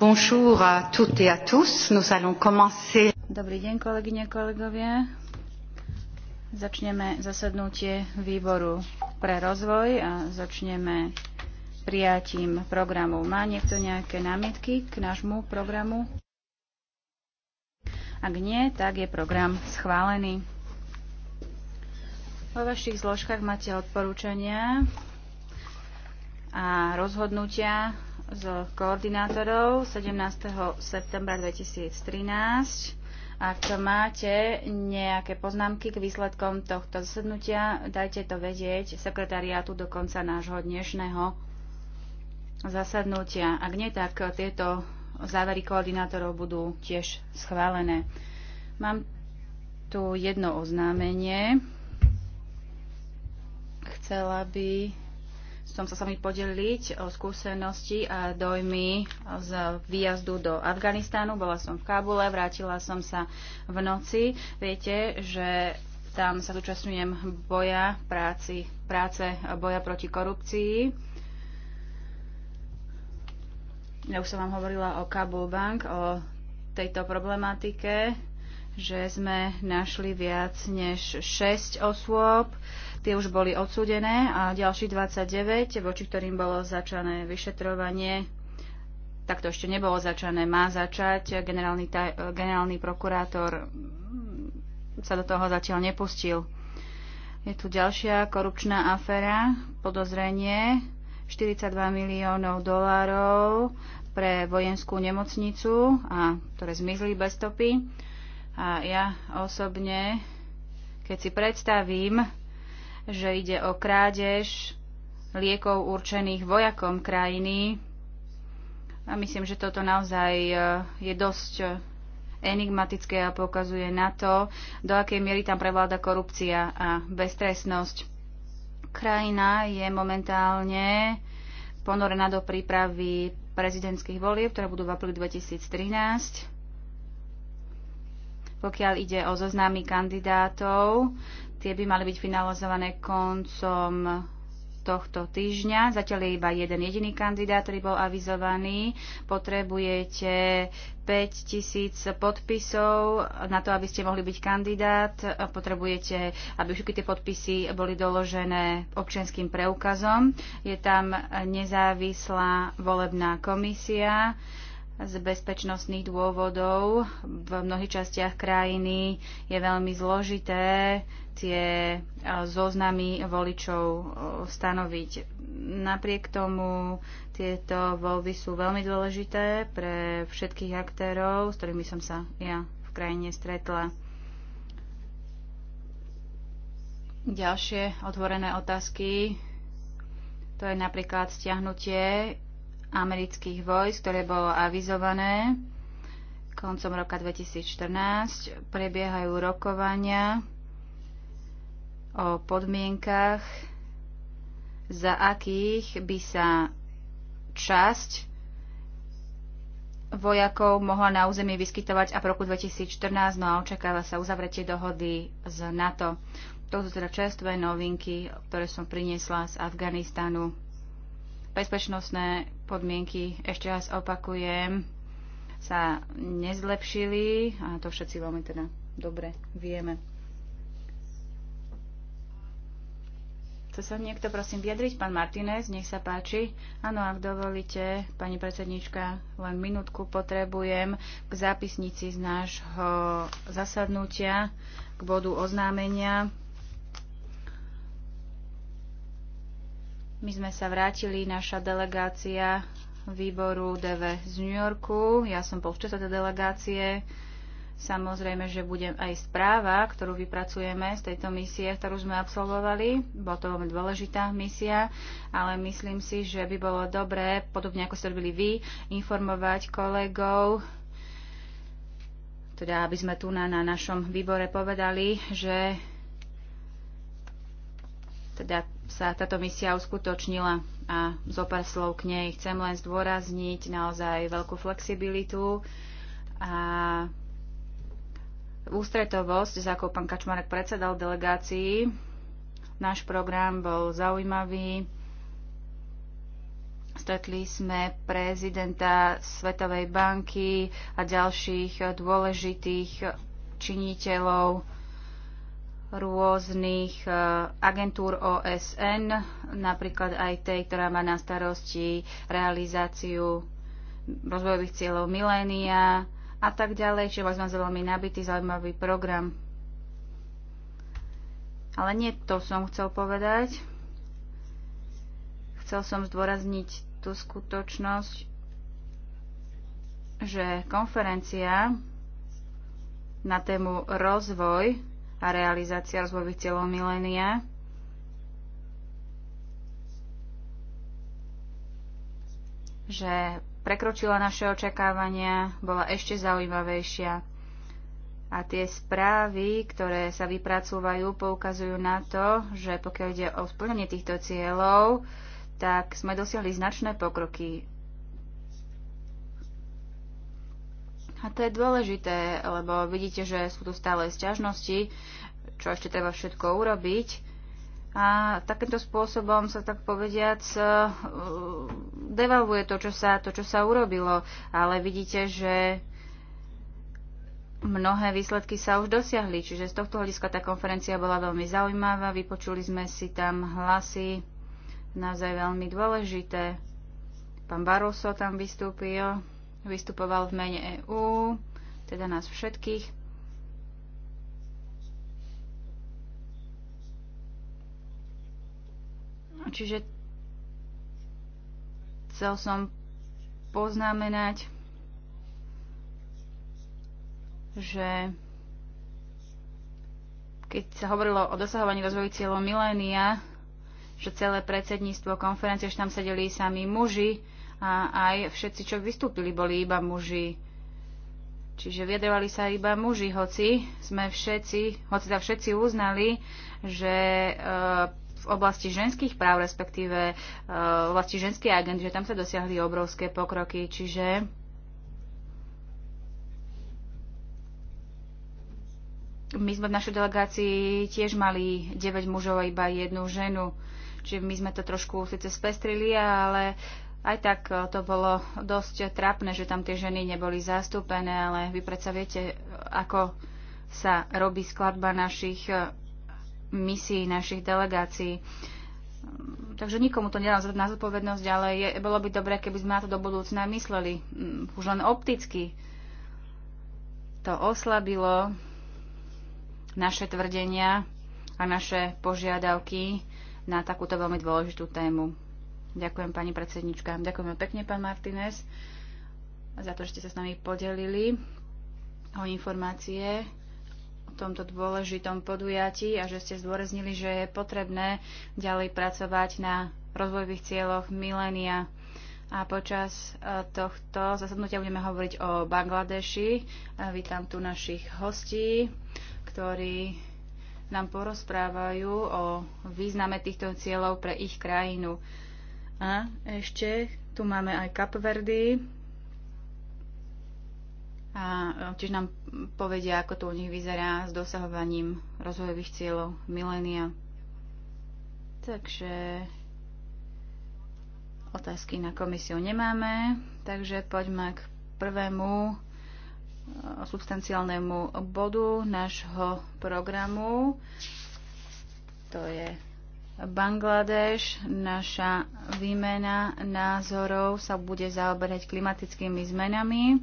Bonjour à toutes et à tous. Nous allons commencer. Dobrý deň, kolegyne, kolegovia. Začneme zasadnutie výboru pre rozvoj a začneme prijatím programu. Má niekto nejaké námietky k nášmu programu? Ak nie, tak je program schválený. Vo vašich zložkách máte odporúčania a rozhodnutia z koordinátorov 17. septembra 2013. Ak máte nejaké poznámky k výsledkom tohto zasadnutia, dajte to vedieť sekretariátu do konca nášho dnešného zasadnutia. Ak nie, tak tieto závery koordinátorov budú tiež schválené. Mám tu jedno oznámenie. Chcela by som sa s vami podeliť o skúsenosti a dojmy z výjazdu do Afganistánu. Bola som v Kábule, vrátila som sa v noci. Viete, že tam sa zúčastňujem boja, práci, práce boja proti korupcii. Ja už som vám hovorila o Kabul Bank, o tejto problematike, že sme našli viac než 6 osôb, Tie už boli odsúdené a ďalších 29, voči ktorým bolo začané vyšetrovanie, tak to ešte nebolo začané, má začať. Generálny, taj, generálny prokurátor mm, sa do toho zatiaľ nepustil. Je tu ďalšia korupčná aféra, podozrenie 42 miliónov dolárov pre vojenskú nemocnicu, a, ktoré zmizli bez stopy. A ja osobne, keď si predstavím, že ide o krádež liekov určených vojakom krajiny. A myslím, že toto naozaj e, je dosť e, enigmatické a pokazuje na to, do akej miery tam prevláda korupcia a beztresnosť. Krajina je momentálne ponorená do prípravy prezidentských volieb, ktoré budú v apríli 2013. Pokiaľ ide o zoznamy kandidátov, Tie by mali byť finalizované koncom tohto týždňa. Zatiaľ je iba jeden jediný kandidát, ktorý bol avizovaný. Potrebujete 5000 podpisov na to, aby ste mohli byť kandidát. Potrebujete, aby všetky tie podpisy boli doložené občianským preukazom. Je tam nezávislá volebná komisia z bezpečnostných dôvodov v mnohých častiach krajiny je veľmi zložité tie e, zoznamy voličov e, stanoviť. Napriek tomu tieto voľby sú veľmi dôležité pre všetkých aktérov, s ktorými som sa ja v krajine stretla. Ďalšie otvorené otázky to je napríklad stiahnutie amerických vojsk, ktoré bolo avizované koncom roka 2014. Prebiehajú rokovania o podmienkach, za akých by sa časť vojakov mohla na území vyskytovať a v roku 2014, no a očakáva sa uzavretie dohody z NATO. To sú teda čerstvé novinky, ktoré som priniesla z Afganistanu bezpečnostné podmienky, ešte raz opakujem, sa nezlepšili a to všetci veľmi teda dobre vieme. Chce sa niekto prosím vyjadriť? Pán Martinez, nech sa páči. Áno, ak dovolíte, pani predsednička, len minútku potrebujem k zápisnici z nášho zasadnutia, k bodu oznámenia. My sme sa vrátili, naša delegácia výboru DV z New Yorku. Ja som bol včas delegácie. Samozrejme, že budem aj správa, ktorú vypracujeme z tejto misie, ktorú sme absolvovali. Bola to veľmi dôležitá misia, ale myslím si, že by bolo dobré, podobne ako ste robili vy, informovať kolegov, teda aby sme tu na, na našom výbore povedali, že teda sa táto misia uskutočnila a zo pár slov k nej chcem len zdôrazniť naozaj veľkú flexibilitu a ústretovosť, za ako pán Kačmarek predsedal delegácii. Náš program bol zaujímavý. Stretli sme prezidenta Svetovej banky a ďalších dôležitých činiteľov rôznych e, agentúr OSN, napríklad aj tej, ktorá má na starosti realizáciu rozvojových cieľov milénia a tak ďalej. Čiže sme veľmi nabitý, zaujímavý program. Ale nie to som chcel povedať. Chcel som zdôrazniť tú skutočnosť, že konferencia na tému rozvoj a realizácia rozvojových cieľov milénia. že prekročila naše očakávania, bola ešte zaujímavejšia. A tie správy, ktoré sa vypracúvajú, poukazujú na to, že pokiaľ ide o splnenie týchto cieľov, tak sme dosiahli značné pokroky A to je dôležité, lebo vidíte, že sú tu stále sťažnosti, čo ešte treba všetko urobiť. A takýmto spôsobom sa tak povediac e, devalvuje to, čo sa, to, čo sa urobilo. Ale vidíte, že mnohé výsledky sa už dosiahli. Čiže z tohto hľadiska tá konferencia bola veľmi zaujímavá. Vypočuli sme si tam hlasy naozaj veľmi dôležité. Pán Barroso tam vystúpil vystupoval v mene EÚ, teda nás všetkých. No, čiže chcel som poznamenať, že keď sa hovorilo o dosahovaní rozvoju cieľov milénia, že celé predsedníctvo konferencie, že tam sedeli sami muži, a aj všetci, čo vystúpili, boli iba muži. Čiže vyjadrovali sa iba muži, hoci sme všetci, hoci sa všetci uznali, že e, v oblasti ženských práv, respektíve e, v oblasti ženskej agendy, že tam sa dosiahli obrovské pokroky. Čiže my sme v našej delegácii tiež mali 9 mužov a iba jednu ženu. Čiže my sme to trošku sice spestrili, ale uh, aj tak e, to bolo dosť trápne, že tam tie ženy neboli zastúpené, ale vy predsa viete, e, ako sa robí skladba našich e, misií, našich delegácií. Mm, takže nikomu to nedám na zodpovednosť, ale je, bolo by dobré, keby sme na to do budúcna mysleli. Mm, už len opticky to oslabilo naše tvrdenia a naše požiadavky na takúto veľmi dôležitú tému. Ďakujem, pani predsednička. Ďakujem pekne, pán Martinez, za to, že ste sa s nami podelili o informácie o tomto dôležitom podujatí a že ste zdôraznili, že je potrebné ďalej pracovať na rozvojových cieľoch milénia. A počas e, tohto zasadnutia budeme hovoriť o Bangladeši. E, vítam tu našich hostí, ktorí nám porozprávajú o význame týchto cieľov pre ich krajinu. A ešte tu máme aj Kapverdy. A e, tiež nám povedia, ako to u nich vyzerá s dosahovaním rozvojových cieľov milénia. Takže otázky na komisiu nemáme, takže poďme k prvému e, substanciálnemu bodu nášho programu. To je Bangladeš. Naša výmena názorov sa bude zaoberať klimatickými zmenami.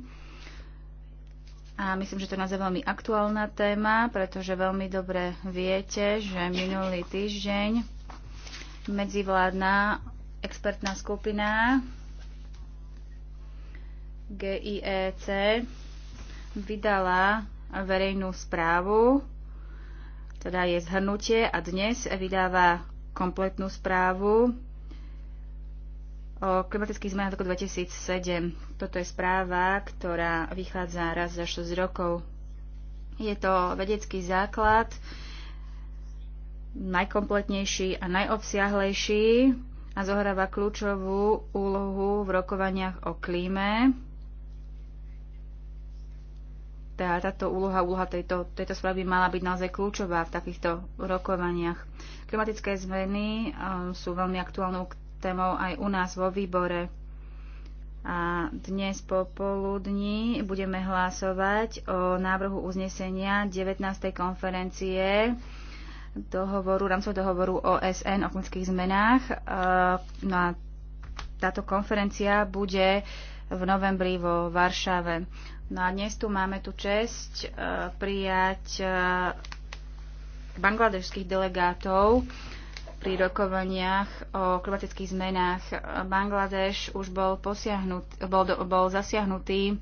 A myslím, že to je naozaj veľmi aktuálna téma, pretože veľmi dobre viete, že minulý týždeň medzivládna expertná skupina GIEC vydala verejnú správu, teda je zhrnutie a dnes vydáva kompletnú správu o klimatických zmenách roku 2007. Toto je správa, ktorá vychádza raz za 6 rokov. Je to vedecký základ, najkompletnejší a najobsiahlejší a zohráva kľúčovú úlohu v rokovaniach o klíme tá, táto úloha, úloha tejto, tejto správy mala byť naozaj kľúčová v takýchto rokovaniach. Klimatické zmeny um, sú veľmi aktuálnou témou aj u nás vo výbore. A dnes popoludní budeme hlasovať o návrhu uznesenia 19. konferencie dohovoru, rámcov dohovoru OSN o klimatických zmenách. Uh, no a táto konferencia bude v novembri vo Varšave. No a dnes tu máme tu čest e, prijať e, bangladešských delegátov pri rokovaniach o klimatických zmenách. E, Bangladeš už bol, bol, bol zasiahnutý,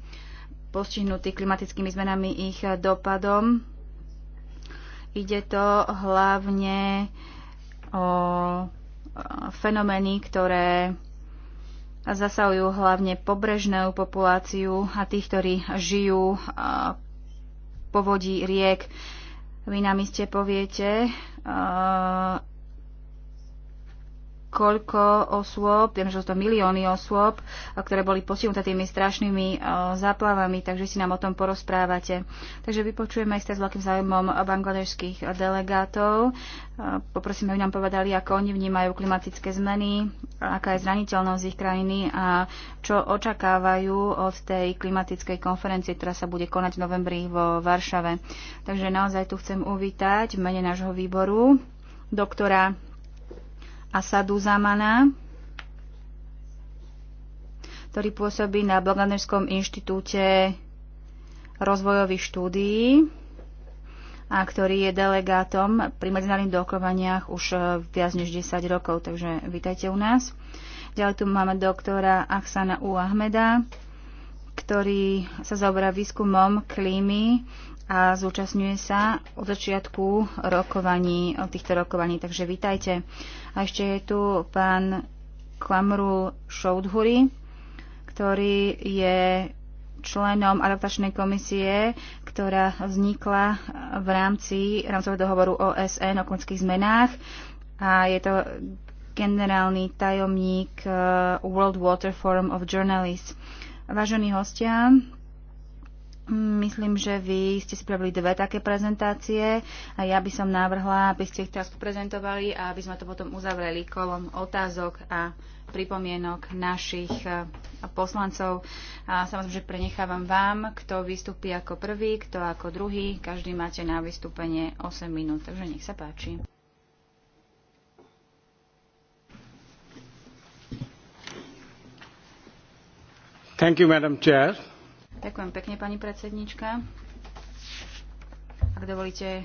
postihnutý klimatickými zmenami ich dopadom. Ide to hlavne o fenomény, ktoré zasahujú hlavne pobrežnú populáciu a tých, ktorí žijú povodí riek. Vy nám iste poviete, koľko osôb, viem, že sú to milióny osôb, ktoré boli postihnuté tými strašnými e, záplavami, takže si nám o tom porozprávate. Takže vypočujeme ste s veľkým záujmom bangladežských delegátov. E, Poprosím, aby nám povedali, ako oni vnímajú klimatické zmeny, aká je zraniteľnosť ich krajiny a čo očakávajú od tej klimatickej konferencie, ktorá sa bude konať v novembri vo Varšave. Takže naozaj tu chcem uvítať v mene nášho výboru doktora Asadu Zamana, ktorý pôsobí na Bangladešskom inštitúte rozvojových štúdií a ktorý je delegátom pri medzinárodných dokovaniach už e, viac než 10 rokov, takže vítajte u nás. Ďalej tu máme doktora Aksana U. Ahmeda, ktorý sa zaoberá výskumom klímy a zúčastňuje sa od začiatku rokovaní, od týchto rokovaní, takže vítajte. A ešte je tu pán Klamru Šoudhuri, ktorý je členom adaptačnej komisie, ktorá vznikla v rámci rámcového dohovoru OSN o klimatických zmenách. A je to generálny tajomník eh, World Water Forum of Journalists. Vážení hostia, Myslím, že vy ste spravili dve také prezentácie a ja by som navrhla, aby ste ich teraz prezentovali a aby sme to potom uzavreli kolom otázok a pripomienok našich eh, poslancov. A samozrejme, že prenechávam vám, kto vystúpi ako prvý, kto ako druhý. Každý máte na vystúpenie 8 minút, takže nech sa páči. Thank you, Madam Chair. Ďakujem pekne, pani predsednička. Ak dovolíte,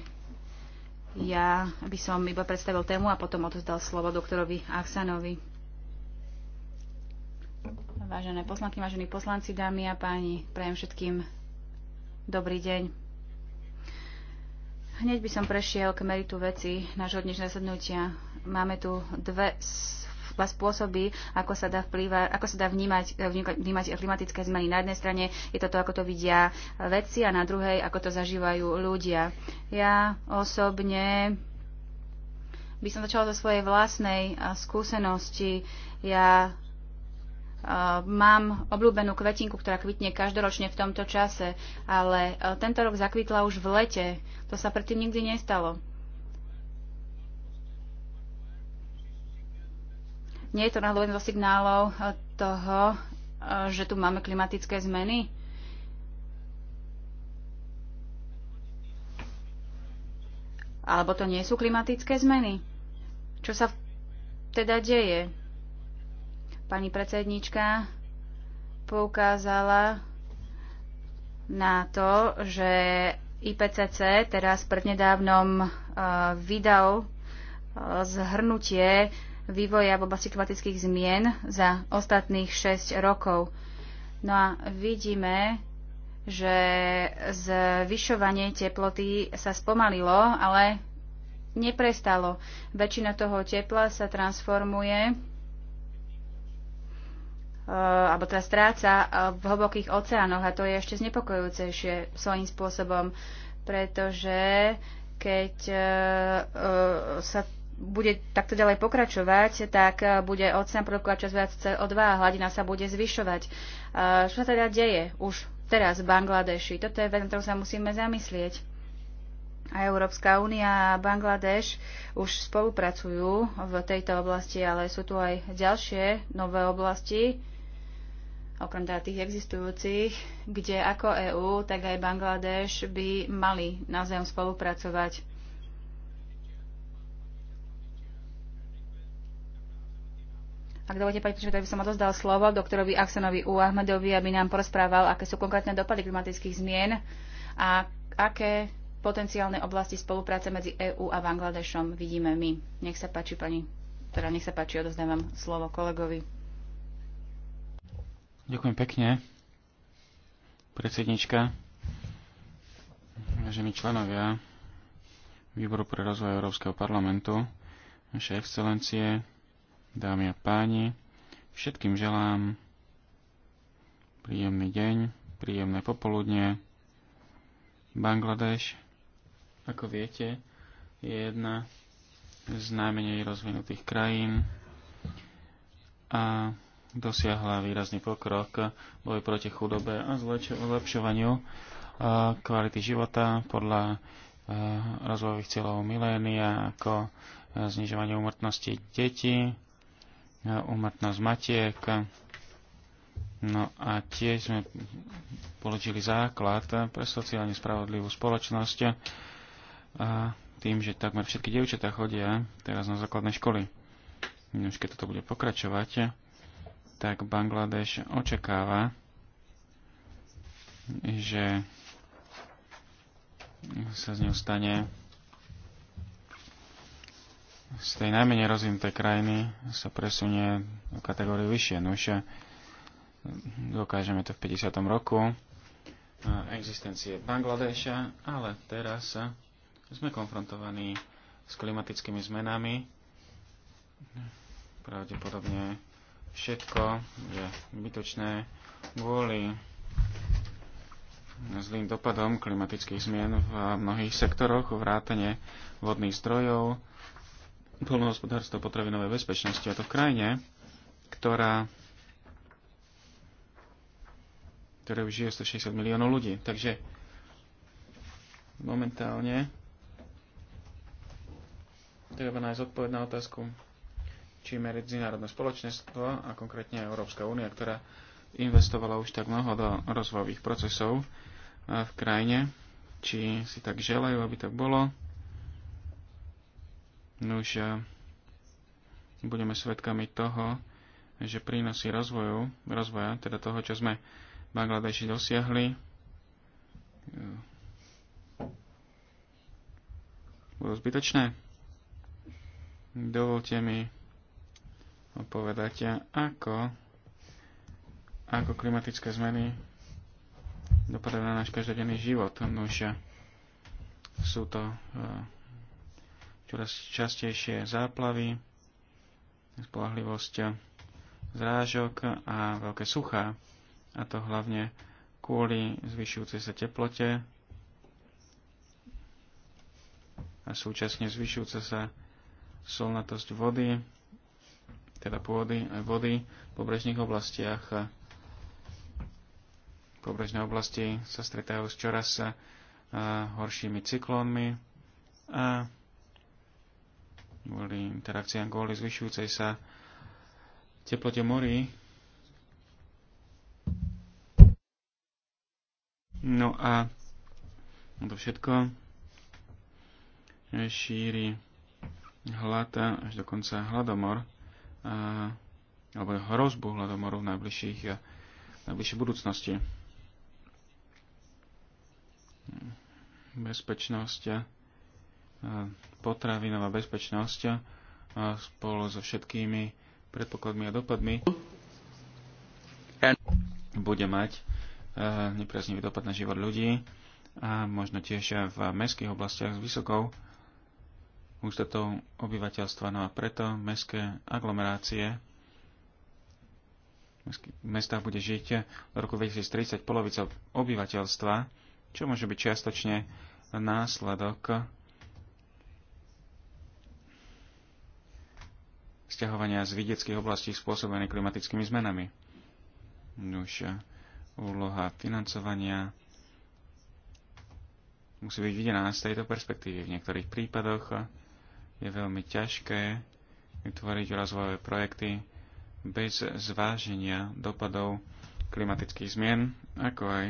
ja by som iba predstavil tému a potom odozdal slovo doktorovi Aksanovi. Vážené poslanky, vážení poslanci, dámy a páni, prajem všetkým dobrý deň. Hneď by som prešiel k meritu veci nášho dnešného zasadnutia. Máme tu dve spôsoby, ako sa dá, vplýva, ako sa dá vnímať, eh, vnímať klimatické zmeny. Na jednej strane je to to, ako to vidia vedci a na druhej, ako to zažívajú ľudia. Ja osobne by som začala zo svojej vlastnej eh, skúsenosti. Ja eh, mám obľúbenú kvetinku, ktorá kvitne každoročne v tomto čase, ale tento rok zakvitla už v lete. To sa predtým nikdy nestalo. Nie je to náhodou zo signálov eh, toho, eh, že tu máme klimatické zmeny? Alebo to nie sú klimatické zmeny? Čo sa teda deje? Pani predsednička poukázala na to, že IPCC teraz prednedávnom eh, vydal zhrnutie vývoja v oblasti klimatických zmien za ostatných 6 rokov. No a vidíme, že zvyšovanie teploty sa spomalilo, ale neprestalo. Väčšina toho tepla sa transformuje e, alebo teda stráca e, v hlbokých oceánoch a to je ešte znepokojujúcejšie svojím spôsobom, pretože keď e, sa bude takto ďalej pokračovať, tak eh, bude oceán produkovať čas viac CO2 a hladina sa bude zvyšovať. Eh, čo sa teda deje už teraz v Bangladeši? Toto je vec, na ktorú sa musíme zamyslieť. A Európska únia a Bangladeš už spolupracujú v tejto oblasti, ale sú tu aj ďalšie nové oblasti, okrem teda tých existujúcich, kde ako EÚ, tak aj Bangladeš by mali zem spolupracovať. Ak dovolíte, pani Pišová, tak by som odozdal slovo doktorovi Aksanovi U. Ahmedovi, aby nám porozprával, aké sú konkrétne dopady klimatických zmien a aké potenciálne oblasti spolupráce medzi EÚ a Bangladešom vidíme my. Nech sa páči, pani, teda nech sa páči, odozdávam slovo kolegovi. Ďakujem pekne, predsednička, vážení členovia Výboru pre rozvoj Európskeho parlamentu, vaše excelencie, dámy a páni. Všetkým želám príjemný deň, príjemné popoludne. Bangladeš, ako viete, je jedna z najmenej rozvinutých krajín a dosiahla výrazný pokrok boj proti chudobe a zlepšovaniu kvality života podľa rozvojových cieľov milénia ako znižovanie umrtnosti detí, umrtnosť matiek. No a tiež sme položili základ pre sociálne spravodlivú spoločnosť a tým, že takmer všetky dievčatá chodia teraz na základné školy. No, už keď toto bude pokračovať, tak Bangladeš očakáva, že sa z neho stane z tej najmenej rozvinuté krajiny sa presunie do kategórie vyššie. No už dokážeme to v 50. roku e, existencie Bangladeša, ale teraz sme konfrontovaní s klimatickými zmenami. Pravdepodobne všetko je bytočné kvôli zlým dopadom klimatických zmien v mnohých sektoroch, vrátane vodných zdrojov, polnohospodárstvo potravinovej bezpečnosti a to v krajine, ktorá ktoré už žije 160 miliónov ľudí. Takže momentálne treba nájsť odpoveď na otázku, či medzinárodné spoločenstvo a konkrétne Európska únia, ktorá investovala už tak mnoho do rozvojových procesov v krajine, či si tak želajú, aby tak bolo Nuž budeme svedkami toho, že prínosy rozvoju, rozvoja, teda toho, čo sme v Bangladeši dosiahli, e, budú zbytočné. Dovolte mi opovedať, ako, ako klimatické zmeny dopadajú na náš každodenný život. Nuž sú to e, čoraz častejšie záplavy, spolahlivosť zrážok a veľké suchá. A to hlavne kvôli zvyšujúcej sa teplote a súčasne zvyšujúca sa solnatosť vody, teda pôdy aj vody v pobrežných oblastiach. Pobrežné oblasti sa stretajú s čoraz eh, horšími cyklónmi a kvôli interakciám, kvôli zvyšujúcej sa teplote morí. No a to všetko šíri hlad až dokonca hladomor, a, alebo hrozbu hladomoru v najbližších, a najbližšej budúcnosti. Bezpečnosť potravinová bezpečnosť spolu so všetkými predpokladmi a dopadmi bude mať e, nepriaznivý dopad na život ľudí a možno tiež v mestských oblastiach s vysokou ústatou obyvateľstva. No a preto mestské aglomerácie v mestách bude žiť v roku 2030 polovica obyvateľstva, čo môže byť čiastočne následok stiahovania z vidieckých oblastí spôsobené klimatickými zmenami. Už eh, úloha financovania musí byť videná z tejto perspektívy. V niektorých prípadoch eh, je veľmi ťažké vytvoriť rozvojové projekty bez zváženia dopadov klimatických zmien, ako aj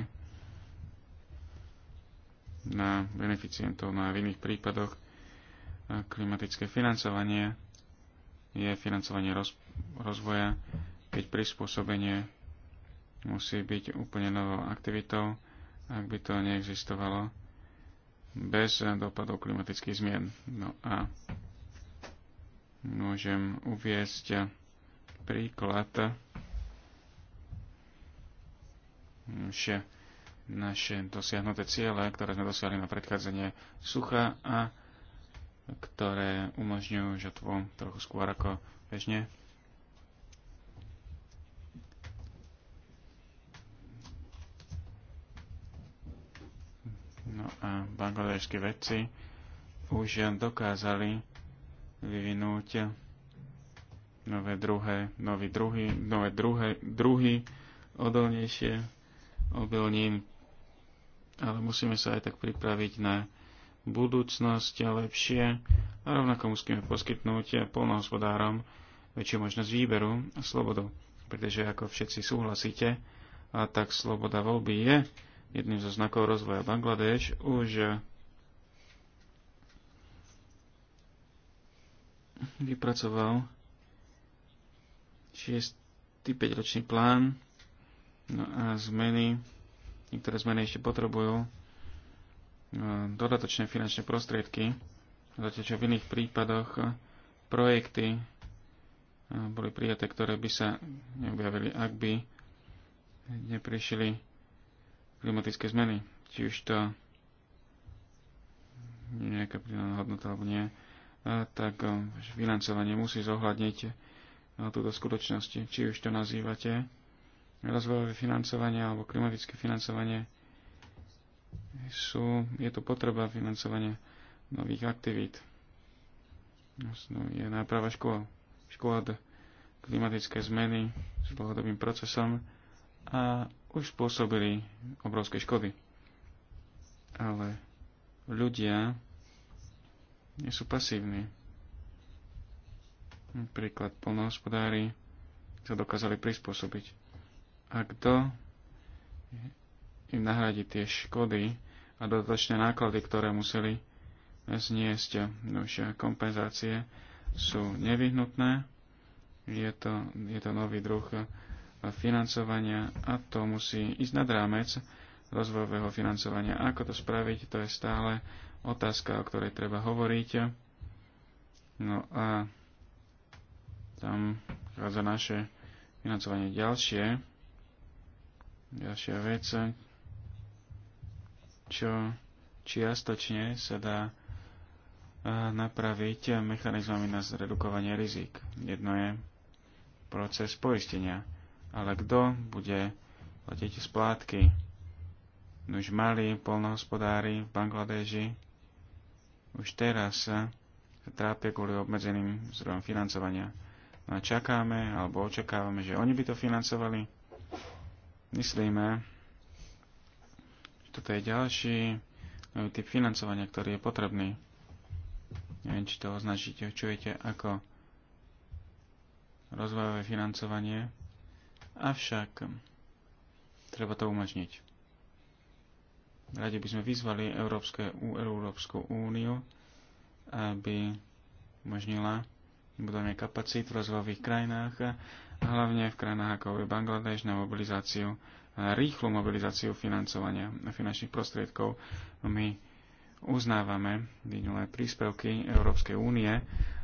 na beneficientov. No a v iných prípadoch eh, klimatické financovanie je financovanie roz, rozvoja, keď prispôsobenie musí byť úplne novou aktivitou, ak by to neexistovalo bez dopadov klimatických zmien. No a môžem uviesť príklad, naše dosiahnuté ciele, ktoré sme dosiahli na predchádzanie sucha a ktoré umožňujú žatvu trochu skôr ako bežne. No a bangladešskí vedci už dokázali vyvinúť nové druhé, nové druhy, nové druhé, druhy odolnejšie obilnín, ale musíme sa aj tak pripraviť na budúcnosť lepšie a rovnako musíme poskytnúť polnohospodárom väčšiu možnosť výberu a slobodu. Pretože ako všetci súhlasíte, a tak sloboda voľby je jedným zo znakov rozvoja Bangladeš už vypracoval 6. 5-ročný plán no a zmeny, niektoré zmeny ešte potrebujú Ehm, dodatočné finančné prostriedky, zatiaľ čo v iných prípadoch ehm, projekty ehm, boli prijaté, ktoré by sa neobjavili, ak by neprišli klimatické zmeny. Či už to nejaká pridaná hodnota alebo nie, tak financovanie musí zohľadniť túto skutočnosť. Či už to nazývate rozvojové financovanie alebo klimatické financovanie, sú, je tu potreba financovania nových aktivít. Je náprava škôl, škôd, klimatické zmeny s dlhodobým procesom a už spôsobili obrovské škody. Ale ľudia nie sú pasívni. Napríklad polnohospodári sa dokázali prispôsobiť. A kto im nahradiť tie škody a dodatočné náklady, ktoré museli zniesť. Už kompenzácie sú nevyhnutné. Je to, je to nový druh financovania a to musí ísť nad rámec rozvojového financovania. ako to spraviť, to je stále otázka, o ktorej treba hovoriť. No a tam za naše financovanie ďalšie. Ďalšia vec, čo čiastočne sa dá eh, napraviť mechanizmami na zredukovanie rizik. Jedno je proces poistenia, ale kto bude platiť splátky? No už mali polnohospodári v Bangladeži už teraz sa trápia kvôli obmedzeným zdrojom financovania. No a čakáme, alebo očakávame, že oni by to financovali. Myslíme, toto je ďalší nový e, typ financovania, ktorý je potrebný. Neviem, či to označíte, čujete ako rozvojové financovanie, avšak treba to umožniť. Radi by sme vyzvali Európske, Európsku úniu, aby umožnila budovanie kapacít v rozvojových krajinách, a hlavne v krajinách ako je Bangladeš na mobilizáciu rýchlu mobilizáciu financovania finančných prostriedkov. My uznávame minulé príspevky Európskej únie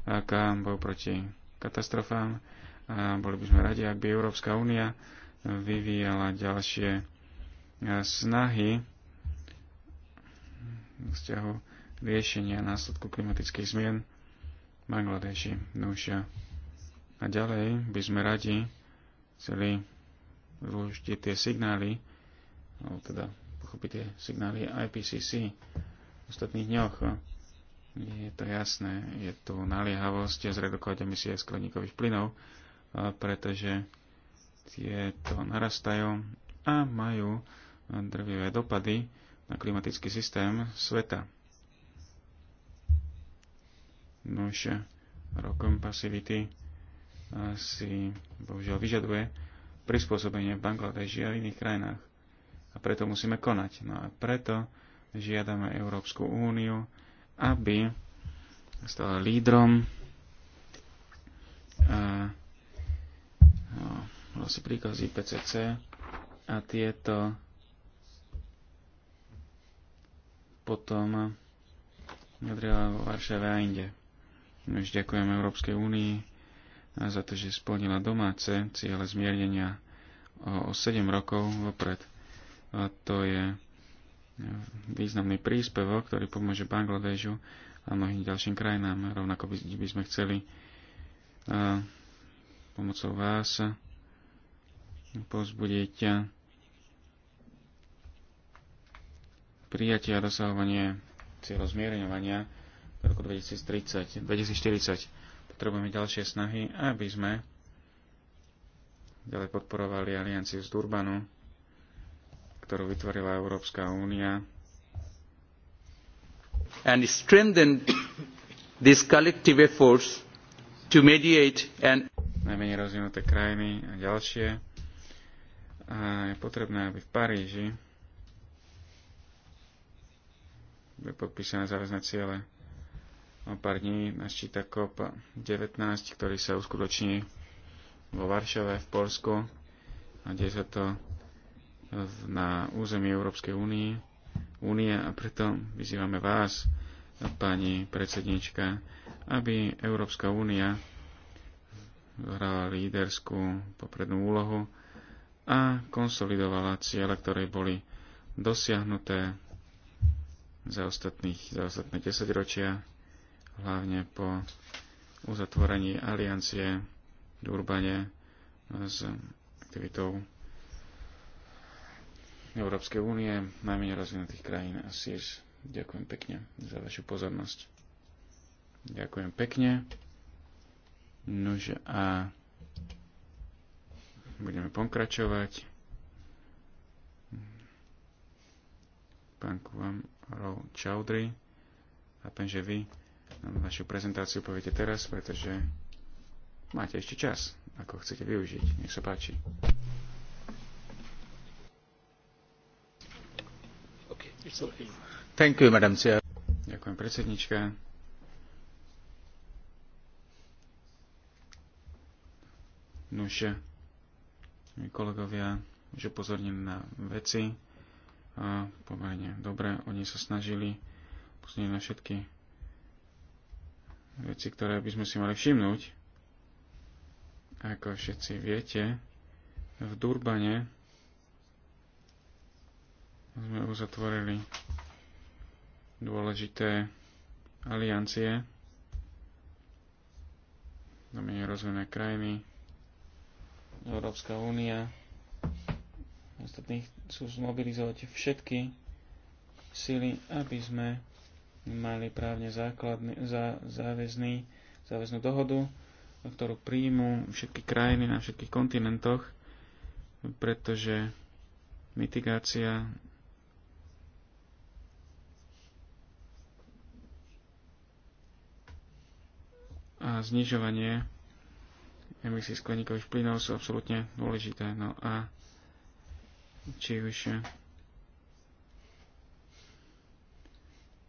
k boju proti katastrofám. A boli by sme radi, ak by Európska únia vyvíjala ďalšie snahy vzťahu riešenia následku klimatických zmien v Bangladeši. a ďalej by sme radi chceli využite tie signály, alebo teda pochopíte signály IPCC v ostatných dňoch. Je to jasné, je tu naliehavosť zredukovať emisie skleníkových plynov, pretože tieto narastajú a majú drvivé dopady na klimatický systém sveta. Nož rokom pasivity si bohužiaľ vyžaduje prispôsobenie v Bangladeži a v iných krajinách. A preto musíme konať. No a preto žiadame Európsku úniu, aby stala lídrom a no, vlastne príkaz PCC a tieto potom vyjadrila vo Varšave a inde. ďakujem Európskej únii za to, že splnila domáce ciele zmiernenia o, o 7 rokov vopred. A to je významný príspevok, ktorý pomôže Bangladežu a mnohým ďalším krajinám. Rovnako by, by sme chceli a, pomocou vás pozbudiť prijatie a dosahovanie cieľov zmierňovania roku 2030, 2040 potrebujeme ďalšie snahy, aby sme ďalej podporovali alianciu z Durbanu, ktorú vytvorila Európska únia. And strengthen these collective efforts to mediate and najmenej rozvinuté krajiny a ďalšie. A je potrebné, aby v Paríži boli podpísané záväzné ciele o pár dní nás číta COP19, ktorý sa uskutoční vo Varšave v Polsku a deje sa to na území Európskej únie, únie a preto vyzývame vás, pani predsednička, aby Európska únia hrala líderskú poprednú úlohu a konsolidovala ciele, ktoré boli dosiahnuté za, ostatných, za ostatné desaťročia hlavne po uzatvorení aliancie v Urbane s aktivitou Európskej únie, najmenej rozvinutých krajín a SIS. Ďakujem pekne za vašu pozornosť. Ďakujem pekne. Nože a budeme pokračovať. Pán Kuvam Rol Čaudry. Chápem, že vy Vašu prezentáciu poviete teraz, pretože máte ešte čas, ako chcete využiť. Nech sa páči. Thank you, madam chair. Ďakujem, predsednička. Nuž, my kolegovia už upozornili na veci. A pomerne dobre, oni sa snažili upozorniť na všetky veci, ktoré by sme si mali všimnúť. Ako všetci viete, v Durbane sme uzatvorili dôležité aliancie na menej rozvojné krajiny, Európska únia, ostatných sú zmobilizovať všetky sily, aby sme mali právne základný, za, záväzný, záväznú dohodu, ktorú príjmu všetky krajiny na všetkých kontinentoch, pretože mitigácia a znižovanie emisí skleníkových plynov sú absolútne dôležité. No a či už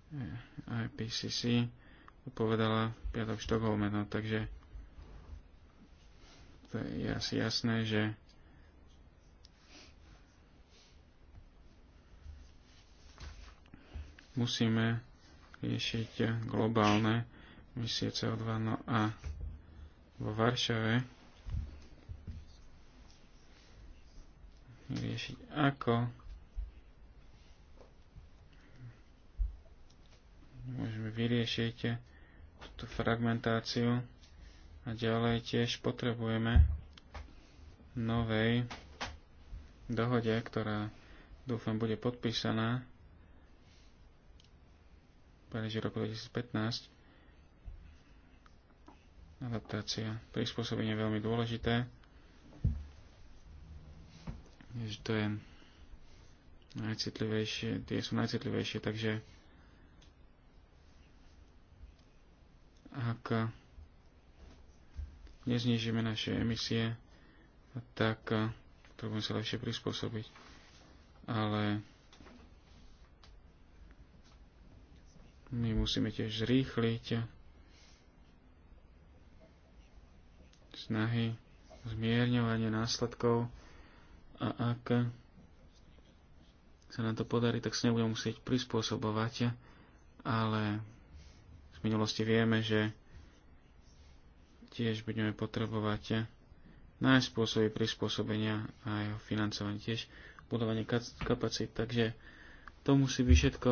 Yeah. IPCC povedala piatok Štokholme, no takže to je asi jasné, že musíme riešiť globálne misie CO2. No a vo Varšave riešiť ako vyriešiť tú fragmentáciu a ďalej tiež potrebujeme novej dohode, ktorá dúfam bude podpísaná v Paríži roku 2015. Adaptácia, prispôsobenie je veľmi dôležité. Že to je najcitlivejšie, tie sú najcitlivejšie, takže ak neznižíme naše emisie, tak budeme sa lepšie prispôsobiť. Ale my musíme tiež zrýchliť snahy zmierňovanie následkov a ak sa nám to podarí, tak sa nebudeme musieť prispôsobovať, ale z minulosti vieme, že tiež budeme potrebovať nájsť spôsoby prispôsobenia a jeho financovanie tiež budovanie kapacít, takže to musí byť všetko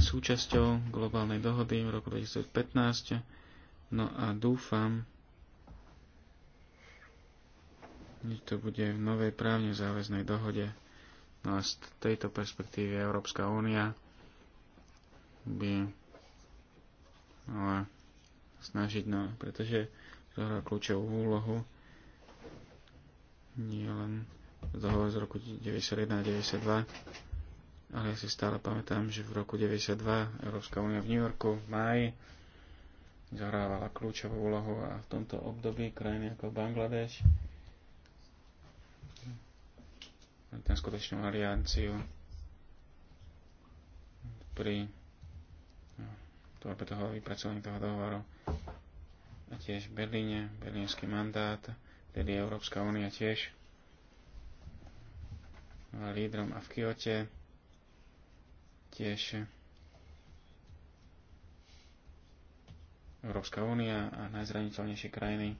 súčasťou globálnej dohody v roku 2015. No a dúfam, že to bude v novej právne záväznej dohode. No a z tejto perspektívy Európska únia by ale snažiť, no, pretože hrá kľúčovú úlohu nie len z roku 91-92, ale ja si stále pamätám, že v roku 92 Európska únia v New Yorku v máji zahrávala kľúčovú úlohu a v tomto období krajiny ako Bangladeš na skutočnú alianciu pri toho vypracovania toho dohovoru a tiež v Berlíne, berlínsky mandát, tedy Európska únia tiež lídrom a v Kyote tiež Európska únia a najzraniteľnejšie krajiny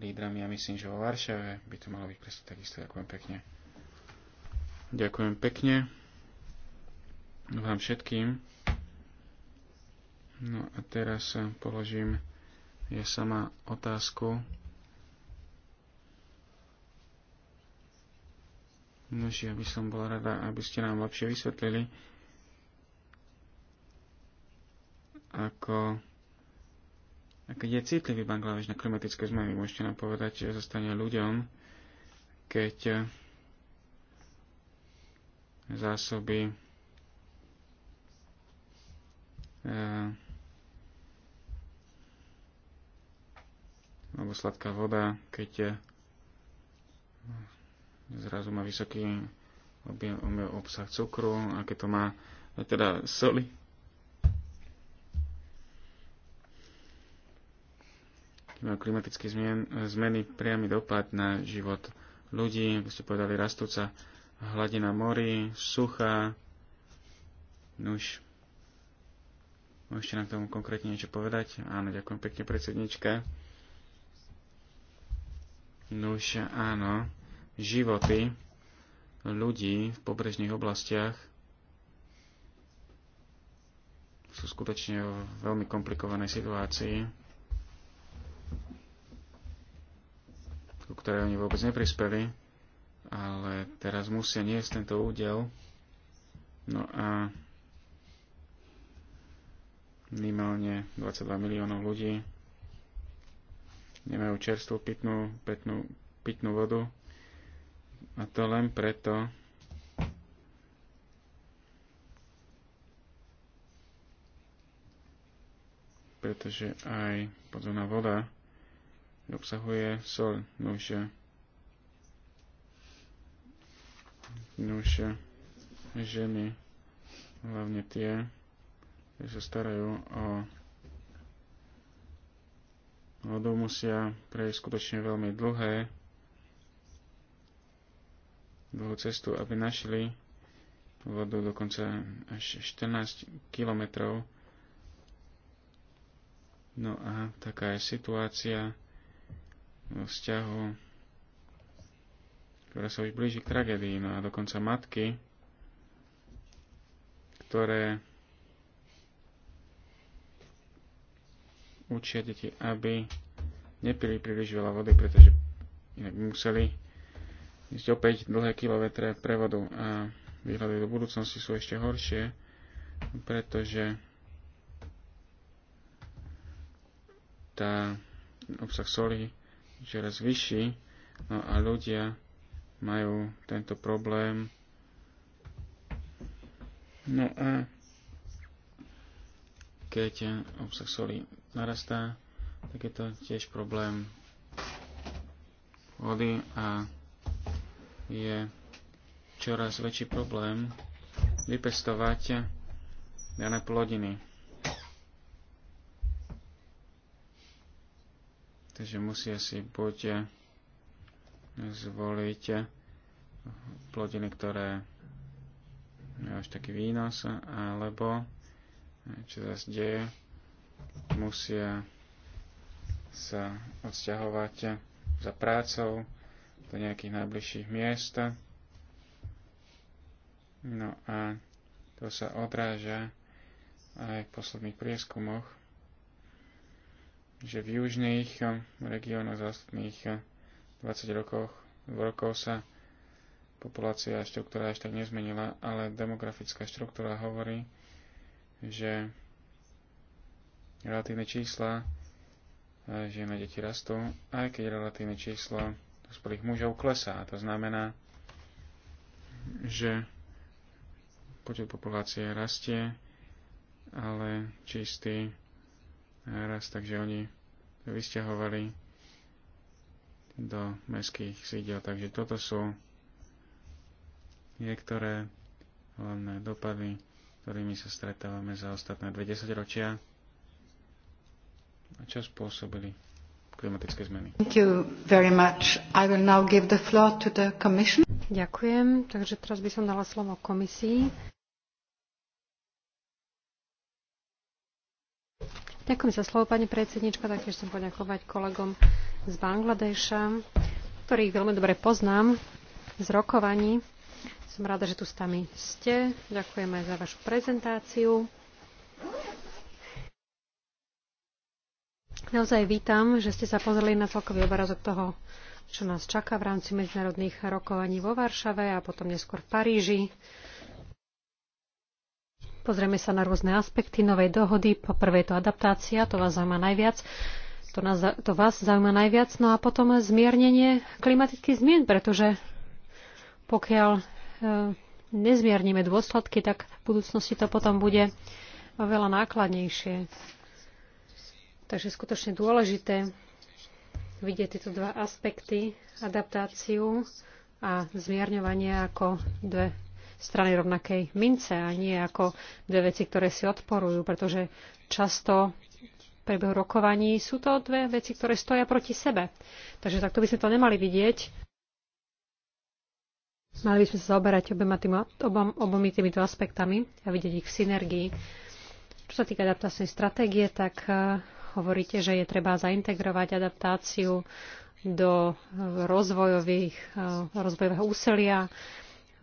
lídrami. Ja myslím, že vo Varšave by to malo byť presne takisto. Ďakujem pekne. Ďakujem pekne vám všetkým. No a teraz položím ja sama otázku. Nože, ja by som bola rada, aby ste nám lepšie vysvetlili, ako keď je citlivý Bangladeš na klimatické zmeny, môžete nám povedať, že zostane ľuďom, keď zásoby eh, alebo sladká voda, keď zrazu má vysoký objem, obsah cukru, aké to má teda soli. Majú klimatické zmien, zmeny priamy dopad na život ľudí, ako ste povedali, rastúca hladina mori, suchá, nuž. Môžete nám k tomu konkrétne niečo povedať? Áno, ďakujem pekne, predsednička. Nuž áno, životy ľudí v pobrežných oblastiach sú skutočne v veľmi komplikovanej situácii, ku ktorej oni vôbec neprispeli, ale teraz musia niesť tento údel. No a minimálne 22 miliónov ľudí nemajú čerstvú pitnú, pitnú, pitnú vodu. A to len preto, pretože aj podzemná voda obsahuje sol. Nuž, nuž ženy, hlavne tie, ktoré sa starajú o vodou musia prejsť skutočne veľmi dlhé, dlhú cestu, aby našli vodu dokonca až 14 kilometrov. No a taká je situácia vo vzťahu, ktorá sa už blíži k tragédii, no a dokonca matky, ktoré učia deti, aby nepili príliš veľa vody, pretože inak by museli ísť opäť dlhé kilometre prevodu a výhľady do budúcnosti sú ešte horšie, pretože tá obsah soli čoraz vyšší no a ľudia majú tento problém. No a keď obsah soli narastá, tak je to tiež problém vody a je čoraz väčší problém vypestovať dané plodiny. Takže musia si buď zvoliť plodiny, ktoré majú až taký výnos, alebo čo sa deje, musia sa odsťahovať za prácou do nejakých najbližších miest. No a to sa odráža aj v posledných prieskumoch, že v južných regiónoch za ostatných 20 rokov, rokov sa populácia a štruktúra až tak nezmenila, ale demografická štruktúra hovorí, že relatívne čísla že na deti rastú, aj keď relatívne číslo dospelých mužov klesá. A to znamená, že počet populácie rastie, ale čistý rast, takže oni vysťahovali do mestských sídel. Takže toto sú niektoré hlavné dopady, ktorými sa stretávame za ostatné 20 ročia a čo spôsobili klimatické zmeny. Thank you very much. I will now give the floor to the commission. Ďakujem. Takže teraz by som dala slovo komisii. Ďakujem za slovo, pani predsednička. Taktiež chcem poďakovať kolegom z Bangladeša, ktorých veľmi dobre poznám z rokovaní. Som rada, že tu s nami ste. Ďakujem aj za vašu prezentáciu. Naozaj vítam, že ste sa pozreli na celkový obrazok toho, čo nás čaká v rámci medzinárodných rokovaní vo Varšave a potom neskôr v Paríži. Pozrieme sa na rôzne aspekty novej dohody. Po prvé je to adaptácia, to vás zaujíma najviac. To, nás, to vás zaujíma najviac. No a potom zmiernenie klimatických zmien, pretože pokiaľ e, nezmiernime dôsledky, tak v budúcnosti to potom bude oveľa nákladnejšie. Takže skutočne dôležité vidieť tieto dva aspekty, adaptáciu a zmierňovanie ako dve strany rovnakej mince a nie ako dve veci, ktoré si odporujú, pretože často v priebehu rokovaní sú to dve veci, ktoré stoja proti sebe. Takže takto by sme to nemali vidieť. Mali by sme sa zaoberať oboma tým, obom, obomi týmito aspektami a vidieť ich v synergii. Čo sa týka adaptačnej stratégie, tak eh, hovoríte, že je treba zaintegrovať adaptáciu do eh, rozvojových, eh, rozvojového úsilia.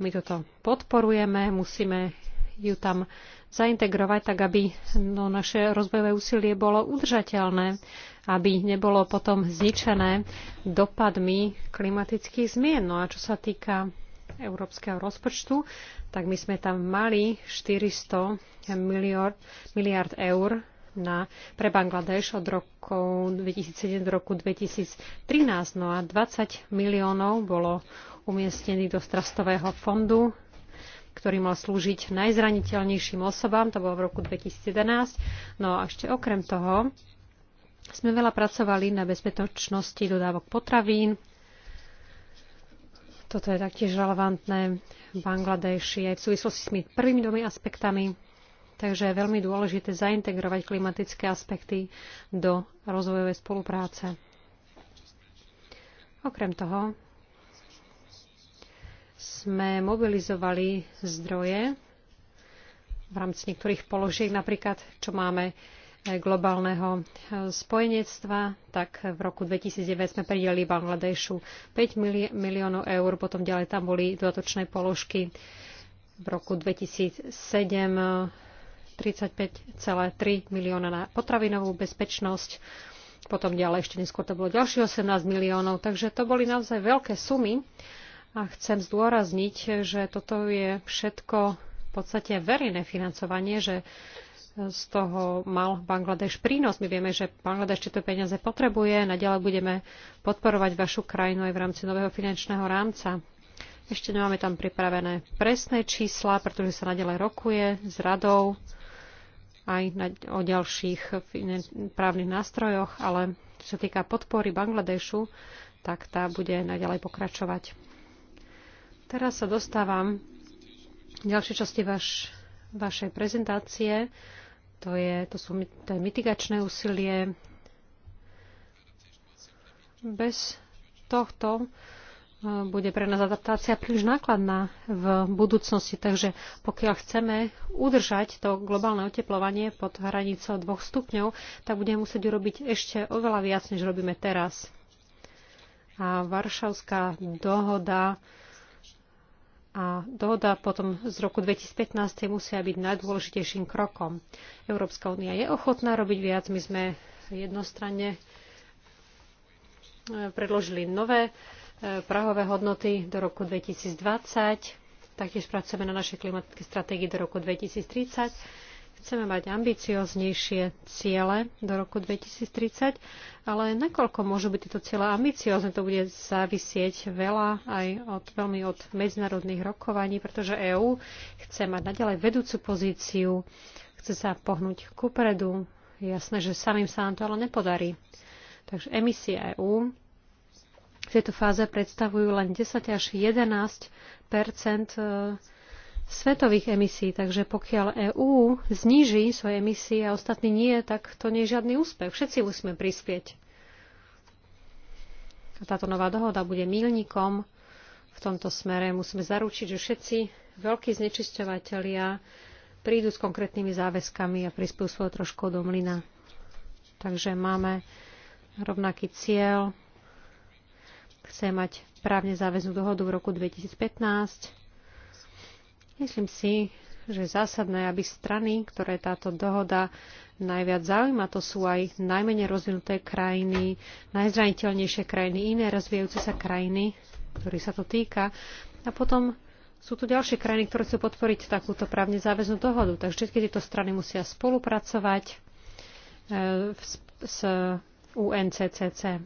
My toto podporujeme, musíme ju tam zaintegrovať tak, aby no, naše rozvojové úsilie bolo udržateľné, aby nebolo potom zničené dopadmi klimatických zmien. No a čo sa týka európskeho rozpočtu, tak my sme tam mali 400 miliard, miliard eur na, pre Bangladeš od roku 2007 do roku 2013. No a 20 miliónov bolo umiestnených do strastového fondu, ktorý mal slúžiť najzraniteľnejším osobám. To bolo v roku 2011. No a ešte okrem toho sme veľa pracovali na bezpečnosti dodávok potravín, toto je taktiež relevantné v Bangladeši aj v súvislosti s tými prvými dvomi aspektami. Takže je veľmi dôležité zaintegrovať klimatické aspekty do rozvojovej spolupráce. Okrem toho sme mobilizovali zdroje v rámci niektorých položiek, napríklad čo máme e, globálneho e, spojenectva, tak v roku 2009 sme pridelili Bangladešu 5 milió miliónov eur, potom ďalej tam boli dodatočné položky. V roku 2007 35,3 milióna na potravinovú bezpečnosť. Potom ďalej ešte neskôr to bolo ďalších 18 miliónov. Takže to boli naozaj veľké sumy. A chcem zdôrazniť, že toto je všetko v podstate verejné financovanie, že z toho mal Bangladeš prínos. My vieme, že Bangladeš tieto peniaze potrebuje. Naďalej budeme podporovať vašu krajinu aj v rámci nového finančného rámca. Ešte nemáme tam pripravené presné čísla, pretože sa nadalej rokuje s radou aj na, o ďalších právnych nástrojoch, ale čo sa týka podpory Bangladešu, tak tá bude naďalej pokračovať. Teraz sa dostávam k ďalšej časti vaš, vašej prezentácie. To, je, to sú to je mitigačné úsilie. Bez tohto bude pre nás adaptácia príliš nákladná v budúcnosti. Takže pokiaľ chceme udržať to globálne oteplovanie pod hranicou 2 stupňov, tak budeme musieť urobiť ešte oveľa viac, než robíme teraz. A Varšavská dohoda a dohoda potom z roku 2015 musia byť najdôležitejším krokom. Európska únia je ochotná robiť viac. My sme jednostranne predložili nové prahové hodnoty do roku 2020. Taktiež pracujeme na našej klimatickej stratégii do roku 2030. Chceme mať ambicioznejšie ciele do roku 2030, ale nakoľko môžu byť tieto ciele ambiciozne, to bude závisieť veľa aj od, veľmi od medzinárodných rokovaní, pretože EÚ chce mať naďalej vedúcu pozíciu, chce sa pohnúť kupredu. Jasné, že samým sa nám to ale nepodarí. Takže emisie EÚ v tejto fáze predstavujú len 10 až 11 e, svetových emisí. Takže pokiaľ EÚ zníži svoje emisie a ostatní nie, tak to nie je žiadny úspech. Všetci musíme prispieť. Táto nová dohoda bude milníkom v tomto smere. Musíme zaručiť, že všetci veľkí znečisťovateľia prídu s konkrétnymi záväzkami a prispú svoju trošku do mlyna. Takže máme rovnaký cieľ, chce mať právne záväznú dohodu v roku 2015. Myslím si, že je zásadné, aby strany, ktoré táto dohoda najviac zaujíma, to sú aj najmenej rozvinuté krajiny, najzraniteľnejšie krajiny, iné rozvíjajúce sa krajiny, ktorý sa to týka. A potom sú tu ďalšie krajiny, ktoré chcú podporiť takúto právne záväznú dohodu. Takže všetky tieto strany musia spolupracovať e, s UNCCC.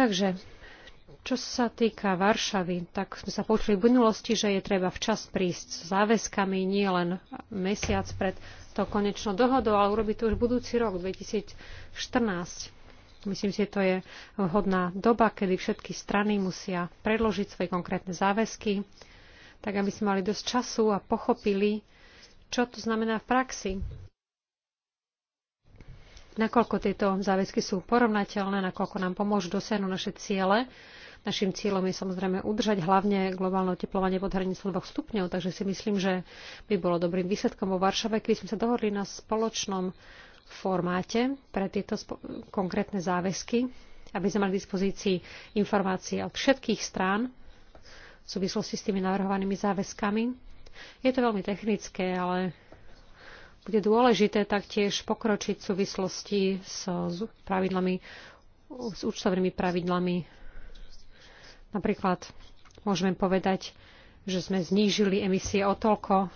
Takže, čo sa týka Varšavy, tak sme sa počuli v minulosti, že je treba včas prísť s záväzkami, nie len mesiac pred to konečnou dohodou, ale urobiť to už budúci rok, 2014. Myslím si, že to je vhodná doba, kedy všetky strany musia predložiť svoje konkrétne záväzky, tak aby sme mali dosť času a pochopili, čo to znamená v praxi nakoľko tieto záväzky sú porovnateľné, nakoľko nám pomôžu dosiahnuť naše ciele. Našim cieľom je samozrejme udržať hlavne globálne oteplovanie pod hranicou 2 stupňov, takže si myslím, že by bolo dobrým výsledkom vo Varšave, keby sme sa dohodli na spoločnom formáte pre tieto konkrétne záväzky, aby sme mali k dispozícii informácie od všetkých strán v súvislosti s tými navrhovanými záväzkami. Je to veľmi technické, ale bude dôležité taktiež pokročiť v súvislosti so, s pravidlami, s účtovnými pravidlami. Napríklad môžeme povedať, že sme znížili emisie o toľko,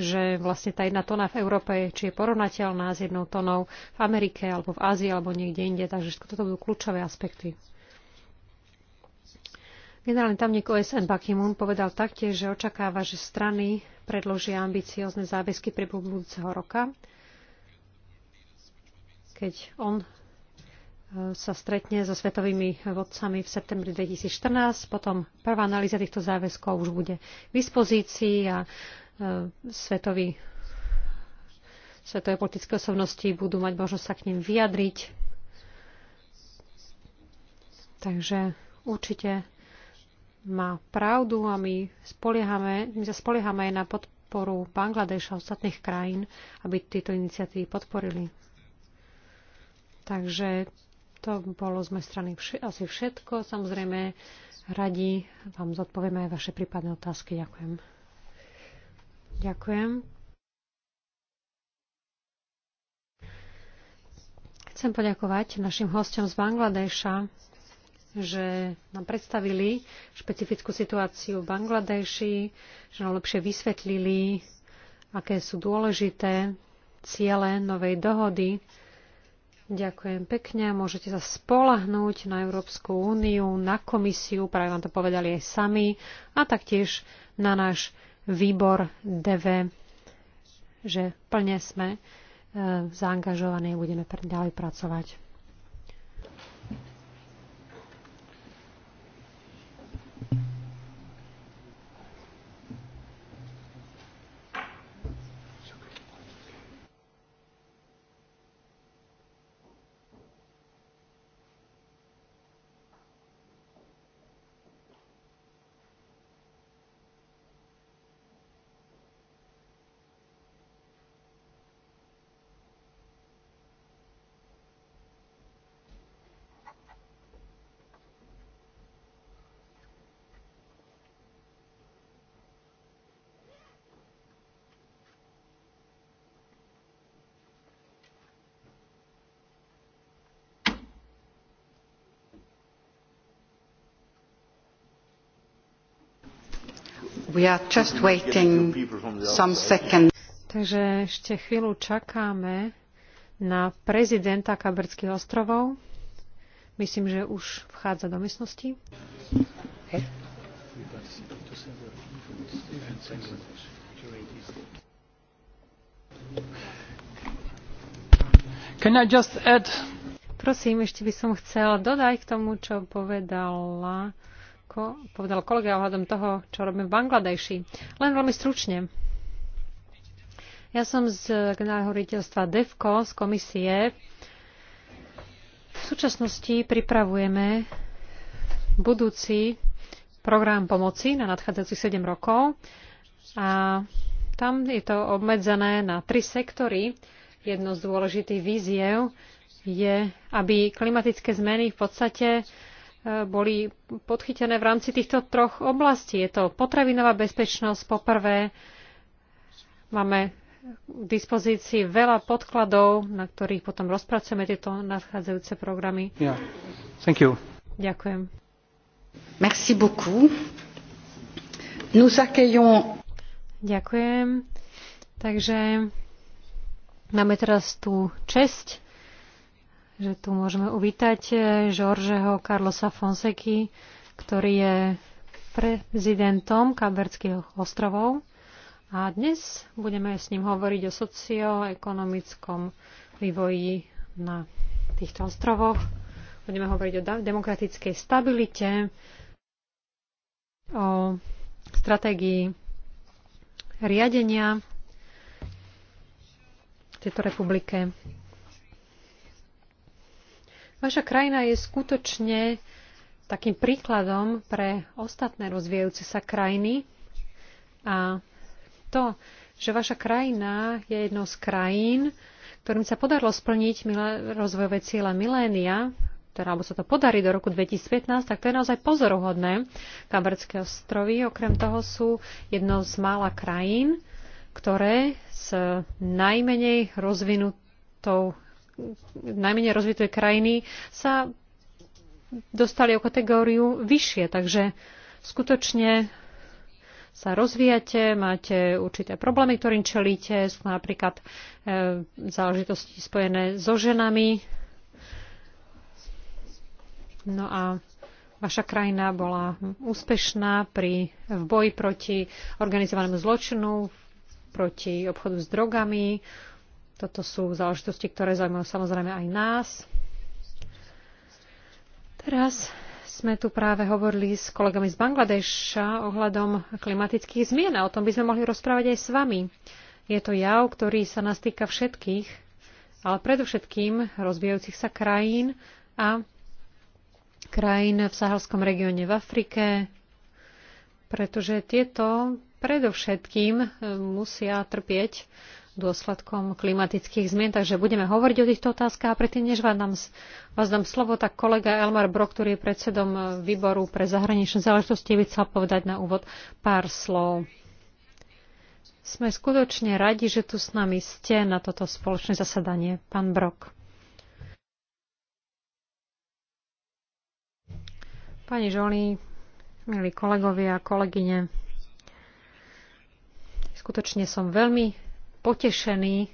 že vlastne tá jedna tona v Európe či je porovnateľná s jednou tonou v Amerike alebo v Ázii alebo niekde inde. Takže toto budú kľúčové aspekty. Generálny tamník OSN Bakimun povedal taktiež, že očakáva, že strany predložia ambiciózne záväzky pre budúceho roka, keď on e, sa stretne so svetovými vodcami v septembri 2014. Potom prvá analýza týchto záväzkov už bude k dispozícii a e, svetoví, svetové politické osobnosti budú mať možnosť sa k ním vyjadriť. Takže určite má pravdu a my, spoliehame, my sa spoliehame aj na podporu Bangladeš a ostatných krajín, aby tieto iniciatívy podporili. Takže to bolo z mojej strany vš- asi všetko. Samozrejme, radi vám zodpovieme aj vaše prípadné otázky. Ďakujem. Ďakujem. Chcem poďakovať našim hostom z Bangladeša že nám predstavili špecifickú situáciu v Bangladeši, že nám lepšie vysvetlili, aké sú dôležité ciele novej dohody. Ďakujem pekne. Môžete sa spolahnúť na Európsku úniu, na komisiu, práve vám to povedali aj sami, a taktiež na náš výbor DV, že plne sme e, zaangažovaní a budeme ďalej pracovať. Takže ešte chvíľu čakáme na prezidenta Kaberských ostrovov. Myslím, že už vchádza do miestnosti. Can I just add... Prosím, ešte by som chcel dodať k tomu, čo povedala ko, povedal kolega ohľadom toho, čo robíme v Bangladeši. Len veľmi stručne. Ja som z generálneho DEFCO, DEVKO z komisie. V súčasnosti pripravujeme budúci program pomoci na nadchádzajúcich 7 rokov a tam je to obmedzené na tri sektory. Jedno z dôležitých víziev je, aby klimatické zmeny v podstate boli podchytené v rámci týchto troch oblastí. Je to potravinová bezpečnosť poprvé. Máme k dispozícii veľa podkladov, na ktorých potom rozpracujeme tieto nadchádzajúce programy. Yeah. Thank you. Ďakujem. Merci beaucoup. Nous accueillons... Ďakujem. Takže máme teraz tú česť že tu môžeme uvítať Žoržeho eh, Carlosa Fonseky, ktorý je prezidentom Kaberských ostrovov. A dnes budeme s ním hovoriť o socioekonomickom vývoji na týchto ostrovoch. Budeme hovoriť o demokratickej stabilite, o stratégii riadenia v tejto republike Vaša krajina je skutočne takým príkladom pre ostatné rozvíjajúce sa krajiny a to, že vaša krajina je jednou z krajín, ktorým sa podarilo splniť rozvojové cieľa milénia, teda, alebo sa to podarí do roku 2015, tak to je naozaj pozoruhodné. Kamerské ostrovy okrem toho sú jednou z mála krajín, ktoré s najmenej rozvinutou najmenej rozvité krajiny sa dostali o kategóriu vyššie. Takže skutočne sa rozvíjate, máte určité problémy, ktorým čelíte. Sú napríklad e, záležitosti spojené so ženami. No a vaša krajina bola úspešná pri, v boji proti organizovanému zločinu, proti obchodu s drogami, toto sú záležitosti, ktoré zaujímajú samozrejme aj nás. Teraz sme tu práve hovorili s kolegami z Bangladeša ohľadom klimatických zmien a o tom by sme mohli rozprávať aj s vami. Je to jav, ktorý sa nás týka všetkých, ale predovšetkým rozvíjajúcich sa krajín a krajín v sahelskom regióne v Afrike, pretože tieto predovšetkým eh, musia trpieť dôsledkom klimatických zmien. Takže budeme hovoriť o týchto otázkach a predtým, než vám dám, vás dám slovo, tak kolega Elmar Brok, ktorý je predsedom e, výboru pre zahraničné záležitosti, by chcel povedať na úvod pár slov. Sme skutočne radi, že tu s nami ste na toto spoločné zasadanie. Pán Brok. Pani Žolí, milí kolegovia a kolegyne, skutočne som veľmi potešený,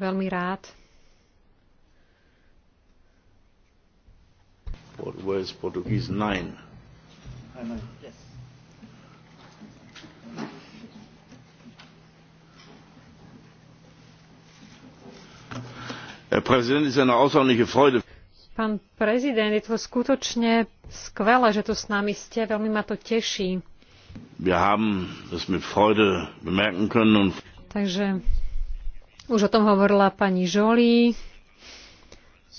veľmi rád. What word Portuguese? Nine. Herr Präsident, ist eine außerordentliche Freude. Pán prezident, je to skutočne skvelé, že tu s nami ste. Veľmi ma to teší. Wir haben das mit Freude bemerken können und Takže už o tom hovorila pani Žoli,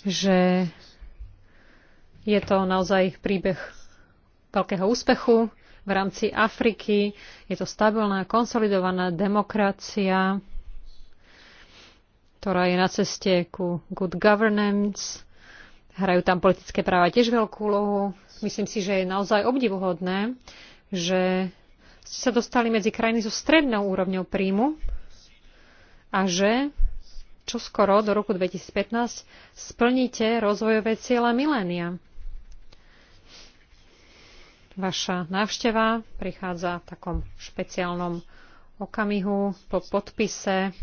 že je to naozaj príbeh veľkého úspechu v rámci Afriky. Je to stabilná, konsolidovaná demokracia, ktorá je na ceste ku good governance. Hrajú tam politické práva tiež veľkú úlohu. Myslím si, že je naozaj obdivuhodné, že ste sa dostali medzi krajiny so strednou úrovňou príjmu a že čoskoro do roku 2015 splníte rozvojové cieľa milénia. Vaša návšteva prichádza v takom špeciálnom okamihu po podpise eh,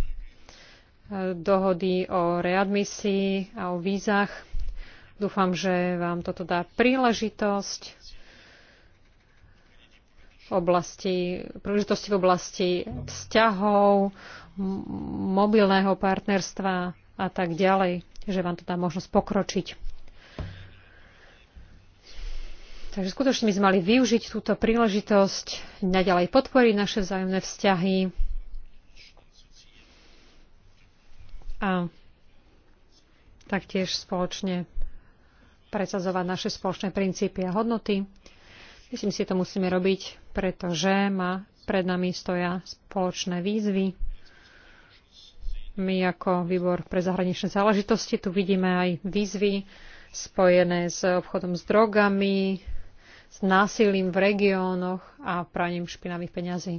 dohody o readmisii a o vízach. Dúfam, že vám toto dá príležitosť v oblasti, príležitosti v oblasti vzťahov, mobilného partnerstva a tak ďalej, že vám to dá možnosť pokročiť. Takže skutočne by sme mali využiť túto príležitosť, naďalej podporiť naše vzájomné vzťahy a taktiež spoločne presadzovať naše spoločné princípy a hodnoty. Myslím si, že to musíme robiť, pretože ma pred nami stoja spoločné výzvy. My ako výbor pre zahraničné záležitosti tu vidíme aj výzvy spojené s obchodom s drogami, s násilím v regiónoch a praním špinavých peňazí.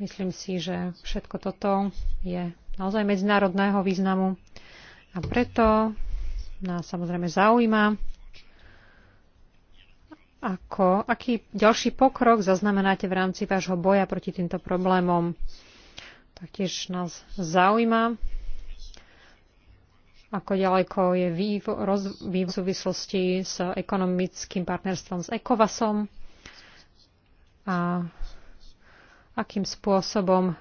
Myslím si, že všetko toto je naozaj medzinárodného významu a preto nás samozrejme zaujíma, ako, aký ďalší pokrok zaznamenáte v rámci vášho boja proti týmto problémom. Taktiež nás zaujíma, ako ďaleko je vývoj v súvislosti s ekonomickým partnerstvom s ECOVASom a akým spôsobom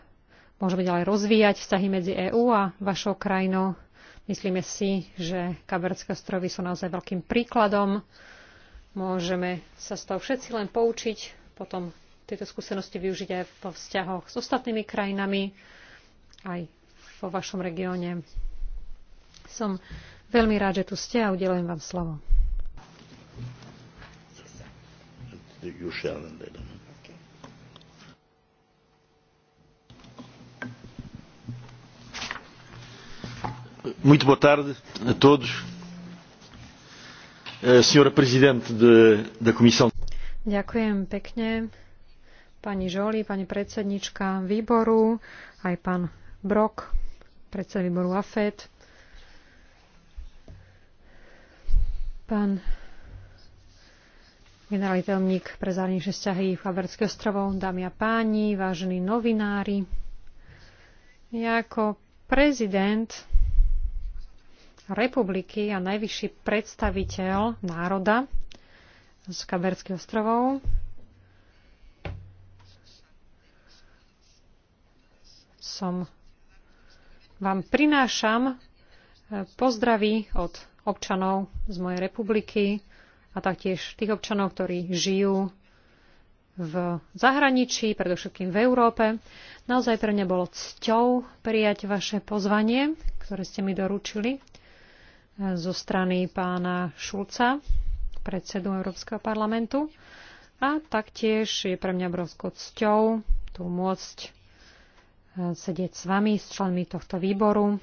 môžeme ďalej rozvíjať vzťahy medzi EÚ a vašou krajinou. Myslíme si, že Kaberské ostrovy sú naozaj veľkým príkladom. Môžeme sa z toho všetci len poučiť, potom tieto skúsenosti využiť aj vo vzťahoch s ostatnými krajinami, aj vo vašom regióne. Som veľmi rád, že tu ste a udelujem vám slovo. Muito boa tarde a todos. Eh, senhora Presidente da Comissão. Ďakujem pekne, pani Žoli, pani predsednička výboru, aj pán Brok, predseda výboru AFED, pán generálny tajomník pre zahraničné vzťahy Faberských ostrovov, dámy a páni, vážení novinári. Ja ako prezident republiky a najvyšší predstaviteľ národa z Kaberských ostrovov som vám prinášam e, pozdravy od občanov z mojej republiky a taktiež tých občanov, ktorí žijú v zahraničí, predovšetkým v Európe. Naozaj pre mňa bolo cťou prijať vaše pozvanie, ktoré ste mi doručili e, zo strany pána Šulca, predsedu Európskeho parlamentu. A taktiež je pre mňa obrovskou cťou tu môcť sedieť s vami, s členmi tohto výboru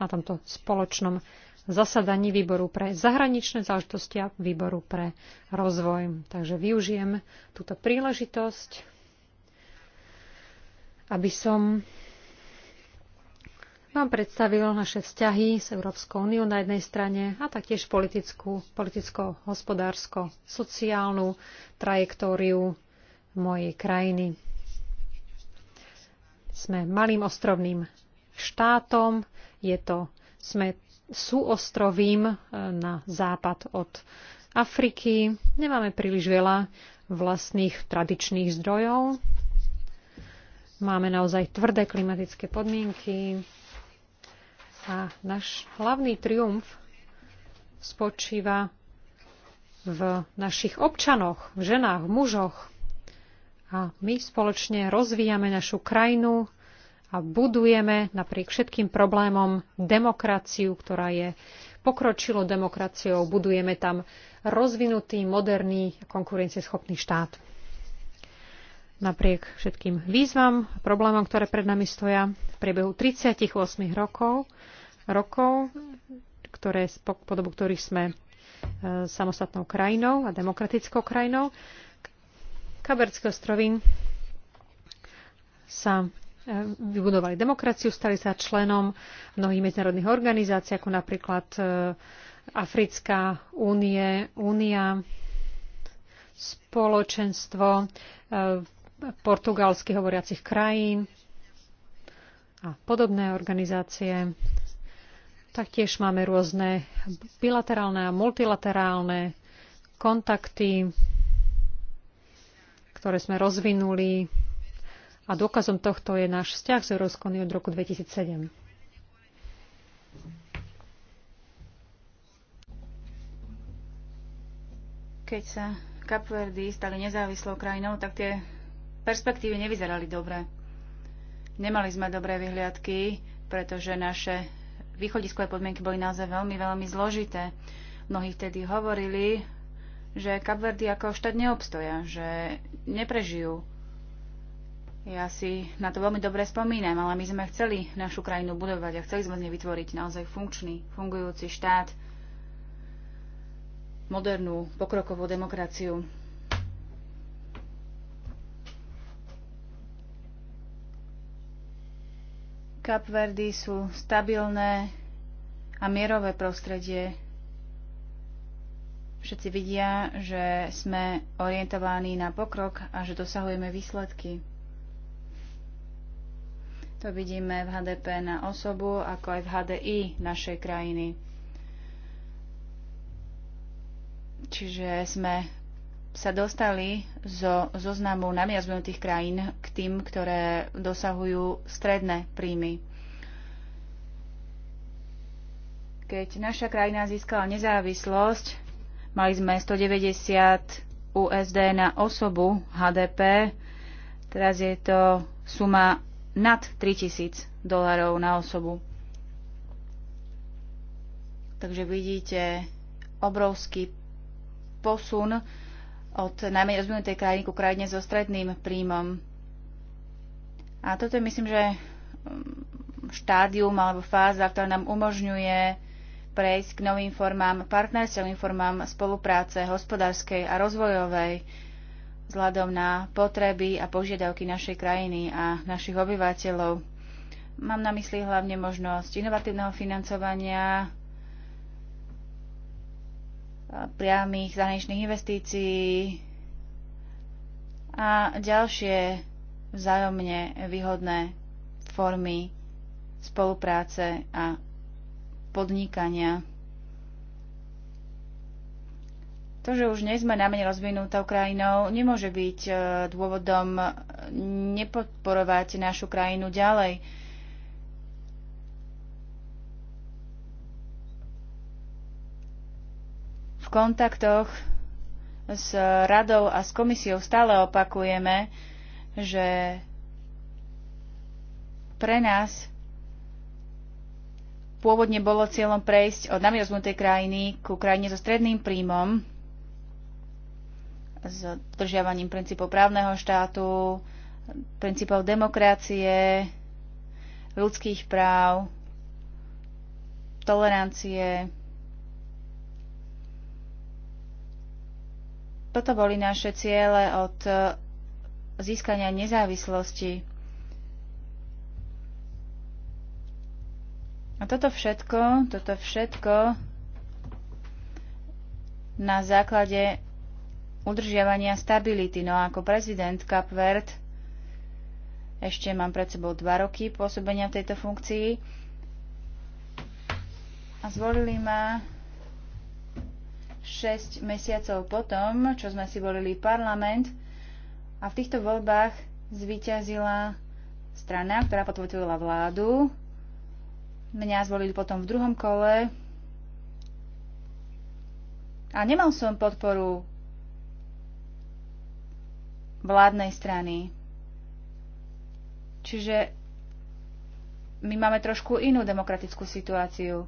na tomto spoločnom zasadaní výboru pre zahraničné záležitosti a výboru pre rozvoj. Takže využijem túto príležitosť, aby som vám predstavil naše vzťahy s Európskou úniou na jednej strane a taktiež politickú, politicko-hospodársko-sociálnu trajektóriu mojej krajiny. Sme malým ostrovným štátom, je to, sme súostrovím e, na západ od Afriky. Nemáme príliš veľa vlastných tradičných zdrojov. Máme naozaj tvrdé klimatické podmienky. A náš hlavný triumf spočíva v našich občanoch, v ženách, v mužoch, a my spoločne rozvíjame našu krajinu a budujeme napriek všetkým problémom demokraciu, ktorá je pokročilou demokraciou. Budujeme tam rozvinutý, moderný a konkurencieschopný štát. Napriek všetkým výzvam a problémom, ktoré pred nami stoja, v priebehu 38 rokov, rokov ktoré, po dobu ktorých sme e, samostatnou krajinou a demokratickou krajinou, Kaberské ostrovy sa e, vybudovali demokraciu, stali sa členom mnohých medzinárodných organizácií, ako napríklad e, Africká únie, únia, spoločenstvo e, portugalsky hovoriacich krajín a podobné organizácie. Taktiež máme rôzne bilaterálne a multilaterálne kontakty ktoré sme rozvinuli a dôkazom tohto je náš vzťah s Európskou od roku 2007. Keď sa Kapverdy stali nezávislou krajinou, tak tie perspektívy nevyzerali dobre. Nemali sme dobré vyhliadky, pretože naše východiskové podmienky boli naozaj veľmi, veľmi zložité. Mnohí vtedy hovorili že Kapverdy ako štát neobstoja, že neprežijú. Ja si na to veľmi dobre spomínam, ale my sme chceli našu krajinu budovať a chceli sme z nej vytvoriť naozaj funkčný, fungujúci štát, modernú, pokrokovú demokraciu. Kapverdy sú stabilné a mierové prostredie Všetci vidia, že sme orientovaní na pokrok a že dosahujeme výsledky. To vidíme v HDP na osobu, ako aj v HDI našej krajiny. Čiže sme sa dostali zo zoznamu namiazbnutých krajín k tým, ktoré dosahujú stredné príjmy. Keď naša krajina získala nezávislosť, Mali sme 190 USD na osobu HDP, teraz je to suma nad 3000 dolarov na osobu. Takže vidíte obrovský posun od najmenej rozvinutej krajiny ku krajine so stredným príjmom. A toto je, myslím, že mm, štádium alebo fáza, ktorá nám umožňuje prejsť k novým formám partnerstvovým formám spolupráce hospodárskej a rozvojovej vzhľadom na potreby a požiadavky našej krajiny a našich obyvateľov. Mám na mysli hlavne možnosť inovatívneho financovania, priamých zahraničných investícií a ďalšie vzájomne výhodné formy spolupráce a podnikania. To, že už nie sme na menej rozvinutou krajinou, nemôže byť e, dôvodom e, nepodporovať našu krajinu ďalej. V kontaktoch s radou a s komisiou stále opakujeme, že pre nás Pôvodne bolo cieľom prejsť od nami rozvinutej krajiny ku krajine so stredným príjmom, s dodržiavaním princípov právneho štátu, princípov demokracie, ľudských práv, tolerancie. Toto boli naše ciele od získania nezávislosti A toto všetko, toto všetko na základe udržiavania stability. No a ako prezident Kapvert ešte mám pred sebou dva roky pôsobenia v tejto funkcii a zvolili ma 6 mesiacov potom, čo sme si volili parlament a v týchto voľbách zvíťazila strana, ktorá potvrdila vládu Mňa zvolili potom v druhom kole a nemal som podporu vládnej strany. Čiže my máme trošku inú demokratickú situáciu.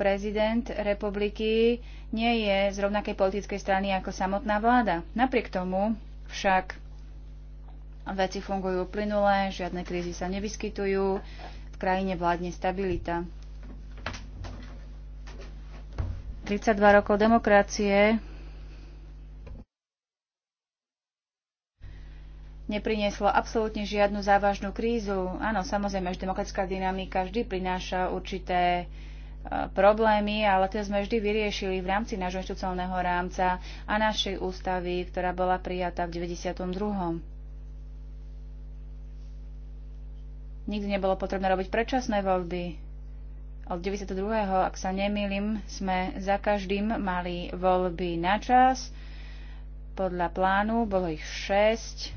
Prezident republiky nie je z rovnakej politickej strany ako samotná vláda. Napriek tomu však veci fungujú plynule, žiadne krízy sa nevyskytujú, krajine vládne stabilita. 32 rokov demokracie neprinieslo absolútne žiadnu závažnú krízu. Áno, samozrejme, že demokratická dynamika vždy prináša určité e, problémy, ale to sme vždy vyriešili v rámci nášho inštitucionálneho rámca a našej ústavy, ktorá bola prijatá v 92. Nikdy nebolo potrebné robiť predčasné voľby. Od 92., ak sa nemýlim, sme za každým mali voľby na čas. Podľa plánu bolo ich 6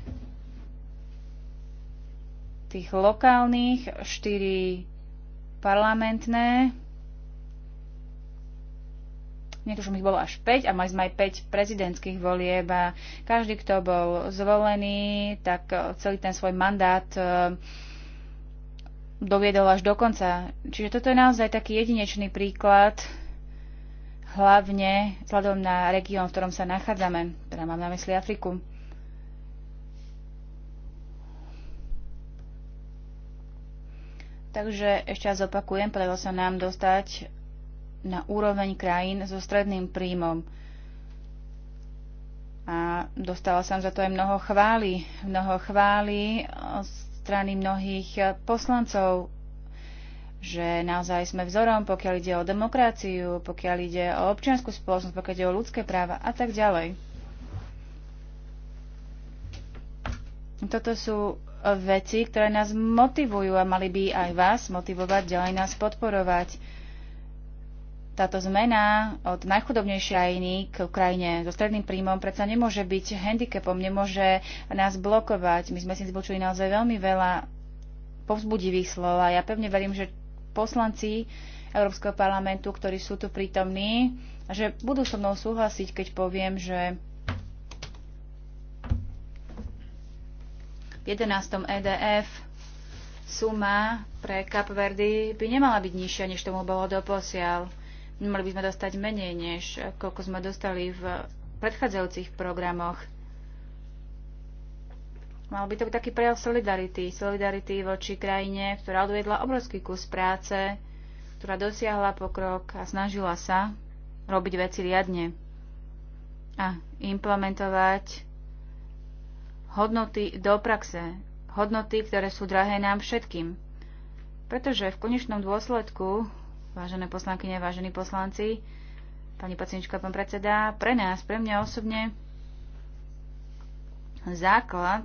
tých lokálnych, 4 parlamentné. Netuším, ich bolo až 5 a mali sme aj 5 prezidentských volieb a každý, kto bol zvolený, tak celý ten svoj mandát uh, doviedol až do konca. Čiže toto je naozaj taký jedinečný príklad, hlavne vzhľadom na región, v ktorom sa nachádzame, teda mám na mysli Afriku. Takže ešte raz opakujem, podarilo sa nám dostať na úroveň krajín so stredným príjmom. A dostala som za to aj mnoho chvály. Mnoho chvály z strany mnohých eh, poslancov, že naozaj sme vzorom, pokiaľ ide o demokraciu, pokiaľ ide o občianskú spoločnosť, pokiaľ ide o ľudské práva a tak ďalej. Toto sú eh, veci, ktoré nás motivujú a mali by aj vás motivovať ďalej nás podporovať táto zmena od najchudobnejšej krajiny k krajine so stredným príjmom predsa nemôže byť handicapom, nemôže nás blokovať. My sme si zbočili naozaj veľmi veľa povzbudivých slov a ja pevne verím, že poslanci Európskeho parlamentu, ktorí sú tu prítomní, že budú so mnou súhlasiť, keď poviem, že v 11. EDF suma pre Kapverdy by nemala byť nižšia, než tomu bolo doposiaľ mali by sme dostať menej, než koľko sme dostali v predchádzajúcich programoch. Mal by to byť taký prejav solidarity. Solidarity voči krajine, ktorá odvedla obrovský kus práce, ktorá dosiahla pokrok a snažila sa robiť veci riadne a implementovať hodnoty do praxe, hodnoty, ktoré sú drahé nám všetkým. Pretože v konečnom dôsledku vážené poslankyne, vážení poslanci, pani pacienčka, pán predseda, pre nás, pre mňa osobne základ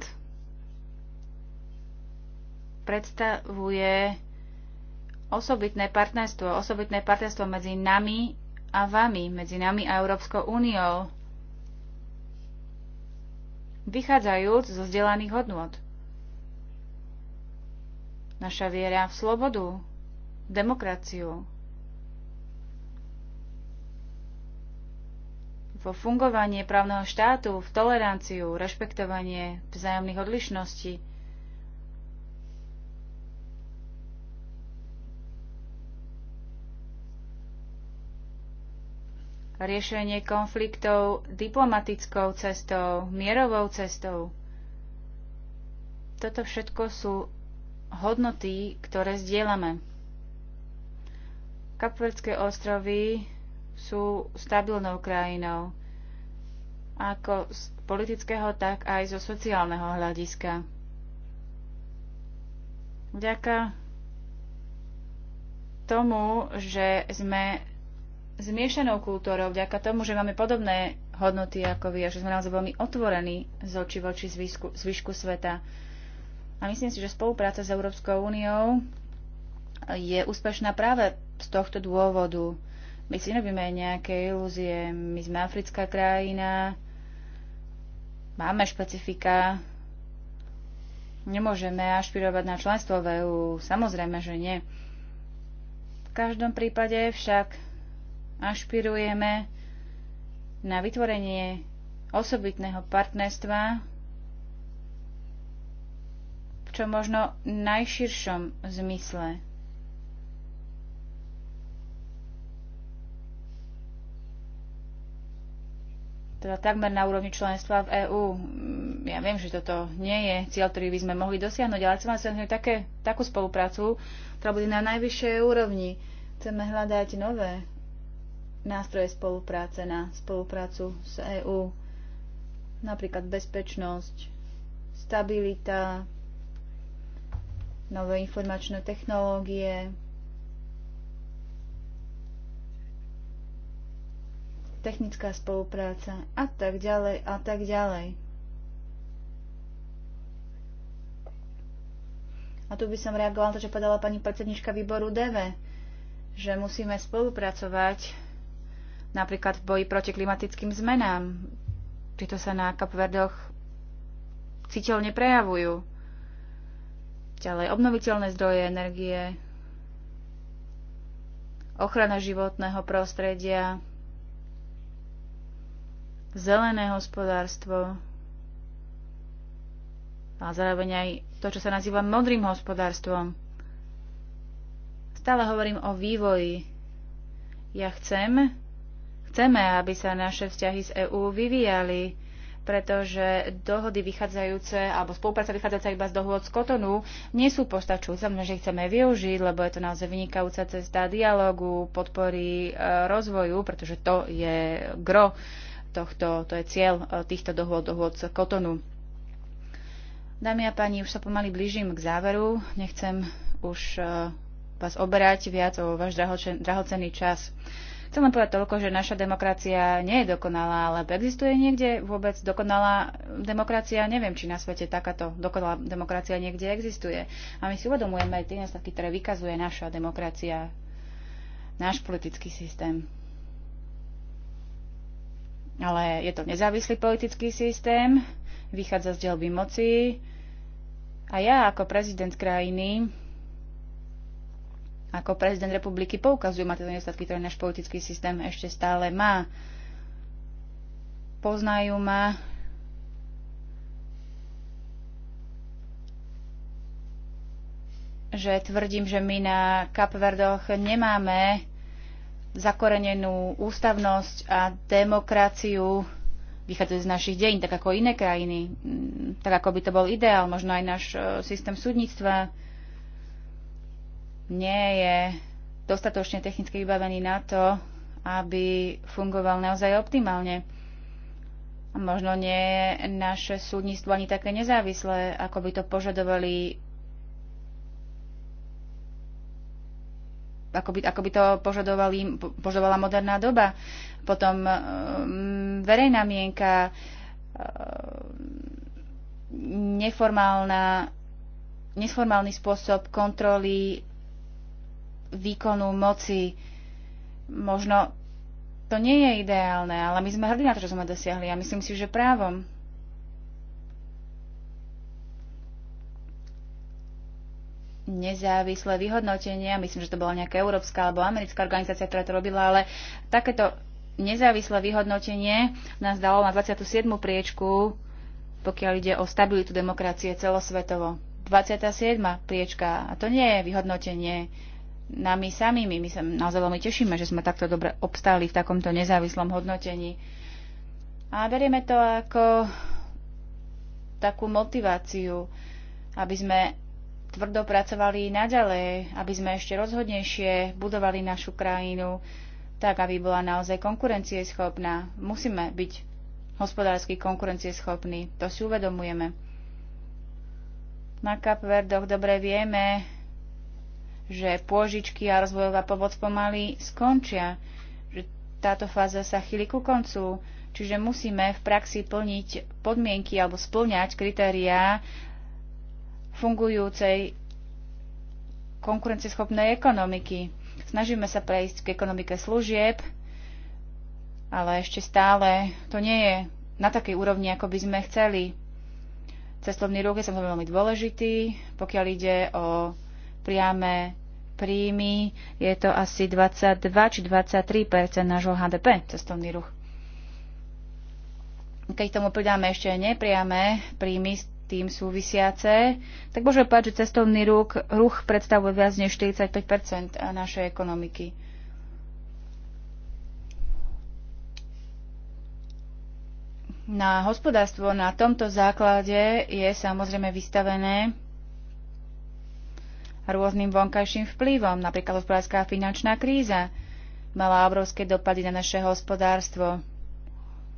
predstavuje osobitné partnerstvo, osobitné partnerstvo medzi nami a vami, medzi nami a Európskou úniou, vychádzajúc zo vzdelaných hodnôt. Naša viera v slobodu, demokraciu, vo fungovanie právneho štátu, v toleranciu, rešpektovanie vzájomných odlišností. riešenie konfliktov diplomatickou cestou, mierovou cestou. Toto všetko sú hodnoty, ktoré zdieľame. Kapverské ostrovy sú stabilnou krajinou, ako z politického, tak aj zo sociálneho hľadiska. Vďaka tomu, že sme zmiešanou kultúrou, vďaka tomu, že máme podobné hodnoty ako vy a že sme naozaj veľmi otvorení z očí voči zvyšku, zvyšku sveta. A myslím si, že spolupráca s Európskou úniou je úspešná práve z tohto dôvodu. My si nerobíme nejaké ilúzie. My sme africká krajina, máme špecifika, nemôžeme ašpirovať na členstvo v EÚ. Samozrejme, že nie. V každom prípade však ašpirujeme na vytvorenie osobitného partnerstva v čo možno najširšom zmysle teda takmer na úrovni členstva v EÚ. Mm, ja viem, že toto nie je cieľ, ktorý by sme mohli dosiahnuť, ale chceme sa také, takú spoluprácu, ktorá bude na najvyššej úrovni. Chceme hľadať nové nástroje spolupráce na spoluprácu s EÚ, napríklad bezpečnosť, stabilita, nové informačné technológie, technická spolupráca a tak ďalej a tak ďalej. A tu by som reagovala na to, čo povedala pani predsednička výboru DV, že musíme spolupracovať napríklad v boji proti klimatickým zmenám. Tieto sa na Kapverdoch citeľne prejavujú. Ďalej obnoviteľné zdroje energie, ochrana životného prostredia, zelené hospodárstvo a zároveň aj to, čo sa nazýva modrým hospodárstvom. Stále hovorím o vývoji. Ja chcem, chceme, aby sa naše vzťahy z EÚ vyvíjali, pretože dohody vychádzajúce, alebo spolupráca vychádzajúca iba z dohôd z Kotonu, nie sú postačujúce. Samozrejme, že chceme využiť, lebo je to naozaj vynikajúca cesta dialogu, podpory e, rozvoju, pretože to je gro tohto, to je cieľ e, týchto dohôd, dohôd z Kotonu. Dámy a páni, už sa pomaly blížim k záveru. Nechcem už e, vás oberať viac o váš drahocenný čas. Chcem len povedať toľko, že naša demokracia nie je dokonalá, ale existuje niekde vôbec dokonalá demokracia. Neviem, či na svete takáto dokonalá demokracia niekde existuje. A my si uvedomujeme aj tie nedostatky, ktoré vykazuje naša demokracia, náš politický systém ale je to nezávislý politický systém, vychádza z delby moci a ja ako prezident krajiny, ako prezident republiky poukazujem na tieto nedostatky, ktoré náš politický systém ešte stále má. Poznajú ma, že tvrdím, že my na Kapverdoch nemáme zakorenenú ústavnosť a demokraciu vychádzajú z našich dejín, tak ako iné krajiny, mm, tak ako by to bol ideál, možno aj náš e, systém súdnictva nie je dostatočne technicky vybavený na to, aby fungoval naozaj optimálne. Možno nie je naše súdnictvo ani také nezávislé, ako by to požadovali ako by, ako by to požadovali, požadovala moderná doba. Potom eh, mm, verejná mienka, eh, neformálna, nesformálny spôsob kontroly výkonu moci. Možno to nie je ideálne, ale my sme hrdí na to, čo sme dosiahli a myslím si, že právom. nezávislé vyhodnotenia, myslím, že to bola nejaká európska alebo americká organizácia, ktorá to robila, ale takéto nezávislé vyhodnotenie nás dalo na 27. priečku, pokiaľ ide o stabilitu demokracie celosvetovo. 27. priečka. A to nie je vyhodnotenie nami samými. My sa naozaj veľmi tešíme, že sme takto dobre obstáli v takomto nezávislom hodnotení. A berieme to ako takú motiváciu, aby sme tvrdo pracovali naďalej, aby sme ešte rozhodnejšie budovali našu krajinu, tak aby bola naozaj konkurencieschopná. Musíme byť hospodársky konkurencieschopní, to si uvedomujeme. Na Kapverdoch dobre vieme, že pôžičky a rozvojová pomoc pomaly skončia, že táto fáza sa chýli ku koncu, čiže musíme v praxi plniť podmienky alebo splňať kritériá fungujúcej konkurencieschopnej ekonomiky. Snažíme sa prejsť k ekonomike služieb, ale ešte stále to nie je na takej úrovni, ako by sme chceli. Cestovný ruch je samozrejme veľmi dôležitý, pokiaľ ide o priame príjmy, je to asi 22 či 23 nášho HDP, cestovný ruch. Keď tomu pridáme ešte nepriame príjmy z tým súvisiace, tak môžeme povedať, že cestovný ruch, ruch predstavuje viac než 45 našej ekonomiky. Na hospodárstvo na tomto základe je samozrejme vystavené rôznym vonkajším vplyvom, napríklad hospodárska finančná kríza mala obrovské dopady na naše hospodárstvo.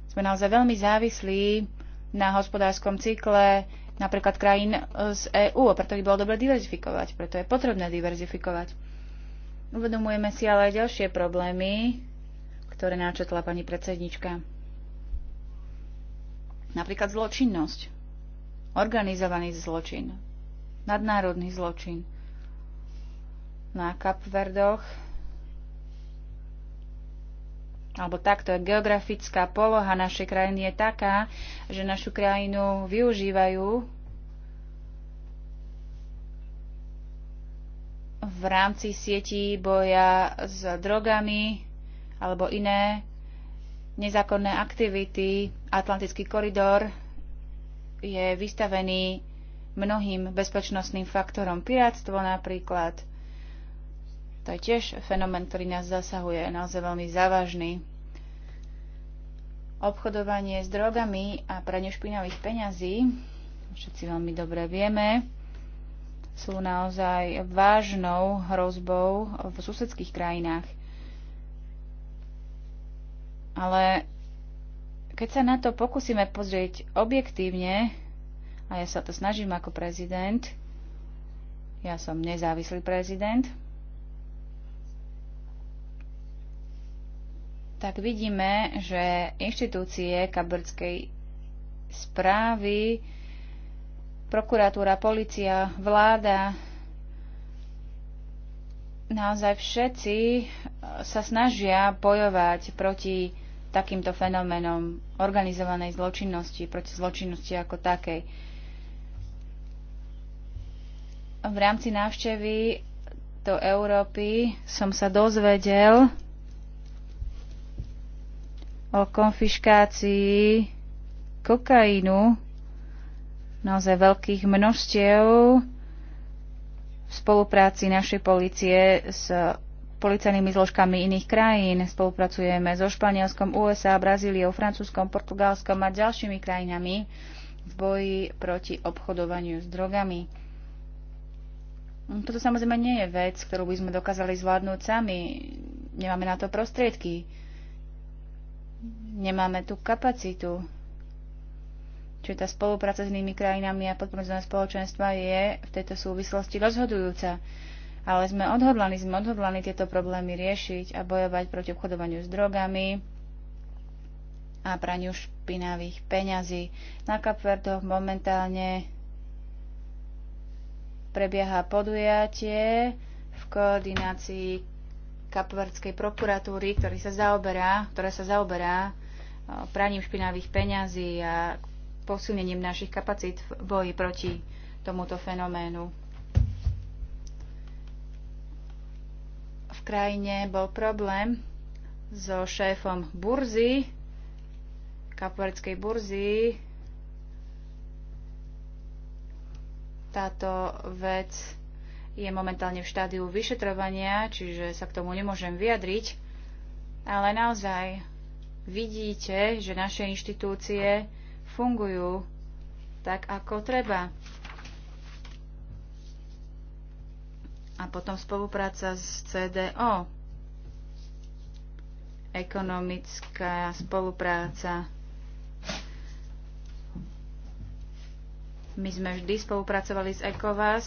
Sme naozaj veľmi závislí na hospodárskom cykle, napríklad krajín e, z EÚ, a preto by bolo dobre diverzifikovať, preto je potrebné diverzifikovať. Uvedomujeme si ale aj ďalšie problémy, ktoré náčetla pani predsednička. Napríklad zločinnosť, organizovaný zločin, nadnárodný zločin. Na Kapverdoch alebo takto geografická poloha našej krajiny je taká, že našu krajinu využívajú v rámci sietí boja s drogami alebo iné nezákonné aktivity. Atlantický koridor je vystavený mnohým bezpečnostným faktorom. Pirátstvo napríklad – to je tiež fenomén, ktorý nás zasahuje, je naozaj veľmi závažný. Obchodovanie s drogami a pranie špinavých peňazí, všetci veľmi dobre vieme, sú naozaj vážnou hrozbou v susedských krajinách. Ale keď sa na to pokúsime pozrieť objektívne, a ja sa to snažím ako prezident, ja som nezávislý prezident, tak vidíme, že inštitúcie kabrdskej správy, prokuratúra, policia, vláda, naozaj všetci eh, sa snažia bojovať proti takýmto fenoménom organizovanej zločinnosti, proti zločinnosti ako takej. V rámci návštevy do Európy som sa dozvedel, o konfiškácii kokainu, naozaj veľkých množstiev v spolupráci našej policie s policajnými zložkami iných krajín. Spolupracujeme so Španielskom, USA, Brazíliou, Francúzskom, Portugalskom a ďalšími krajinami v boji proti obchodovaniu s drogami. Toto samozrejme nie je vec, ktorú by sme dokázali zvládnuť sami. Nemáme na to prostriedky nemáme tú kapacitu. Čiže tá spolupráca s inými krajinami a podporozené spoločenstva je v tejto súvislosti rozhodujúca. Ale sme odhodlani, sme odhodlani tieto problémy riešiť a bojovať proti obchodovaniu s drogami a praniu špinavých peňazí. Na Kapverdoch momentálne prebieha podujatie v koordinácii kapverskej prokuratúry, ktorý sa zaoberá, ktorá sa zaoberá e, praním špinavých peňazí a posunením našich kapacít v boji proti tomuto fenoménu. V krajine bol problém so šéfom burzy, kapverskej burzy. Táto vec je momentálne v štádiu vyšetrovania, čiže sa k tomu nemôžem vyjadriť, ale naozaj vidíte, že naše inštitúcie fungujú tak, ako treba. A potom spolupráca s CDO, ekonomická spolupráca. My sme vždy spolupracovali s ECOVAS,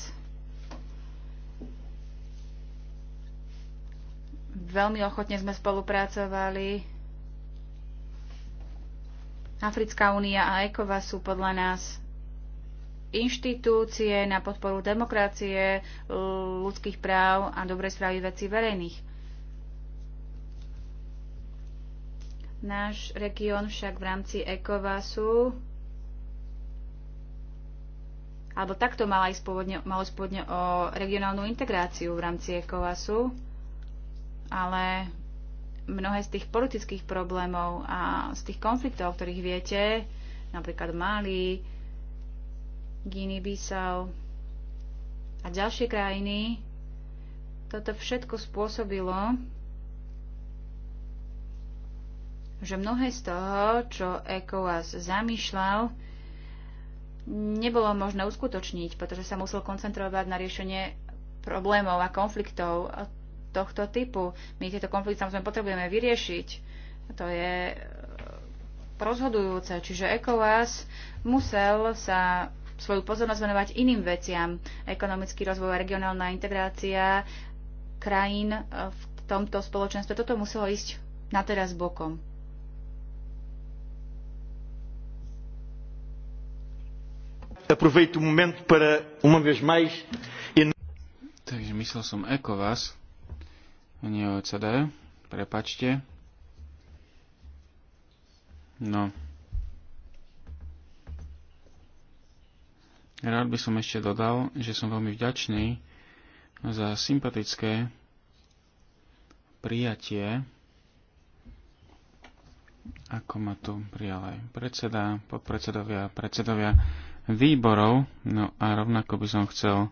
Veľmi ochotne sme spolupracovali. Africká únia a ECOVA sú podľa nás inštitúcie na podporu demokracie, ľudských práv a dobrej správy vecí verejných. Náš región však v rámci ECOVASu alebo takto mala ísť pôvodne, malo ísť pôvodne o regionálnu integráciu v rámci ECOVASu ale mnohé z tých politických problémov a z tých konfliktov, o ktorých viete, napríklad Mali, Guinea-Bissau a ďalšie krajiny, toto všetko spôsobilo, že mnohé z toho, čo ECOWAS zamýšľal, nebolo možné uskutočniť, pretože sa musel koncentrovať na riešenie problémov a konfliktov tohto typu. My tieto konflikty samozrejme potrebujeme vyriešiť. To je e, rozhodujúce. Čiže ECOWAS musel sa svoju pozornosť venovať iným veciam. Ekonomický rozvoj, regionálna integrácia krajín e, v tomto spoločenstve. Toto muselo ísť na teraz bokom. Aproveito o momento para, uma vez mais... Takže myslel som ECOWAS, nie e CD, prepačte. No. Rád by som ešte dodal, že som veľmi vďačný za sympatické prijatie, ako ma tu prijal aj predseda, podpredsedovia, predsedovia výborov. No a rovnako by som chcel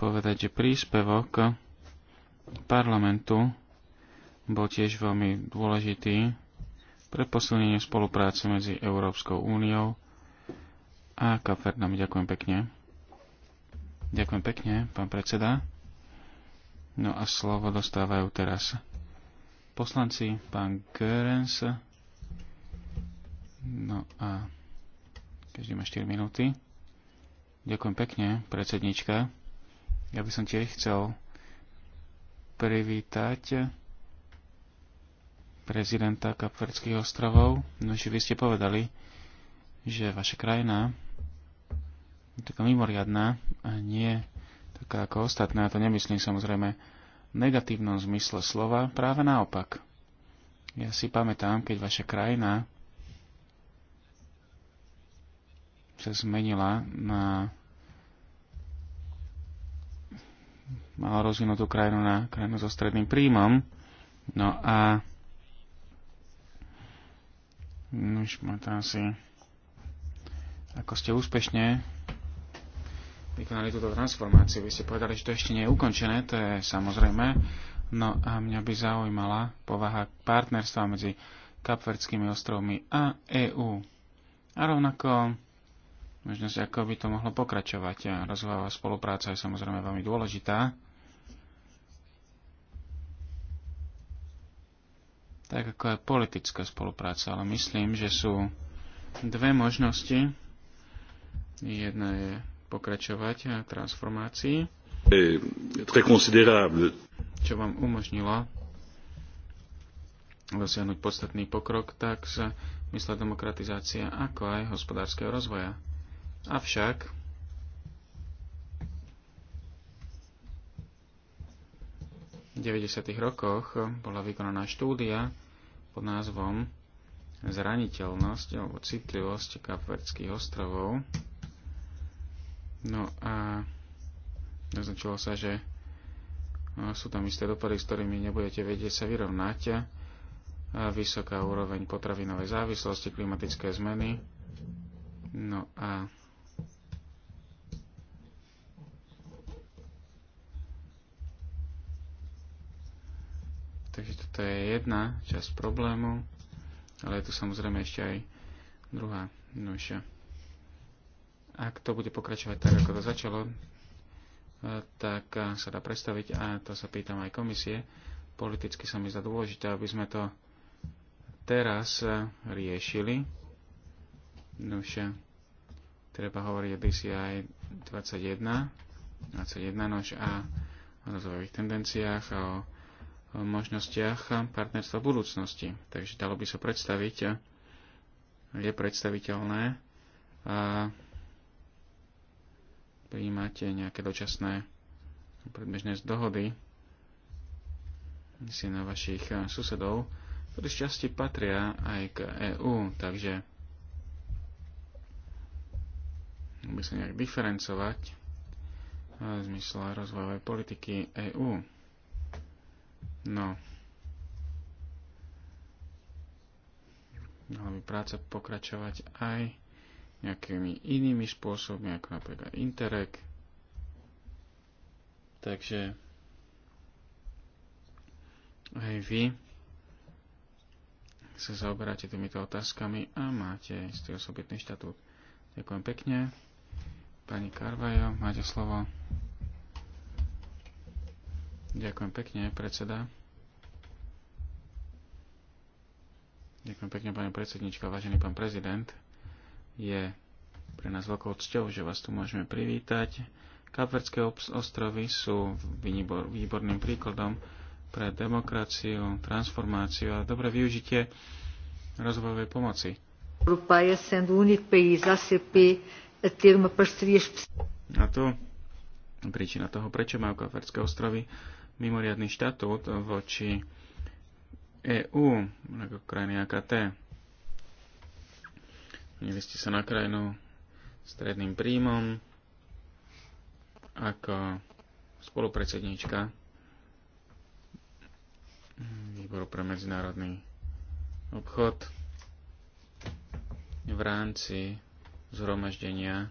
povedať, že príspevok parlamentu bol tiež veľmi dôležitý pre posilnenie spolupráce medzi Európskou úniou a Kafernami. Ďakujem pekne. Ďakujem pekne, pán predseda. No a slovo dostávajú teraz poslanci, pán Görens. No a každý má 4 minúty. Ďakujem pekne, predsednička. Ja by som tiež chcel privítať prezidenta Kapverdských ostrovov. No, že vy ste povedali, že vaša krajina je taká mimoriadná a nie taká ako ostatná. To nemyslím samozrejme v negatívnom zmysle slova, práve naopak. Ja si pamätám, keď vaša krajina sa zmenila na malo rozvinutú krajinu na krajinu so stredným príjmom. No a no, už máte asi ako ste úspešne vykonali túto transformáciu. Vy ste povedali, že to ešte nie je ukončené, to je samozrejme. No a mňa by zaujímala povaha partnerstva medzi Kapverdskými ostrovmi a EÚ. A rovnako možnosť, ako by to mohlo pokračovať. A rozvojová spolupráca je samozrejme veľmi dôležitá. Tak ako aj politická spolupráca, ale myslím, že sú dve možnosti. Jedna je pokračovať a transformácii, čo vám umožnilo dosiahnuť podstatný pokrok tak z mysle demokratizácia ako aj hospodárskeho rozvoja. Avšak v 90. rokoch bola vykonaná štúdia pod názvom Zraniteľnosť alebo citlivosť kapverdských ostrovov. No a naznačilo sa, že sú tam isté dopady, s ktorými nebudete vedieť sa vyrovnať. Vysoká úroveň potravinovej závislosti, klimatické zmeny. No a Takže toto je jedna časť problému, ale je tu samozrejme ešte aj druhá noša. Ak to bude pokračovať tak, ako to začalo, e, tak e, sa dá predstaviť, a to sa pýtam aj komisie, politicky sa mi zdá dôležité, aby sme to teraz e, riešili. Nož, treba hovoriť o DCI 21, 21 nož a o rozvojových tendenciách a o možnostiach partnerstva budúcnosti. Takže dalo by sa predstaviť, je predstaviteľné a prijímate nejaké dočasné predbežné dohody si na vašich susedov, ktorí šťastie patria aj k EÚ, takže by sa nejak diferencovať v zmysle rozvojovej politiky EÚ. No. Mala by práca pokračovať aj nejakými inými spôsobmi, ako napríklad Interreg. Takže aj vy sa zaoberáte týmito otázkami a máte istý osobitný štatút. Ďakujem pekne. Pani Karvajo, máte slovo. Ďakujem pekne, predseda. Ďakujem pekne, pani predsednička, vážený pán prezident. Je pre nás veľkou cťou, že vás tu môžeme privítať. Kapverské ostrovy sú výborným príkladom pre demokraciu, transformáciu a dobré využitie rozvojovej pomoci. A tu, príčina toho, prečo majú Kapverské ostrovy mimoriadný štatút voči EÚ, ako krajiny AKT. Mieli ste sa na krajinu stredným príjmom ako spolupredsednička výboru pre medzinárodný obchod v rámci zhromaždenia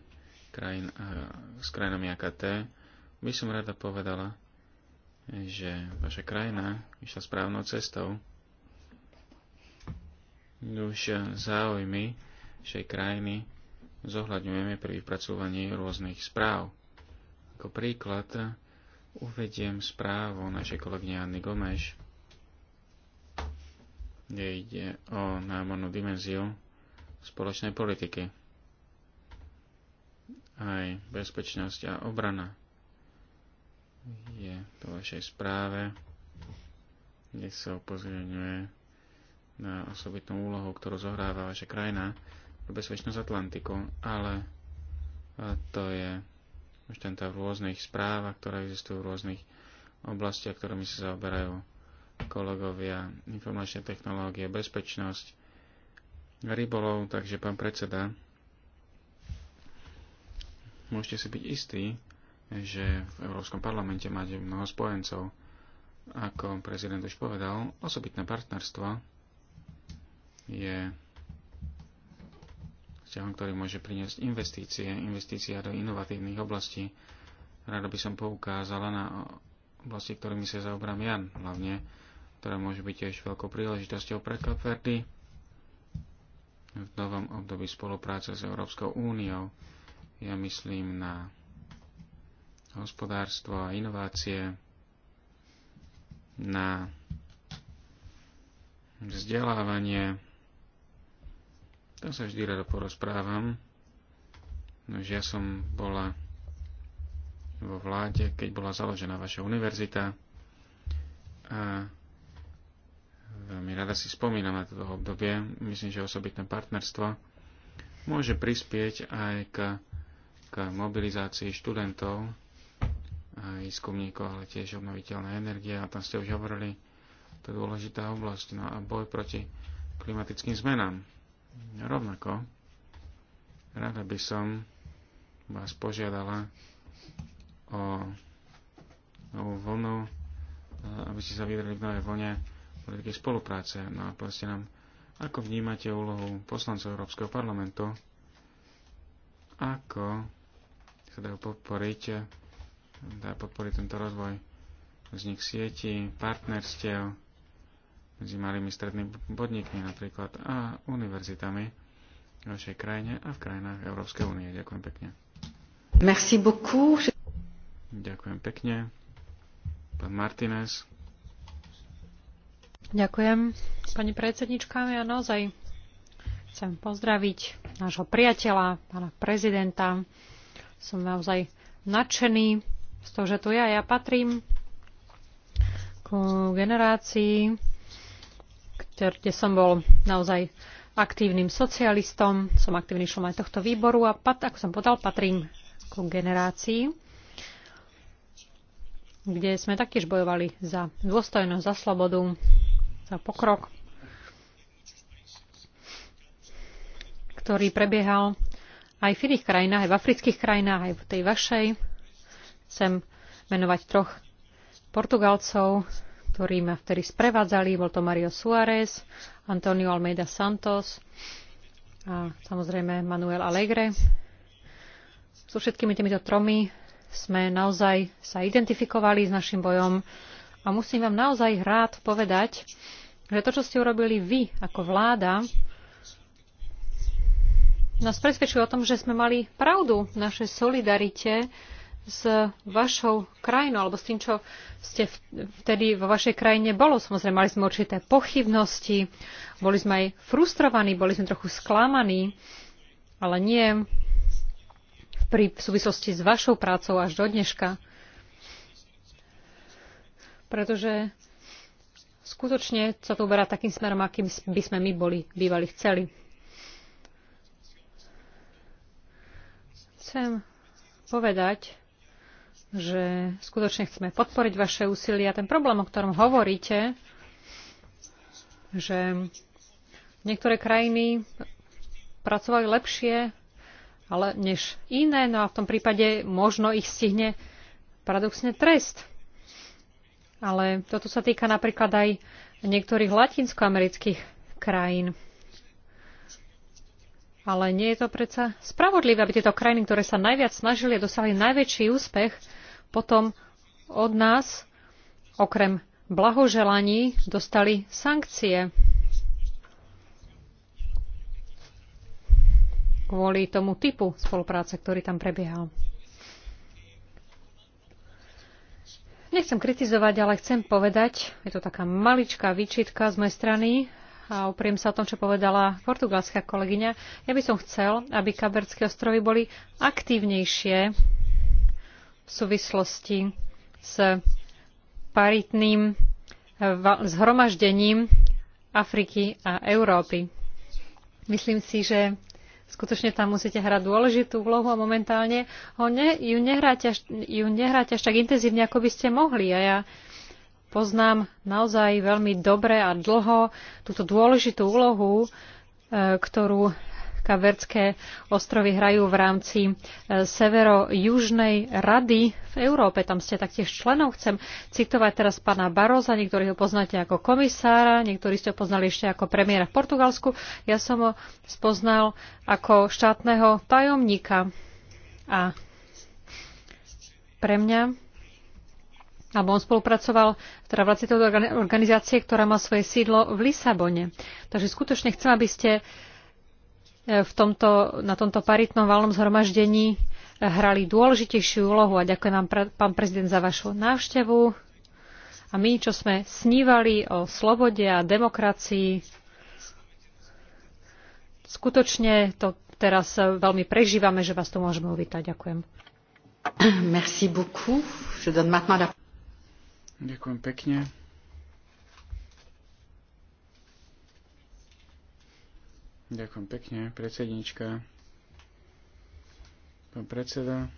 krajín, s krajinami AKT by som rada povedala, že vaša krajina išla správnou cestou. Už záujmy všej krajiny zohľadňujeme pri vypracovaní rôznych správ. Ako príklad uvediem správu našej kolegyne Anny Gomeš, kde ide o námornú dimenziu spoločnej politiky. Aj bezpečnosť a obrana je to vašej správe, kde sa upozorňuje na osobitnú úlohu, ktorú zohráva vaša krajina pre bezpečnosť Atlantiku, ale to je už tenta v rôznych správach, ktoré existujú v rôznych oblastiach, ktorými sa zaoberajú kolegovia, informačné technológie, bezpečnosť, rybolov, takže pán predseda, môžete si byť istí, že v Európskom parlamente máte mnoho spojencov. Ako prezident už povedal, osobitné partnerstvo je vzťahom, ktorý môže priniesť investície, investícia do inovatívnych oblastí. Rada by som poukázala na oblasti, ktorými sa zaobrám ja, hlavne, ktoré môže byť tiež veľkou príležitosťou pre Kapverdy v novom období spolupráce s Európskou úniou. Ja myslím na hospodárstvo a inovácie, na vzdelávanie. Tam sa vždy rado porozprávam. Nož ja som bola vo vláde, keď bola založená vaša univerzita a veľmi rada si spomínam na toto obdobie. Myslím, že osobitné partnerstvo môže prispieť aj k, k mobilizácii študentov výskumníkov, ale tiež obnoviteľná energia, a tam ste už hovorili, to je dôležitá oblasť, no a boj proti klimatickým zmenám. Rovnako, rada by som vás požiadala o novú vlnu, e, aby ste sa vydali v novej vlne politiky spolupráce. No a povedzte nám, ako vnímate úlohu poslancov Európskeho parlamentu, ako sa dajú podporiť dá podporiť tento rozvoj vznik sieti, partnerstiev medzi malými strednými podnikmi napríklad a univerzitami v našej krajine a v krajinách Európskej únie. Ďakujem pekne. Merci beaucoup. Ďakujem pekne. Pán Martinez. Ďakujem. Pani predsednička, ja naozaj chcem pozdraviť nášho priateľa, pána prezidenta. Som naozaj nadšený z toho, že tu ja, ja patrím ku generácii, kde som bol naozaj aktívnym socialistom, som aktívny člen aj tohto výboru a pat, ako som povedal, patrím ku generácii, kde sme taktiež bojovali za dôstojnosť, za slobodu, za pokrok, ktorý prebiehal aj v iných krajinách, aj v afrických krajinách, aj v tej vašej Chcem menovať troch Portugalcov, ktorí ma vtedy sprevádzali. Bol to Mario Suárez, Antonio Almeida Santos a samozrejme Manuel Alegre. So všetkými týmito tromi sme naozaj sa identifikovali s našim bojom a musím vám naozaj rád povedať, že to, čo ste urobili vy ako vláda, nás presvedčuje o tom, že sme mali pravdu v našej solidarite s vašou krajinou alebo s tým, čo ste vtedy vo vašej krajine bolo. Samozrejme, mali sme určité pochybnosti, boli sme aj frustrovaní, boli sme trochu sklamaní, ale nie pri, v súvislosti s vašou prácou až do dneška. Pretože skutočne sa to uberá takým smerom, akým by sme my boli bývali chceli. Chcem povedať, že skutočne chceme podporiť vaše úsilie a ten problém, o ktorom hovoríte, že niektoré krajiny pracovali lepšie ale než iné, no a v tom prípade možno ich stihne paradoxne trest. Ale toto sa týka napríklad aj niektorých latinskoamerických krajín. Ale nie je to predsa spravodlivé, aby tieto krajiny, ktoré sa najviac snažili a dosahli najväčší úspech, potom od nás, okrem blahoželaní, dostali sankcie. kvôli tomu typu spolupráce, ktorý tam prebiehal. Nechcem kritizovať, ale chcem povedať, je to taká maličká výčitka z mojej strany a opriem sa o tom, čo povedala portugalská kolegyňa. Ja by som chcel, aby Kaberské ostrovy boli aktívnejšie v súvislosti s paritným zhromaždením Afriky a Európy. Myslím si, že skutočne tam musíte hrať dôležitú úlohu a momentálne ho ne, ju, nehráte až, ju nehráte až tak intenzívne, ako by ste mohli. A ja poznám naozaj veľmi dobre a dlho túto dôležitú úlohu, e, ktorú Kapverdské ostrovy hrajú v rámci e, severo-južnej rady v Európe. Tam ste taktiež členov. Chcem citovať teraz pána Baroza. Niektorí ho poznáte ako komisára, niektorí ste ho poznali ešte ako premiéra v Portugalsku. Ja som ho spoznal ako štátneho tajomníka. A pre mňa alebo on spolupracoval teda v organizácie, ktorá má svoje sídlo v Lisabone. Takže skutočne chcem, aby ste v tomto, na tomto paritnom valnom zhromaždení hrali dôležitejšiu úlohu a ďakujem vám, pán prezident, za vašu návštevu. A my, čo sme snívali o slobode a demokracii, skutočne to teraz veľmi prežívame, že vás tu môžeme uvítať. Ďakujem. Merci beaucoup. Je donne maintenant la... Ďakujem pekne. Ďakujem pekne, predsednička. Pán predseda.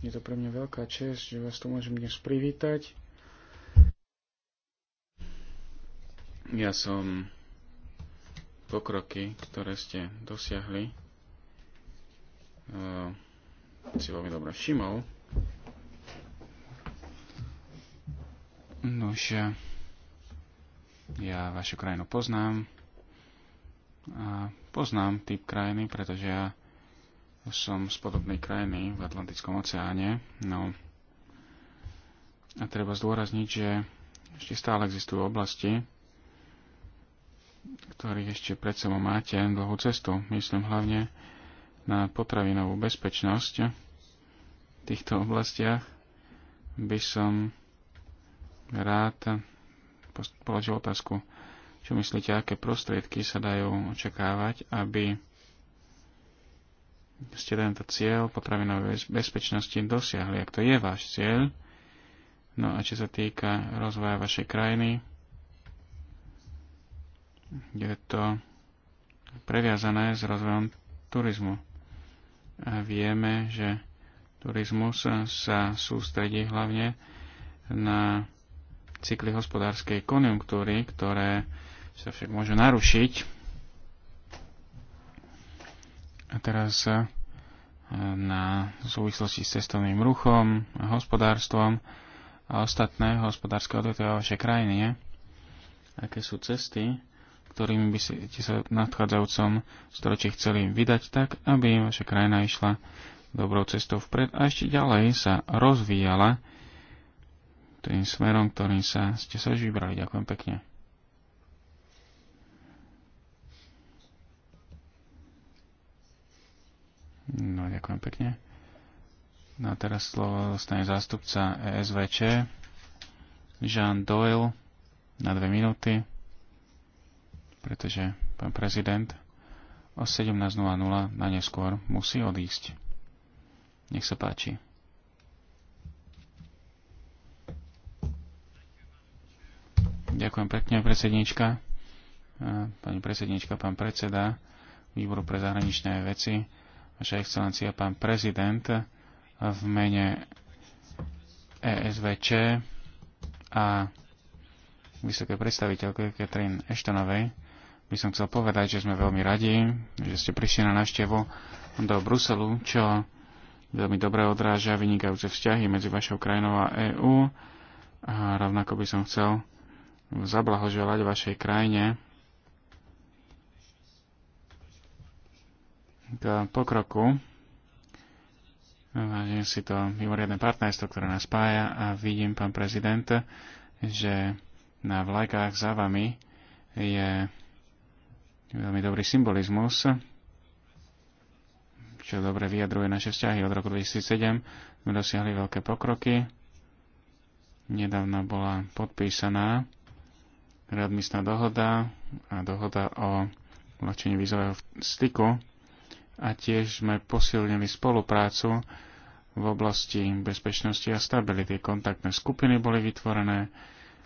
Je to pre mňa veľká čest, že vás tu môžem dnes privítať. Ja som pokroky, ktoré ste dosiahli, eh, si veľmi dobre všimol. Nože, ja vašu krajinu poznám. A poznám typ krajiny, pretože ja som z podobnej krajiny v Atlantickom oceáne. No a treba zdôrazniť, že ešte stále existujú oblasti, ktorých ešte pred sebou máte dlhú cestu. Myslím hlavne na potravinovú bezpečnosť v týchto oblastiach by som rád položil otázku, čo myslíte, aké prostriedky sa dajú očakávať, aby ste tento cieľ potravinovej bezpečnosti dosiahli, ak to je váš cieľ. No a čo sa týka rozvoja vašej krajiny, je to previazané s rozvojom turizmu. A vieme, že turizmus sa sústredí hlavne na cykly hospodárskej konjunktúry, ktoré sa však môžu narušiť. A teraz eh, na súvislosti s cestovným ruchom, hospodárstvom a ostatné hospodárske odvetvia vašej krajiny. Eh? Aké sú cesty, ktorými by ste sa v nadchádzajúcom storočí chceli vydať tak, aby vaša krajina išla dobrou cestou vpred a ešte ďalej sa rozvíjala tým smerom, ktorým sa ste sa vybrali. Ďakujem pekne. No, ďakujem pekne. No a teraz slovo dostane zástupca ESVČ, Jean Doyle, na dve minúty, pretože pán prezident o 17.00 na neskôr musí odísť. Nech sa páči. Ďakujem pekne, predsednička. Pani predsednička, pán predseda výboru pre zahraničné veci, vaša excelencia, pán prezident v mene ESVČ a vysokej predstaviteľke Katrin Eštonovej by som chcel povedať, že sme veľmi radi, že ste prišli na návštevu do Bruselu, čo veľmi dobre odráža vynikajúce vzťahy medzi vašou krajinou a EÚ. A rovnako by som chcel zablahoželať vašej krajine k pokroku. Vážim si to mimoriadne partnerstvo, ktoré nás spája a vidím, pán prezident, že na vlajkách za vami je veľmi dobrý symbolizmus, čo dobre vyjadruje naše vzťahy. Od roku 2007 sme dosiahli veľké pokroky. Nedávno bola podpísaná readmisná dohoda a dohoda o uľahčení vízového styku a tiež sme posilnili spoluprácu v oblasti bezpečnosti a stability. Kontaktné skupiny boli vytvorené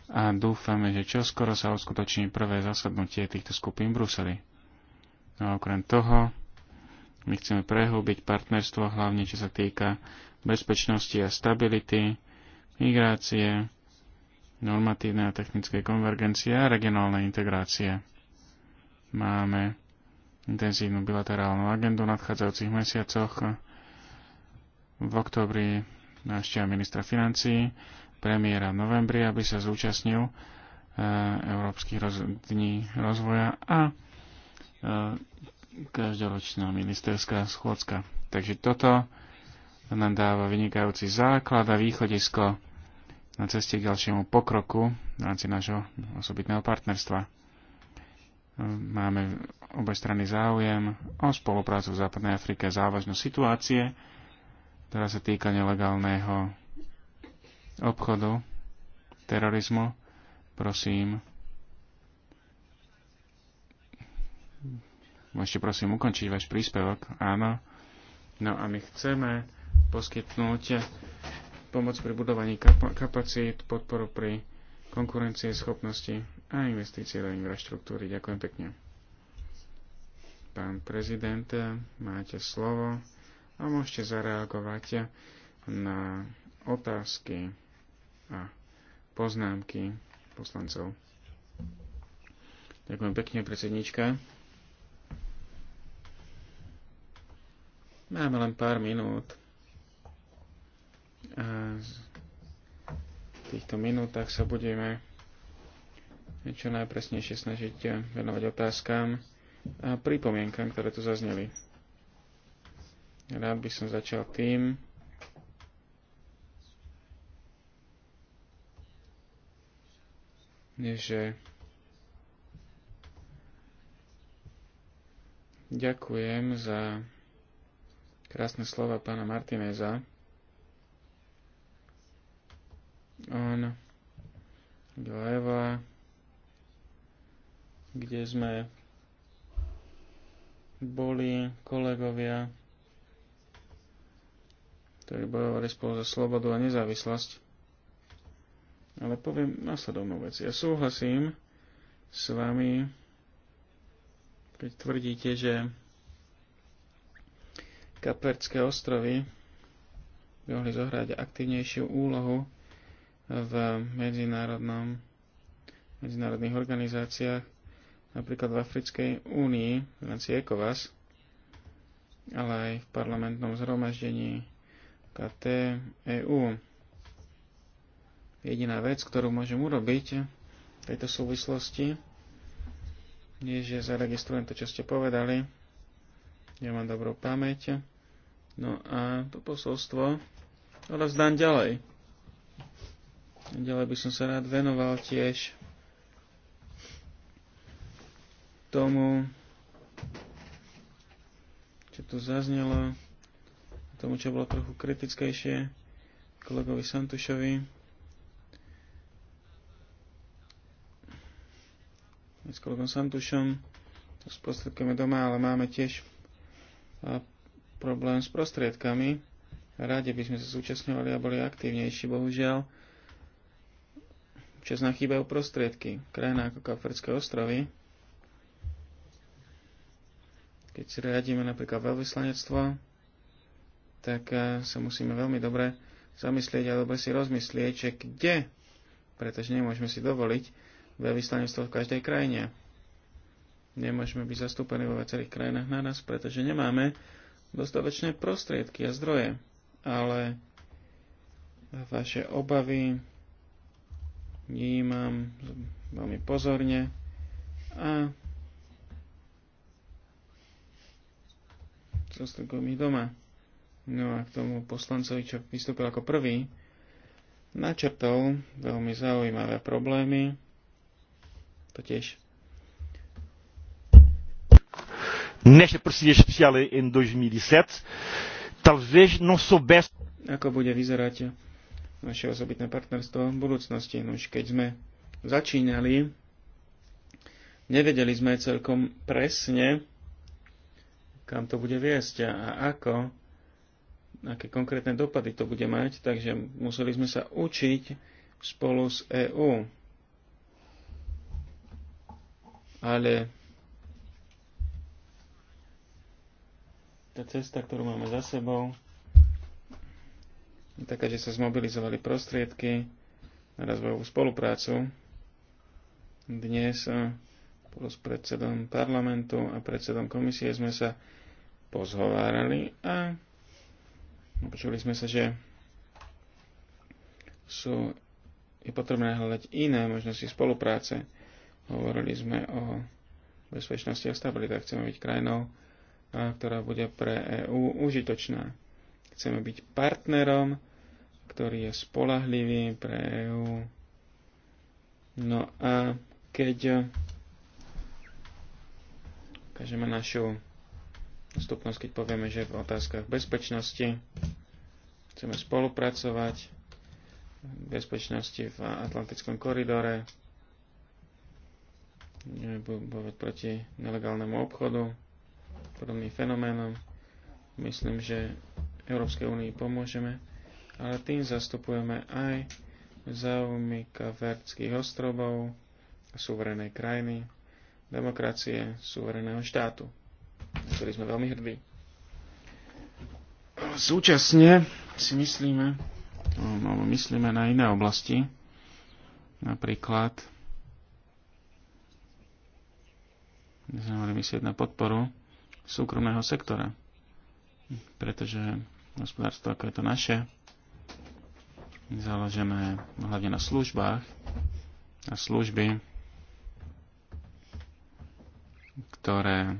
a dúfame, že čoskoro sa uskutoční prvé zasadnutie týchto skupín v Bruseli. No a okrem toho, my chceme prehlúbiť partnerstvo, hlavne čo sa týka bezpečnosti a stability, migrácie, normatívnej a technickej konvergencie a regionálnej integrácie. Máme intenzívnu bilaterálnu agendu v nadchádzajúcich mesiacoch. V oktobri návšteva ministra financí, premiéra v novembri, aby sa zúčastnil e, Európskych roz- dní rozvoja a e, každoročná ministerská schôdzka. Takže toto nám dáva vynikajúci základ a východisko na ceste k ďalšiemu pokroku v rámci nášho osobitného partnerstva. Máme obe strany záujem o spoluprácu v Západnej Afrike a závažnosť situácie, ktorá sa týka nelegálneho obchodu, terorizmu. Prosím, môžete prosím ukončiť váš príspevok. Áno. No a my chceme poskytnúť pomoc pri budovaní kapacít, podporu pri konkurencie schopnosti a investície do infraštruktúry. Ďakujem pekne. Pán prezident, máte slovo a môžete zareagovať na otázky a poznámky poslancov. Ďakujem pekne, predsednička. Máme len pár minút v týchto minútach sa budeme čo najpresnejšie snažiť venovať otázkam a pripomienkam, ktoré tu zazneli. Rád by som začal tým, že ďakujem za krásne slova pána Martineza on do Eva, kde sme boli kolegovia, ktorí bojovali spolu za slobodu a nezávislosť. Ale poviem následovnú vec. Ja súhlasím s vami, keď tvrdíte, že Kaperské ostrovy by mohli zohrať aktívnejšiu úlohu v medzinárodnom, medzinárodných organizáciách, napríklad v Africkej únii, v rámci ECOWAS, ale aj v parlamentnom zhromaždení KT EU. Jediná vec, ktorú môžem urobiť v tejto súvislosti, je, že zaregistrujem to, čo ste povedali. Ja mám dobrú pamäť. No a to posolstvo rozdám ďalej. Ďalej by som sa rád venoval tiež tomu, čo tu zaznelo, tomu, čo bolo trochu kritickejšie, kolegovi Santušovi. S kolegom Santušom to sprostredkujeme doma, ale máme tiež problém s prostriedkami. Rade by sme sa zúčastňovali a boli aktívnejší, bohužiaľ čas nám chýbajú prostriedky. Krajina ako Kapverské ostrovy, keď si riadíme napríklad veľvyslanectvo, tak eh, sa musíme veľmi dobre zamyslieť alebo si rozmyslieť, že kde, pretože nemôžeme si dovoliť veľvyslanectvo v každej krajine. Nemôžeme byť zastúpení vo viacerých krajinách na nás, pretože nemáme dostatočné prostriedky a zdroje. Ale vaše obavy, vnímam veľmi pozorne a zastupujem ich doma. No a k tomu poslancovi, čo vystúpil ako prvý, načrtol veľmi zaujímavé problémy, totiž Než je nesta parceria especial em 2007, talvez não soubesse... Ako bude vyzerať naše osobitné partnerstvo v budúcnosti. No už keď sme začínali, nevedeli sme celkom presne, kam to bude viesť a ako, aké konkrétne dopady to bude mať, takže museli sme sa učiť spolu s EÚ. Ale tá cesta, ktorú máme za sebou, je taká, že sa zmobilizovali prostriedky na rozvojovú spoluprácu. Dnes eh, spolu s predsedom parlamentu a predsedom komisie sme sa pozhovárali a počuli sme sa, že sú, je potrebné hľadať iné možnosti spolupráce. Hovorili sme o bezpečnosti a stabilite. Chceme byť krajinou, eh, ktorá bude pre EÚ užitočná. Chceme byť partnerom, ktorý je spolahlivý pre EU. No a keď ukážeme našu dostupnosť, keď povieme, že v otázkach bezpečnosti chceme spolupracovať, v bezpečnosti v Atlantickom koridore, bojovať proti nelegálnemu obchodu, podobným fenoménom. Myslím, že Európskej únii pomôžeme ale tým zastupujeme aj záujmy kaverckých ostrovov, suverenej krajiny, demokracie, suvereného štátu, na ktorý sme veľmi hrdí. Súčasne si myslíme, no, alebo myslíme na iné oblasti, napríklad my sme mali myslieť na podporu súkromného sektora, pretože hospodárstvo, ako je to naše, založené hlavne na službách a služby, ktoré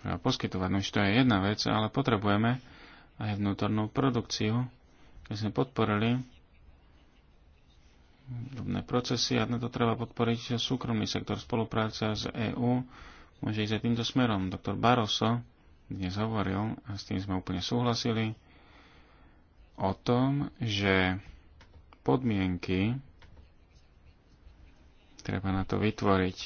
treba poskytovať. No to je jedna vec, ale potrebujeme aj vnútornú produkciu, keď sme podporili drobné procesy a na to treba podporiť súkromný sektor. Spolupráca s EÚ môže ísť aj týmto smerom. Doktor Barroso dnes hovoril a s tým sme úplne súhlasili o tom, že podmienky treba na to vytvoriť.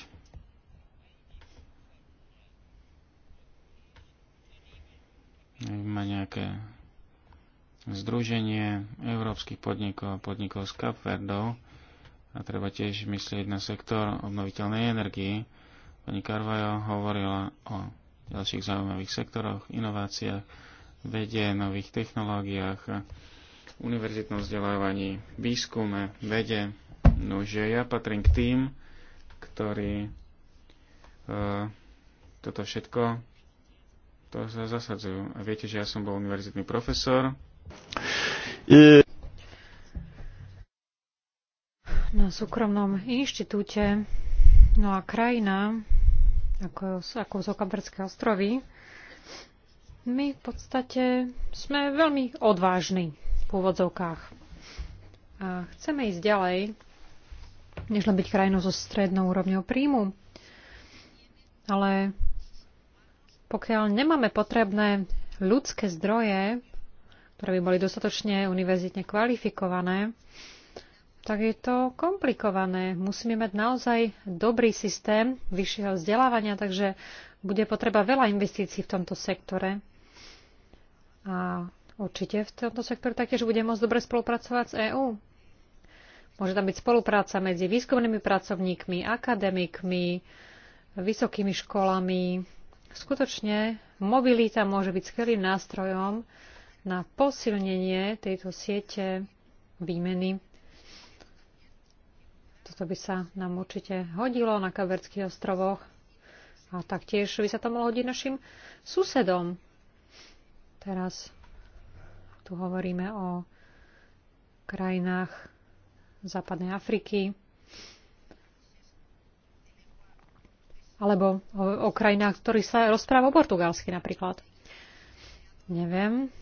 Má nejaké združenie európskych podnikov, podnikov z Kapverdov a treba tiež myslieť na sektor obnoviteľnej energii. Pani Carvajo hovorila o ďalších zaujímavých sektoroch, inováciách, vede, nových technológiách, univerzitnom vzdelávaní, výskume, vede. Nože ja patrím k tým, ktorí uh, toto všetko to sa zasadzujú. A viete, že ja som bol univerzitný profesor. I... Na súkromnom inštitúte, no a krajina, ako, ako z Okabrské ostrovy, my v podstate sme veľmi odvážni v úvodzovkách. A chceme ísť ďalej, než len byť krajinou so strednou úrovňou príjmu. Ale pokiaľ nemáme potrebné ľudské zdroje, ktoré by boli dostatočne univerzitne kvalifikované, tak je to komplikované. Musíme mať naozaj dobrý systém vyššieho vzdelávania, takže bude potreba veľa investícií v tomto sektore. A určite v tomto sektore taktiež bude môcť dobre spolupracovať s EÚ. Môže tam byť spolupráca medzi výskumnými pracovníkmi, akademikmi, vysokými školami. Skutočne mobilita môže byť skvelým nástrojom na posilnenie tejto siete výmeny. Toto by sa nám určite hodilo na Kaverských ostrovoch a taktiež by sa to mohlo hodiť našim susedom. Teraz tu hovoríme o krajinách západnej Afriky alebo o, o krajinách, ktorých sa rozpráva o portugalsky napríklad. Neviem.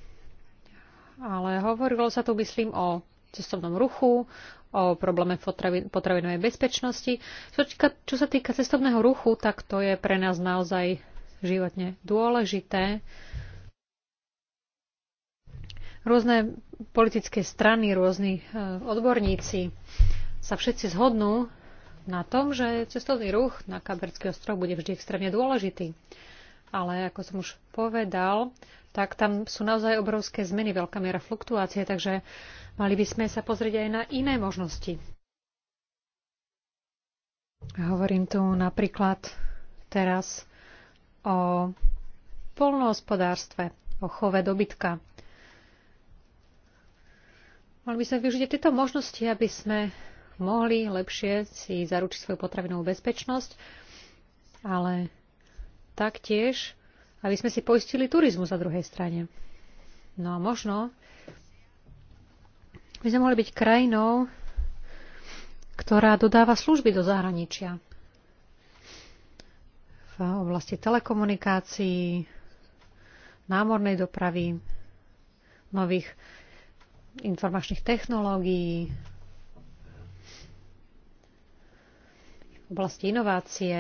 Ale hovorilo sa tu, myslím, o cestovnom ruchu, o probléme potravinovej bezpečnosti. Čo sa týka cestovného ruchu, tak to je pre nás naozaj životne dôležité rôzne politické strany, rôzni e, odborníci sa všetci zhodnú na tom, že cestovný ruch na Kaberský ostrov bude vždy extrémne dôležitý. Ale ako som už povedal, tak tam sú naozaj obrovské zmeny, veľká miera fluktuácie, takže mali by sme sa pozrieť aj na iné možnosti. Hovorím tu napríklad teraz o polnohospodárstve, o chove dobytka. Mali by sme využiť aj tieto možnosti, aby sme mohli lepšie si zaručiť svoju potravinovú bezpečnosť, ale taktiež, aby sme si poistili turizmu na druhej strane. No a možno by sme mohli byť krajinou, ktorá dodáva služby do zahraničia. V oblasti telekomunikácií, námornej dopravy, nových informačných technológií, v oblasti inovácie.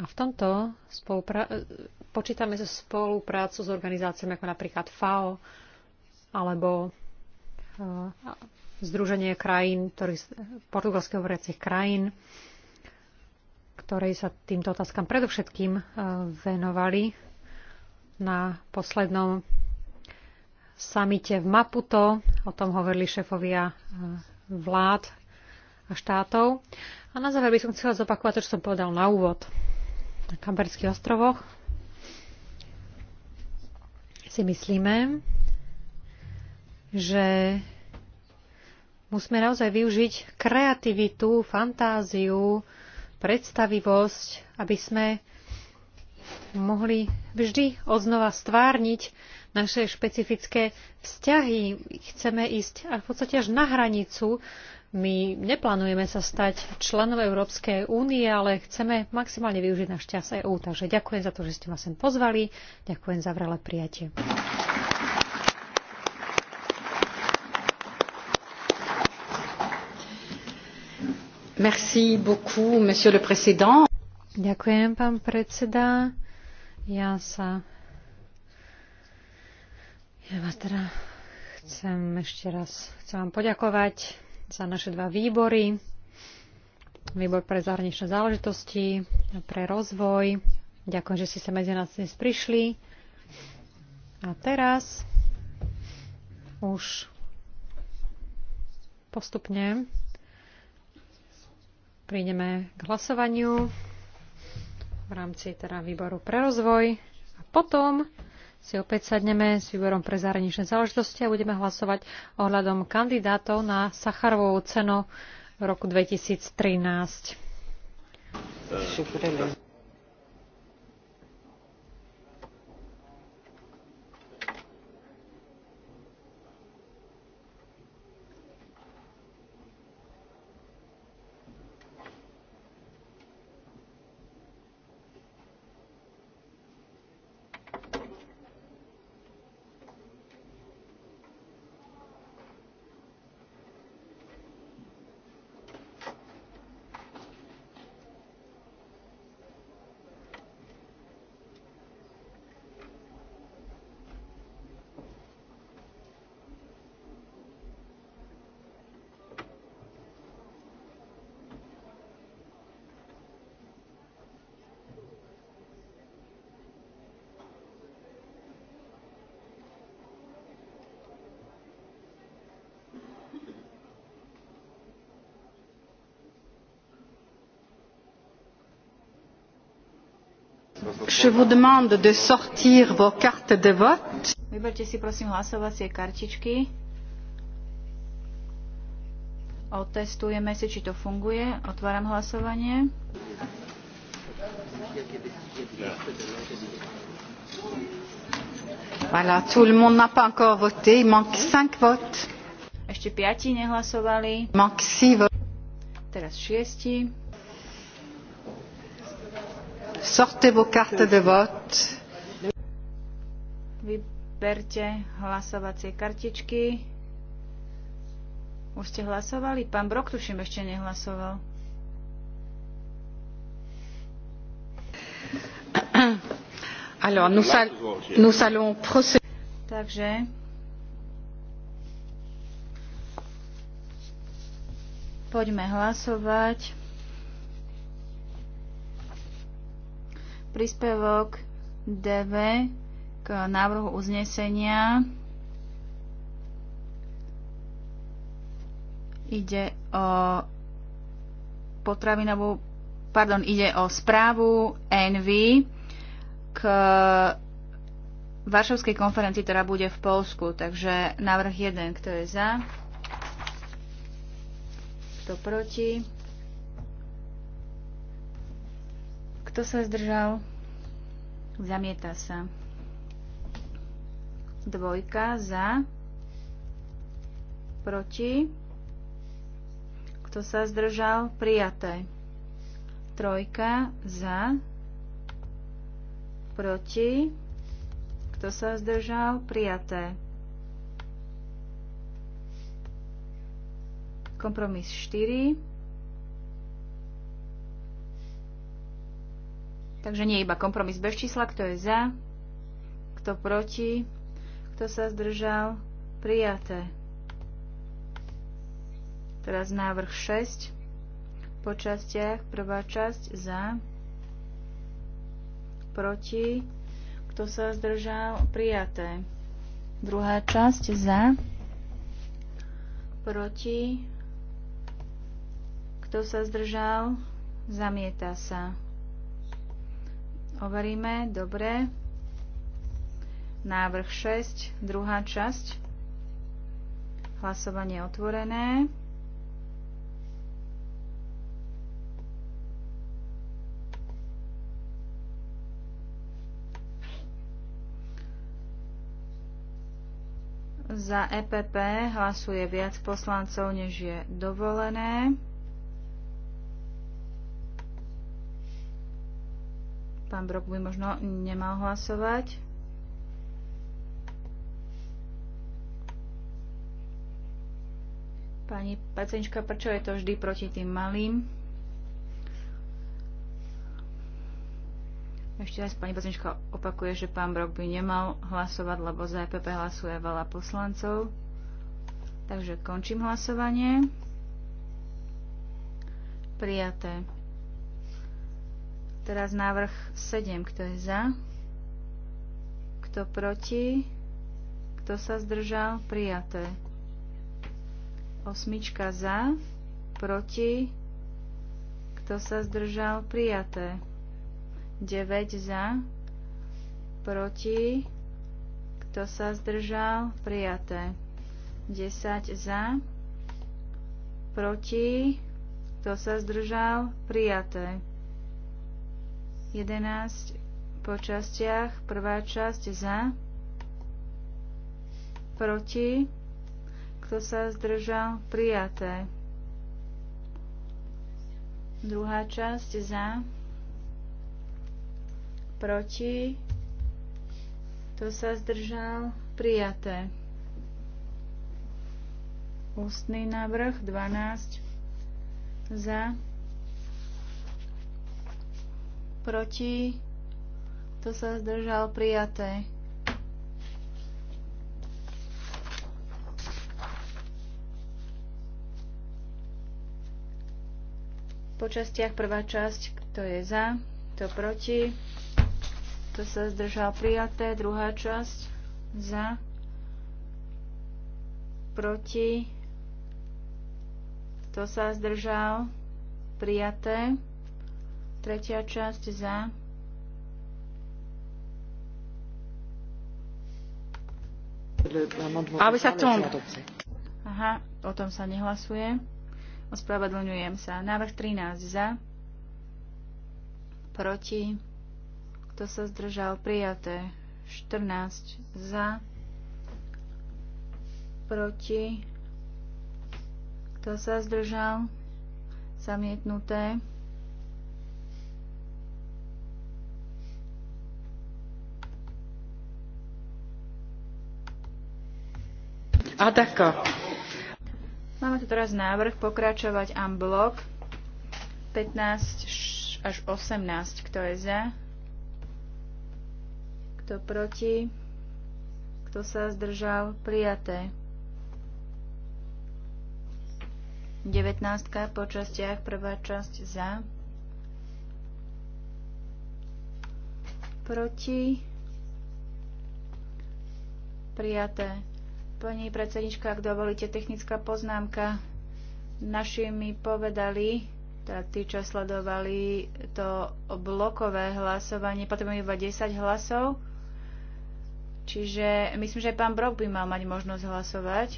A v tomto počítame so spoluprácu s organizáciami ako napríklad FAO alebo uh, Združenie krajín, ktorý, portugalského hovoriacich krajín, ktorí sa týmto otázkam predovšetkým uh, venovali na poslednom samite v Maputo. O tom hovorili šefovia e, vlád a štátov. A na záver by som chcela zopakovať to, čo som povedal na úvod. Na Kamberských ostrovoch si myslíme, že musíme naozaj využiť kreativitu, fantáziu, predstavivosť, aby sme mohli vždy odznova stvárniť naše špecifické vzťahy. Chceme ísť a v podstate až na hranicu. My neplánujeme sa stať členom Európskej únie, ale chceme maximálne využiť náš čas EÚ. Takže ďakujem za to, že ste ma sem pozvali. Ďakujem za vrele prijatie. Merci beaucoup, monsieur le président. Ďakujem, pán predseda. Ja sa... Ja vás teda chcem ešte raz chcem vám poďakovať za naše dva výbory. Výbor pre zahraničné záležitosti a pre rozvoj. Ďakujem, že ste sa medzi nás dnes prišli. A teraz už postupne prídeme k hlasovaniu v rámci teda výboru pre rozvoj a potom si opäť sadneme s výborom pre zahraničné záležitosti a budeme hlasovať ohľadom kandidátov na Sacharovú cenu v roku 2013. Je vous demande de sortir vos cartes de vote. Vyberte si prosím hlasovacie kartičky. Otestujeme si, či to funguje. Otváram hlasovanie. Voilà, tout le monde n'a pas encore voté. Il manque 5 votes. Ešte piati nehlasovali. Manque 6 votes. Teraz šiesti. Sortez vos cartes de vote. Vyberte hlasovacie kartičky. Už ste hlasovali? Pán Brok, tuším, ešte nehlasoval. Alors, nous, al nous allons procéder. Takže poďme hlasovať. príspevok DV k návrhu uznesenia. Ide o potravinovú, pardon, ide o správu NV k Varšovskej konferencii, ktorá bude v Polsku. Takže návrh 1, kto je za? Kto proti? Kto sa zdržal? Zamieta sa. Dvojka za. Proti. Kto sa zdržal? Prijaté. Trojka za. Proti. Kto sa zdržal? Prijaté. Kompromis 4. Takže nie iba kompromis bez čísla, kto je za, kto proti, kto sa zdržal, prijaté. Teraz návrh 6 po častiach. Prvá časť za, proti, kto sa zdržal, prijaté. Druhá časť za, proti, kto sa zdržal, zamieta sa. Overíme, dobre. Návrh 6, druhá časť. Hlasovanie otvorené. Za EPP hlasuje viac poslancov, než je dovolené. Pán Brok by možno nemal hlasovať. Pani Pacenčka, prečo je to vždy proti tým malým? Ešte raz pani Pacenčka opakuje, že pán Brok by nemal hlasovať, lebo za EPP hlasuje veľa poslancov. Takže končím hlasovanie. Prijaté. Teraz návrh 7. Kto je za? Kto proti? Kto sa zdržal? Prijaté. Osmička za, proti, kto sa zdržal? Prijaté. 9 za, proti, kto sa zdržal? Prijaté. 10 za, proti, kto sa zdržal? Prijaté. 11 po častiach. Prvá časť za, proti, kto sa zdržal, prijaté. Druhá časť za, proti, kto sa zdržal, prijaté. Ústný návrh 12 za, proti, to sa zdržal, prijaté. Po častiach prvá časť, kto je za, kto proti, kto sa zdržal, prijaté. Druhá časť, za, proti, kto sa zdržal, prijaté. Tretia časť za. Aby sa tom. Aha, o tom sa nehlasuje. Ospravedlňujem sa. Návrh 13 za. Proti. Kto sa zdržal? Prijaté. 14 za. Proti. Kto sa zdržal? Zamietnuté. Máme tu teraz návrh pokračovať bloc. 15 až 18. Kto je za? Kto proti? Kto sa zdržal? Prijaté. 19. po častiach, prvá časť za. Proti. Prijaté Pani predsednička, ak dovolíte, technická poznámka. Naši mi povedali, teda tí, čo sledovali to blokové hlasovanie, potom iba 10 hlasov. Čiže myslím, že aj pán Brok by mal mať možnosť hlasovať.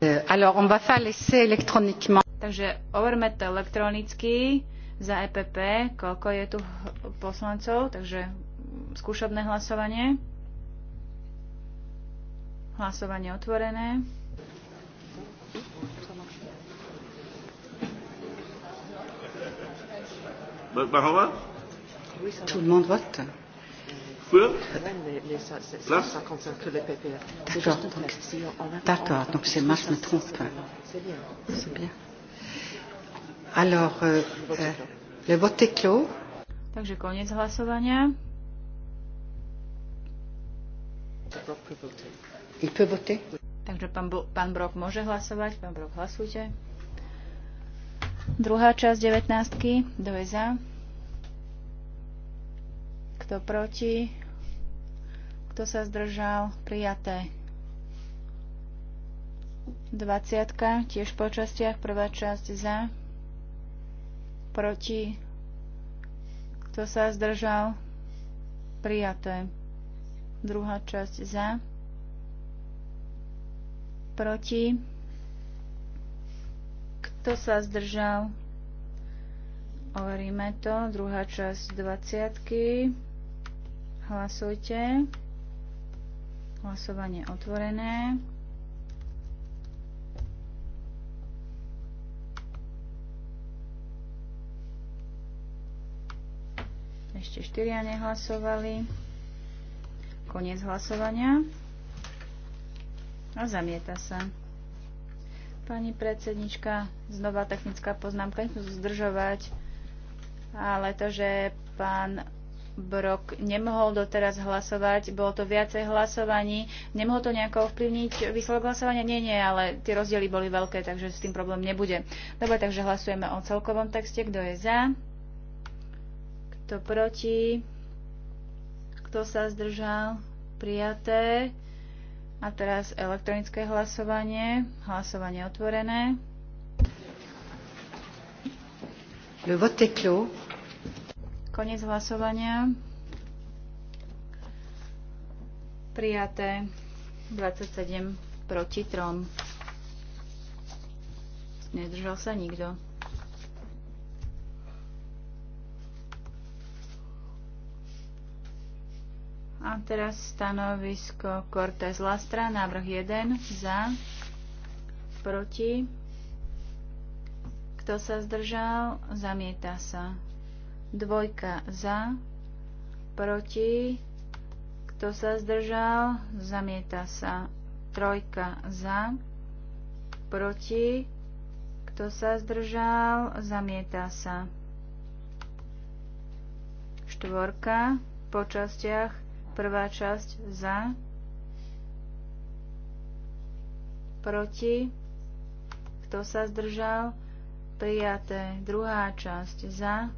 Euh, alors, on va faire l'essai électroniquement. Takže overme to elektronicky za EPP, koľko je tu poslancov, takže skúšobné hlasovanie. Hlasovanie otvorené. Barova Tout le monde vote. D'accord, donc c'est moi, je me trompe. C'est bien. Alors, euh, euh, le vote est clos. Takže koniec hlasovania. Il peut voter. Takže pán, pán Brok môže hlasovať. Pán Brok, hlasujte. Druhá časť 19. Kto je za? Kto proti? Kto sa zdržal? Prijaté. 20. Tiež po častiach. Prvá časť za. Proti. Kto sa zdržal? Prijaté. Druhá časť za proti, kto sa zdržal, overíme to, druhá časť 20. Hlasujte. Hlasovanie otvorené. Ešte štyria nehlasovali. Koniec hlasovania. A zamieta sa. Pani predsednička, znova technická poznámka, nechcem zdržovať, ale to, že pán Brok nemohol doteraz hlasovať, bolo to viacej hlasovaní, nemohol to nejako ovplyvniť výsledok hlasovania? Nie, nie, ale tie rozdiely boli veľké, takže s tým problém nebude. Dobre, takže hlasujeme o celkovom texte, kto je za, kto proti, kto sa zdržal, prijaté. A teraz elektronické hlasovanie. Hlasovanie otvorené. Le vote est clos. Konec hlasovania. Prijaté 27 proti 3. Nedržal sa nikto. A teraz stanovisko Cortez Lastra, návrh 1, za, proti, kto sa zdržal, zamieta sa. Dvojka za, proti, kto sa zdržal, zamieta sa. Trojka za, proti, kto sa zdržal, zamieta sa. Štvorka po častiach Prvá časť za, proti, kto sa zdržal, prijaté. Druhá časť za,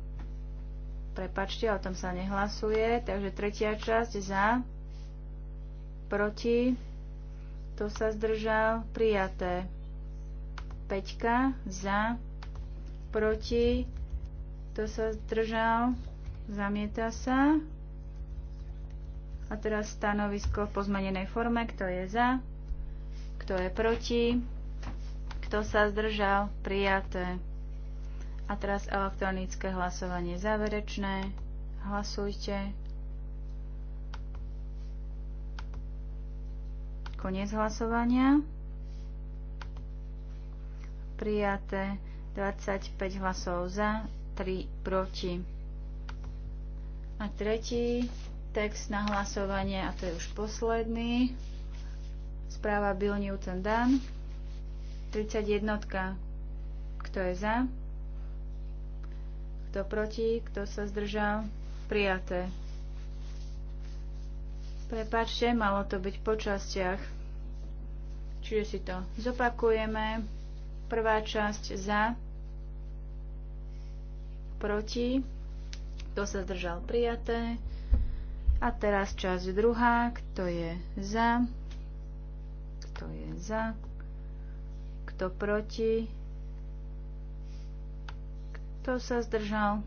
prepačte, o tom sa nehlasuje, takže tretia časť za, proti, kto sa zdržal, prijaté. Peťka za, proti, kto sa zdržal, zamieta sa. A teraz stanovisko v pozmenenej forme. Kto je za? Kto je proti? Kto sa zdržal? Prijaté. A teraz elektronické hlasovanie záverečné. Hlasujte. Koniec hlasovania. Prijaté 25 hlasov za, 3 proti. A tretí text na hlasovanie a to je už posledný. Správa Bill Newton Dan. 31. Kto je za? Kto proti? Kto sa zdržal? Prijaté. Prepačte, malo to byť po častiach. Čiže si to zopakujeme. Prvá časť za, proti, kto sa zdržal prijaté. A teraz časť druhá, kto je za, kto je za, kto proti, kto sa zdržal.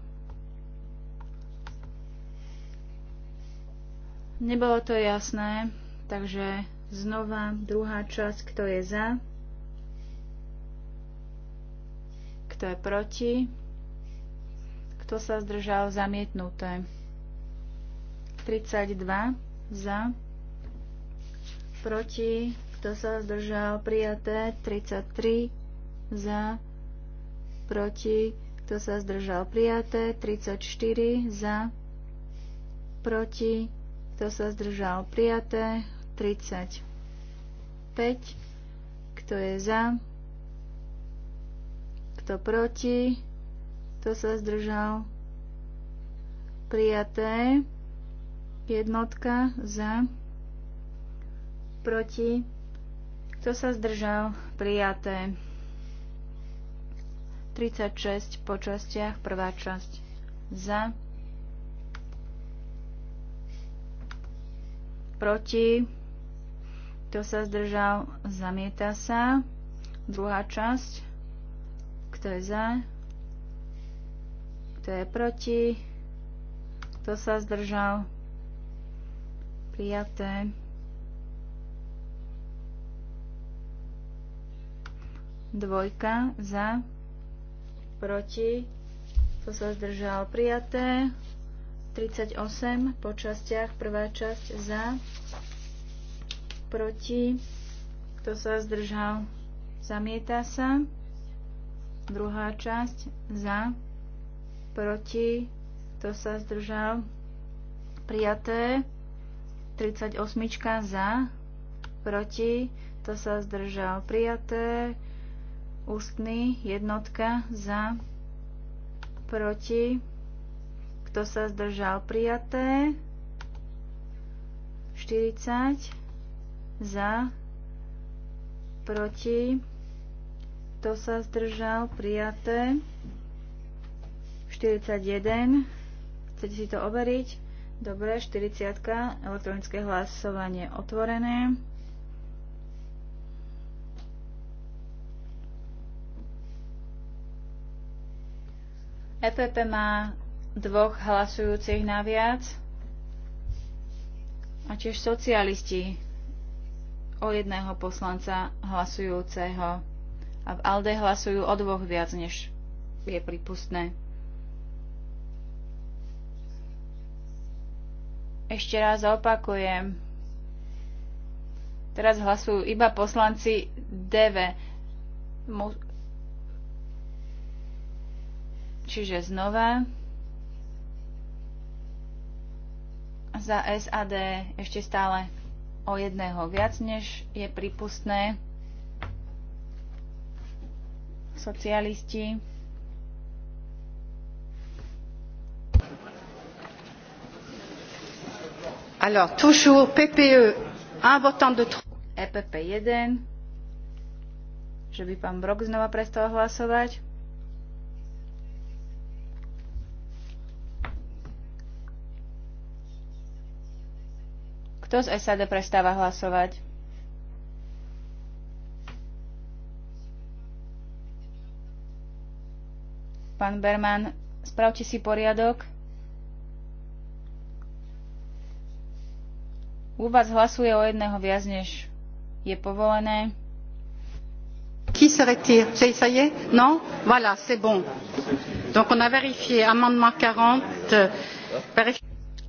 Nebolo to jasné, takže znova druhá časť, kto je za, kto je proti, kto sa zdržal, zamietnuté. 32 za, proti, kto sa zdržal, prijaté, 33 za, proti, kto sa zdržal, prijaté, 34 za, proti, kto sa zdržal, prijaté, 35, kto je za, kto proti, kto sa zdržal, prijaté, Jednotka za, proti, kto sa zdržal, prijaté. 36 po častiach, prvá časť za, proti, kto sa zdržal, zamieta sa. Druhá časť, kto je za, kto je proti, kto sa zdržal, Prijaté. Dvojka za. Proti. To sa zdržal. Prijaté. 38 po častiach. Prvá časť za. Proti. Kto sa zdržal? Zamieta sa. Druhá časť za. Proti. Kto sa zdržal? Prijaté. 38 za, proti, to sa zdržal prijaté, ústny, jednotka za, proti, kto sa zdržal prijaté, 40 za, proti, kto sa zdržal prijaté, 41, chcete si to overiť? Dobre, 40. Elektronické hlasovanie otvorené. EPP má dvoch hlasujúcich naviac a tiež socialisti o jedného poslanca hlasujúceho a v ALDE hlasujú o dvoch viac, než je prípustné. Ešte raz opakujem. Teraz hlasujú iba poslanci DV. Mu... Čiže znova. Za SAD ešte stále o jedného viac, než je prípustné. Socialisti. Alors, toujours PPE, un votant de trop. EPP 1, že by pán Brok znova prestal hlasovať. Kto z SAD prestáva hlasovať? Pán Berman, spravte si poriadok. U vás hlasuje o jedného viac, než je povolené. Qui se retire C'est ça y est Non Voilà, c'est bon. Donc on a vérifié amendement 40. Euh,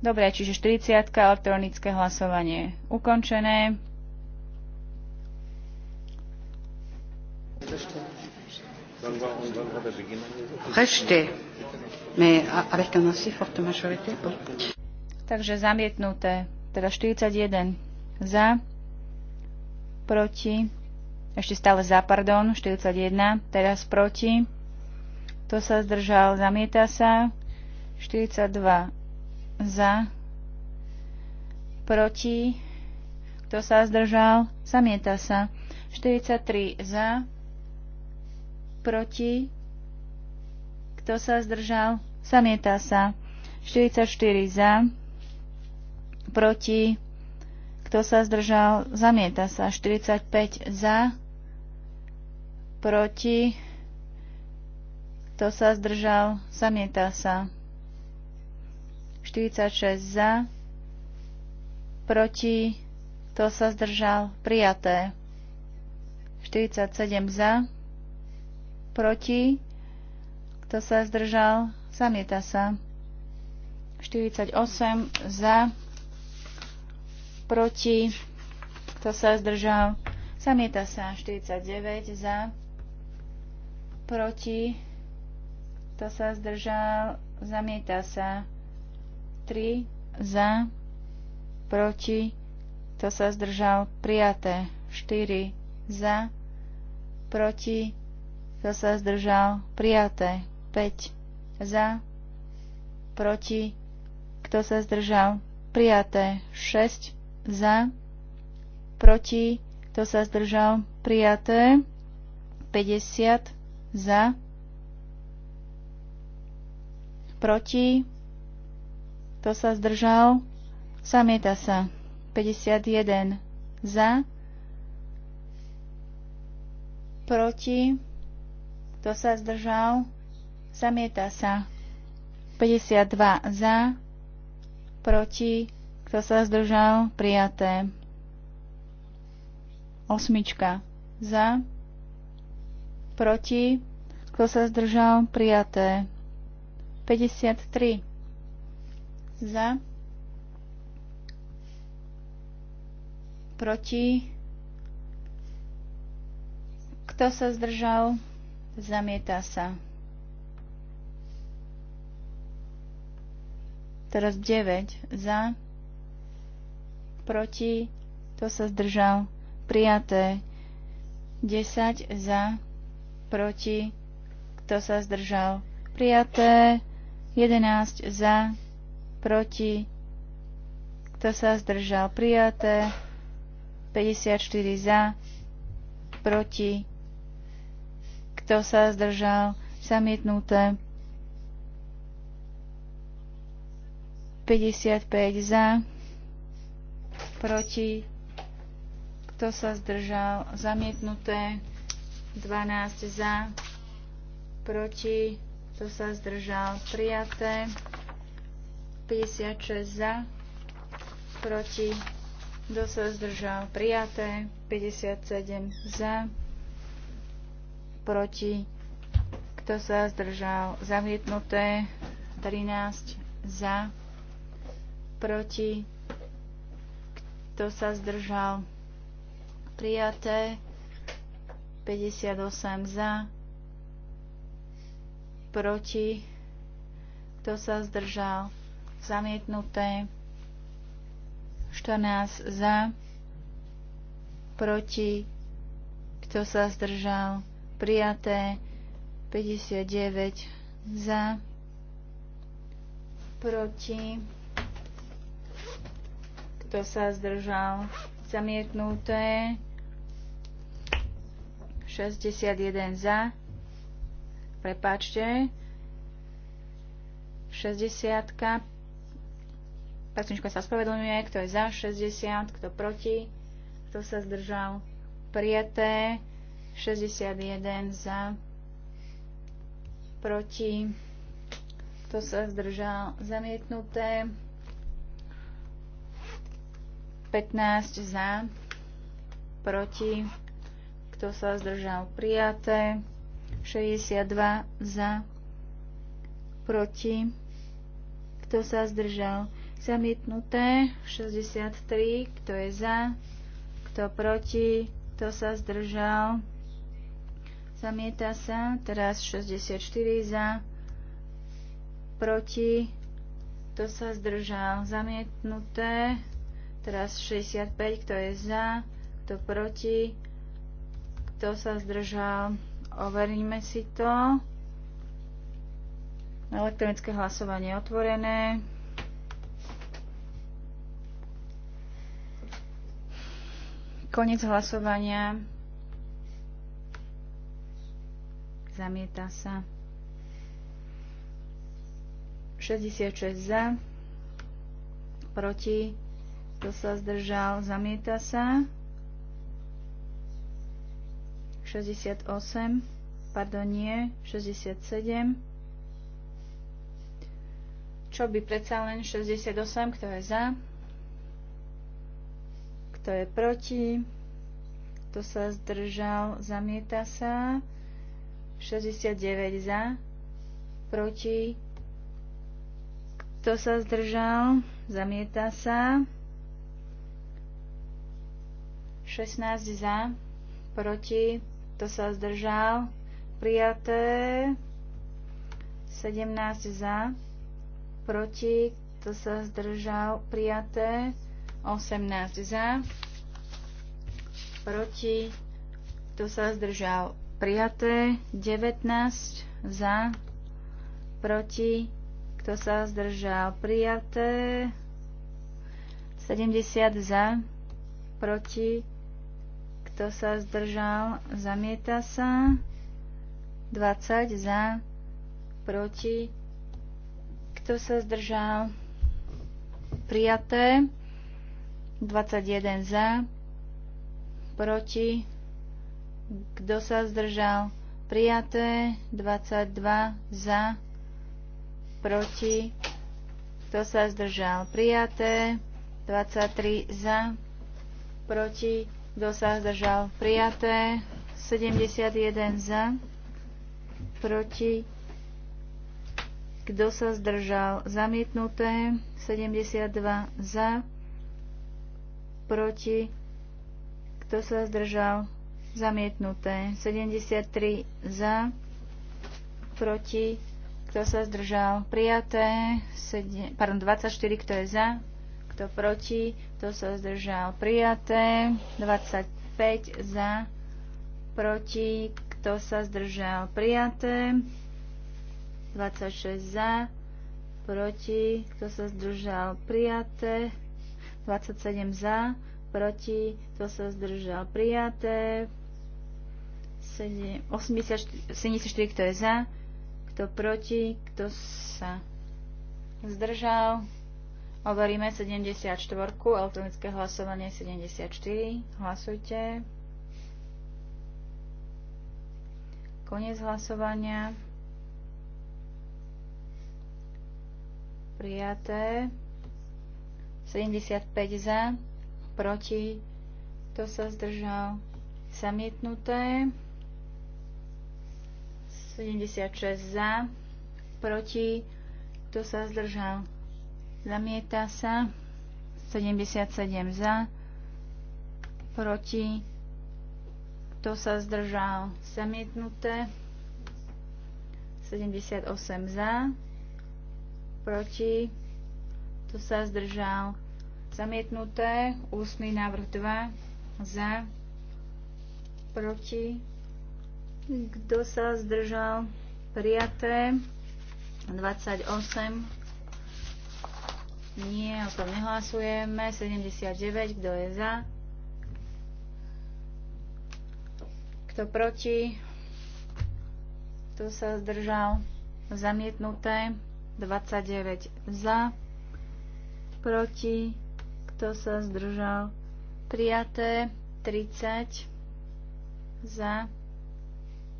Dobre, čiže 40 elektronické hlasovanie ukončené. Rešte. Mais avec un assez forte majorité. Bon. Takže zamietnuté teda 41 za, proti, ešte stále za, pardon, 41, teraz proti, to sa zdržal, zamieta sa, 42 za, proti, kto sa zdržal, zamieta sa, 43 za, proti, kto sa zdržal, zamieta sa, 44 za, proti, kto sa zdržal, zamieta sa. 45 za, proti, kto sa zdržal, zamieta sa. 46 za, proti, kto sa zdržal, prijaté. 47 za, proti, kto sa zdržal, zamieta sa. 48 za, proti, kto sa zdržal, zamieta sa 49 za, proti, kto sa zdržal, zamieta sa 3 za, proti, kto sa zdržal, prijaté 4 za, proti, kto sa zdržal, prijaté 5 za, proti, kto sa zdržal, prijaté 6 za za, proti, kto sa zdržal, prijaté, 50 za, proti, kto sa zdržal, zamieta sa, 51 za, proti, kto sa zdržal, zamieta sa, 52 za, proti, kto sa zdržal? Prijaté. Osmička. Za. Proti. Kto sa zdržal? Prijaté. 53. Za. Proti. Kto sa zdržal? Zamieta sa. Teraz 9. Za proti, kto sa zdržal, prijaté. 10 za, proti, kto sa zdržal, prijaté. 11 za, proti, kto sa zdržal, prijaté. 54 za, proti, kto sa zdržal, zamietnuté. 55 za, proti, kto sa zdržal, zamietnuté, 12 za, proti, kto sa zdržal, prijaté, 56 za, proti, kto sa zdržal, prijaté, 57 za, proti, kto sa zdržal, zamietnuté, 13 za, proti, kto sa zdržal? Prijaté. 58 za. Proti. Kto sa zdržal? Zamietnuté. 14 za. Proti. Kto sa zdržal? Prijaté. 59 za. Proti kto sa zdržal? Zamietnuté. 61 za. Prepáčte. 60. Pracovníčka sa spovedlňuje, Kto je za 60? Kto proti? Kto sa zdržal? Prijaté. 61 za. Proti. Kto sa zdržal? Zamietnuté. 15 za, proti, kto sa zdržal prijaté, 62 za, proti, kto sa zdržal zamietnuté, 63, kto je za, kto proti, kto sa zdržal, zamieta sa, teraz 64 za, proti, kto sa zdržal zamietnuté, Teraz 65, kto je za, kto proti, kto sa zdržal. Overíme si to. Elektronické hlasovanie otvorené. Konec hlasovania. Zamieta sa. 66 za, proti, kto sa zdržal? Zamieta sa. 68. Pardon, nie. 67. Čo by predsa len 68? Kto je za? Kto je proti? Kto sa zdržal? Zamieta sa. 69 za. Proti. Kto sa zdržal? Zamieta sa. 16 za, proti, to sa zdržal, prijaté, 17 za, proti, to sa zdržal, prijaté, 18 za, proti, to sa zdržal, prijaté, 19 za, proti, kto sa zdržal, prijaté, 70 za, proti, kto sa zdržal? Zamieta sa. 20 za. Proti. Kto sa zdržal? Prijaté. 21 za. Proti. Kto sa zdržal? Prijaté. 22 za. Proti. Kto sa zdržal? Prijaté. 23 za. Proti kto sa zdržal? Prijaté. 71 za. Proti. Kto sa zdržal? Zamietnuté. 72 za. Proti. Kto sa zdržal? Zamietnuté. 73 za. Proti. Kto sa zdržal? Prijaté. pardon, 24, kto je za? Kto proti? Kto sa zdržal? Prijaté. 25 za. Proti? Kto sa zdržal? Prijaté. 26 za. Proti? Kto sa zdržal? Prijaté. 27 za. Proti? Kto sa zdržal? Prijaté. 84, 74, kto je za, kto proti, kto sa zdržal. Overíme 74, elektronické hlasovanie 74. Hlasujte. Koniec hlasovania. Prijaté. 75 za, proti, to sa zdržal, zamietnuté. 76 za, proti, To sa zdržal, Zamieta sa. 77 za. Proti. Kto sa zdržal? Zamietnuté. 78 za. Proti. Kto sa zdržal? Zamietnuté. Ústny návrh 2 za. Proti. Kto sa zdržal? Prijaté. 28 nie, o tom nehlasujeme. 79, kto je za? Kto proti? Kto sa zdržal? Zamietnuté. 29 za. Proti. Kto sa zdržal? Prijaté. 30 za.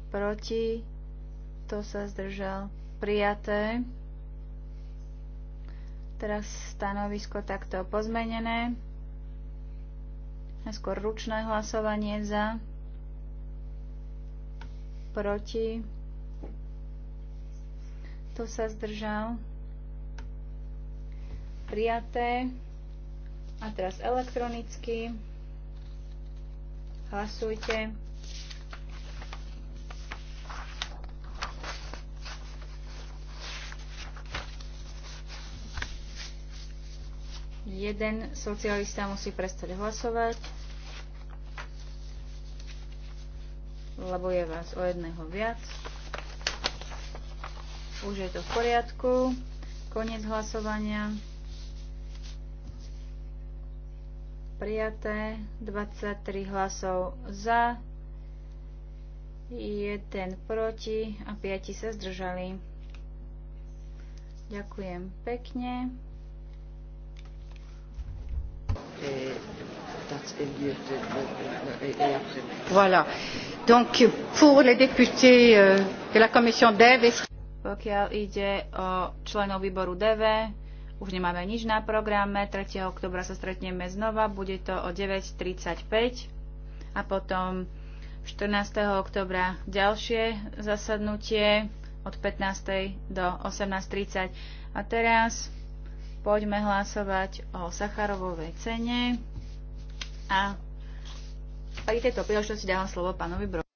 Proti. Kto sa zdržal? Prijaté. Teraz stanovisko takto pozmenené. Najskôr ručné hlasovanie za, proti, to sa zdržal, prijaté. A teraz elektronicky hlasujte. Jeden socialista musí prestať hlasovať, lebo je vás o jedného viac. Už je to v poriadku. Koniec hlasovania. Prijaté 23 hlasov za, 1 proti a 5 sa zdržali. Ďakujem pekne. Voilà. Donc, pour les députés euh, de la commission Pokiaľ ide o členov výboru DEVE, už nemáme nič na programe. 3. oktobra sa stretneme znova, bude to o 9.35 a potom 14. oktobra ďalšie zasadnutie od 15. do 18.30. A teraz Poďme hlasovať o Sacharovovej cene a pri tejto príležitosti dávam slovo pánovi Brokovi.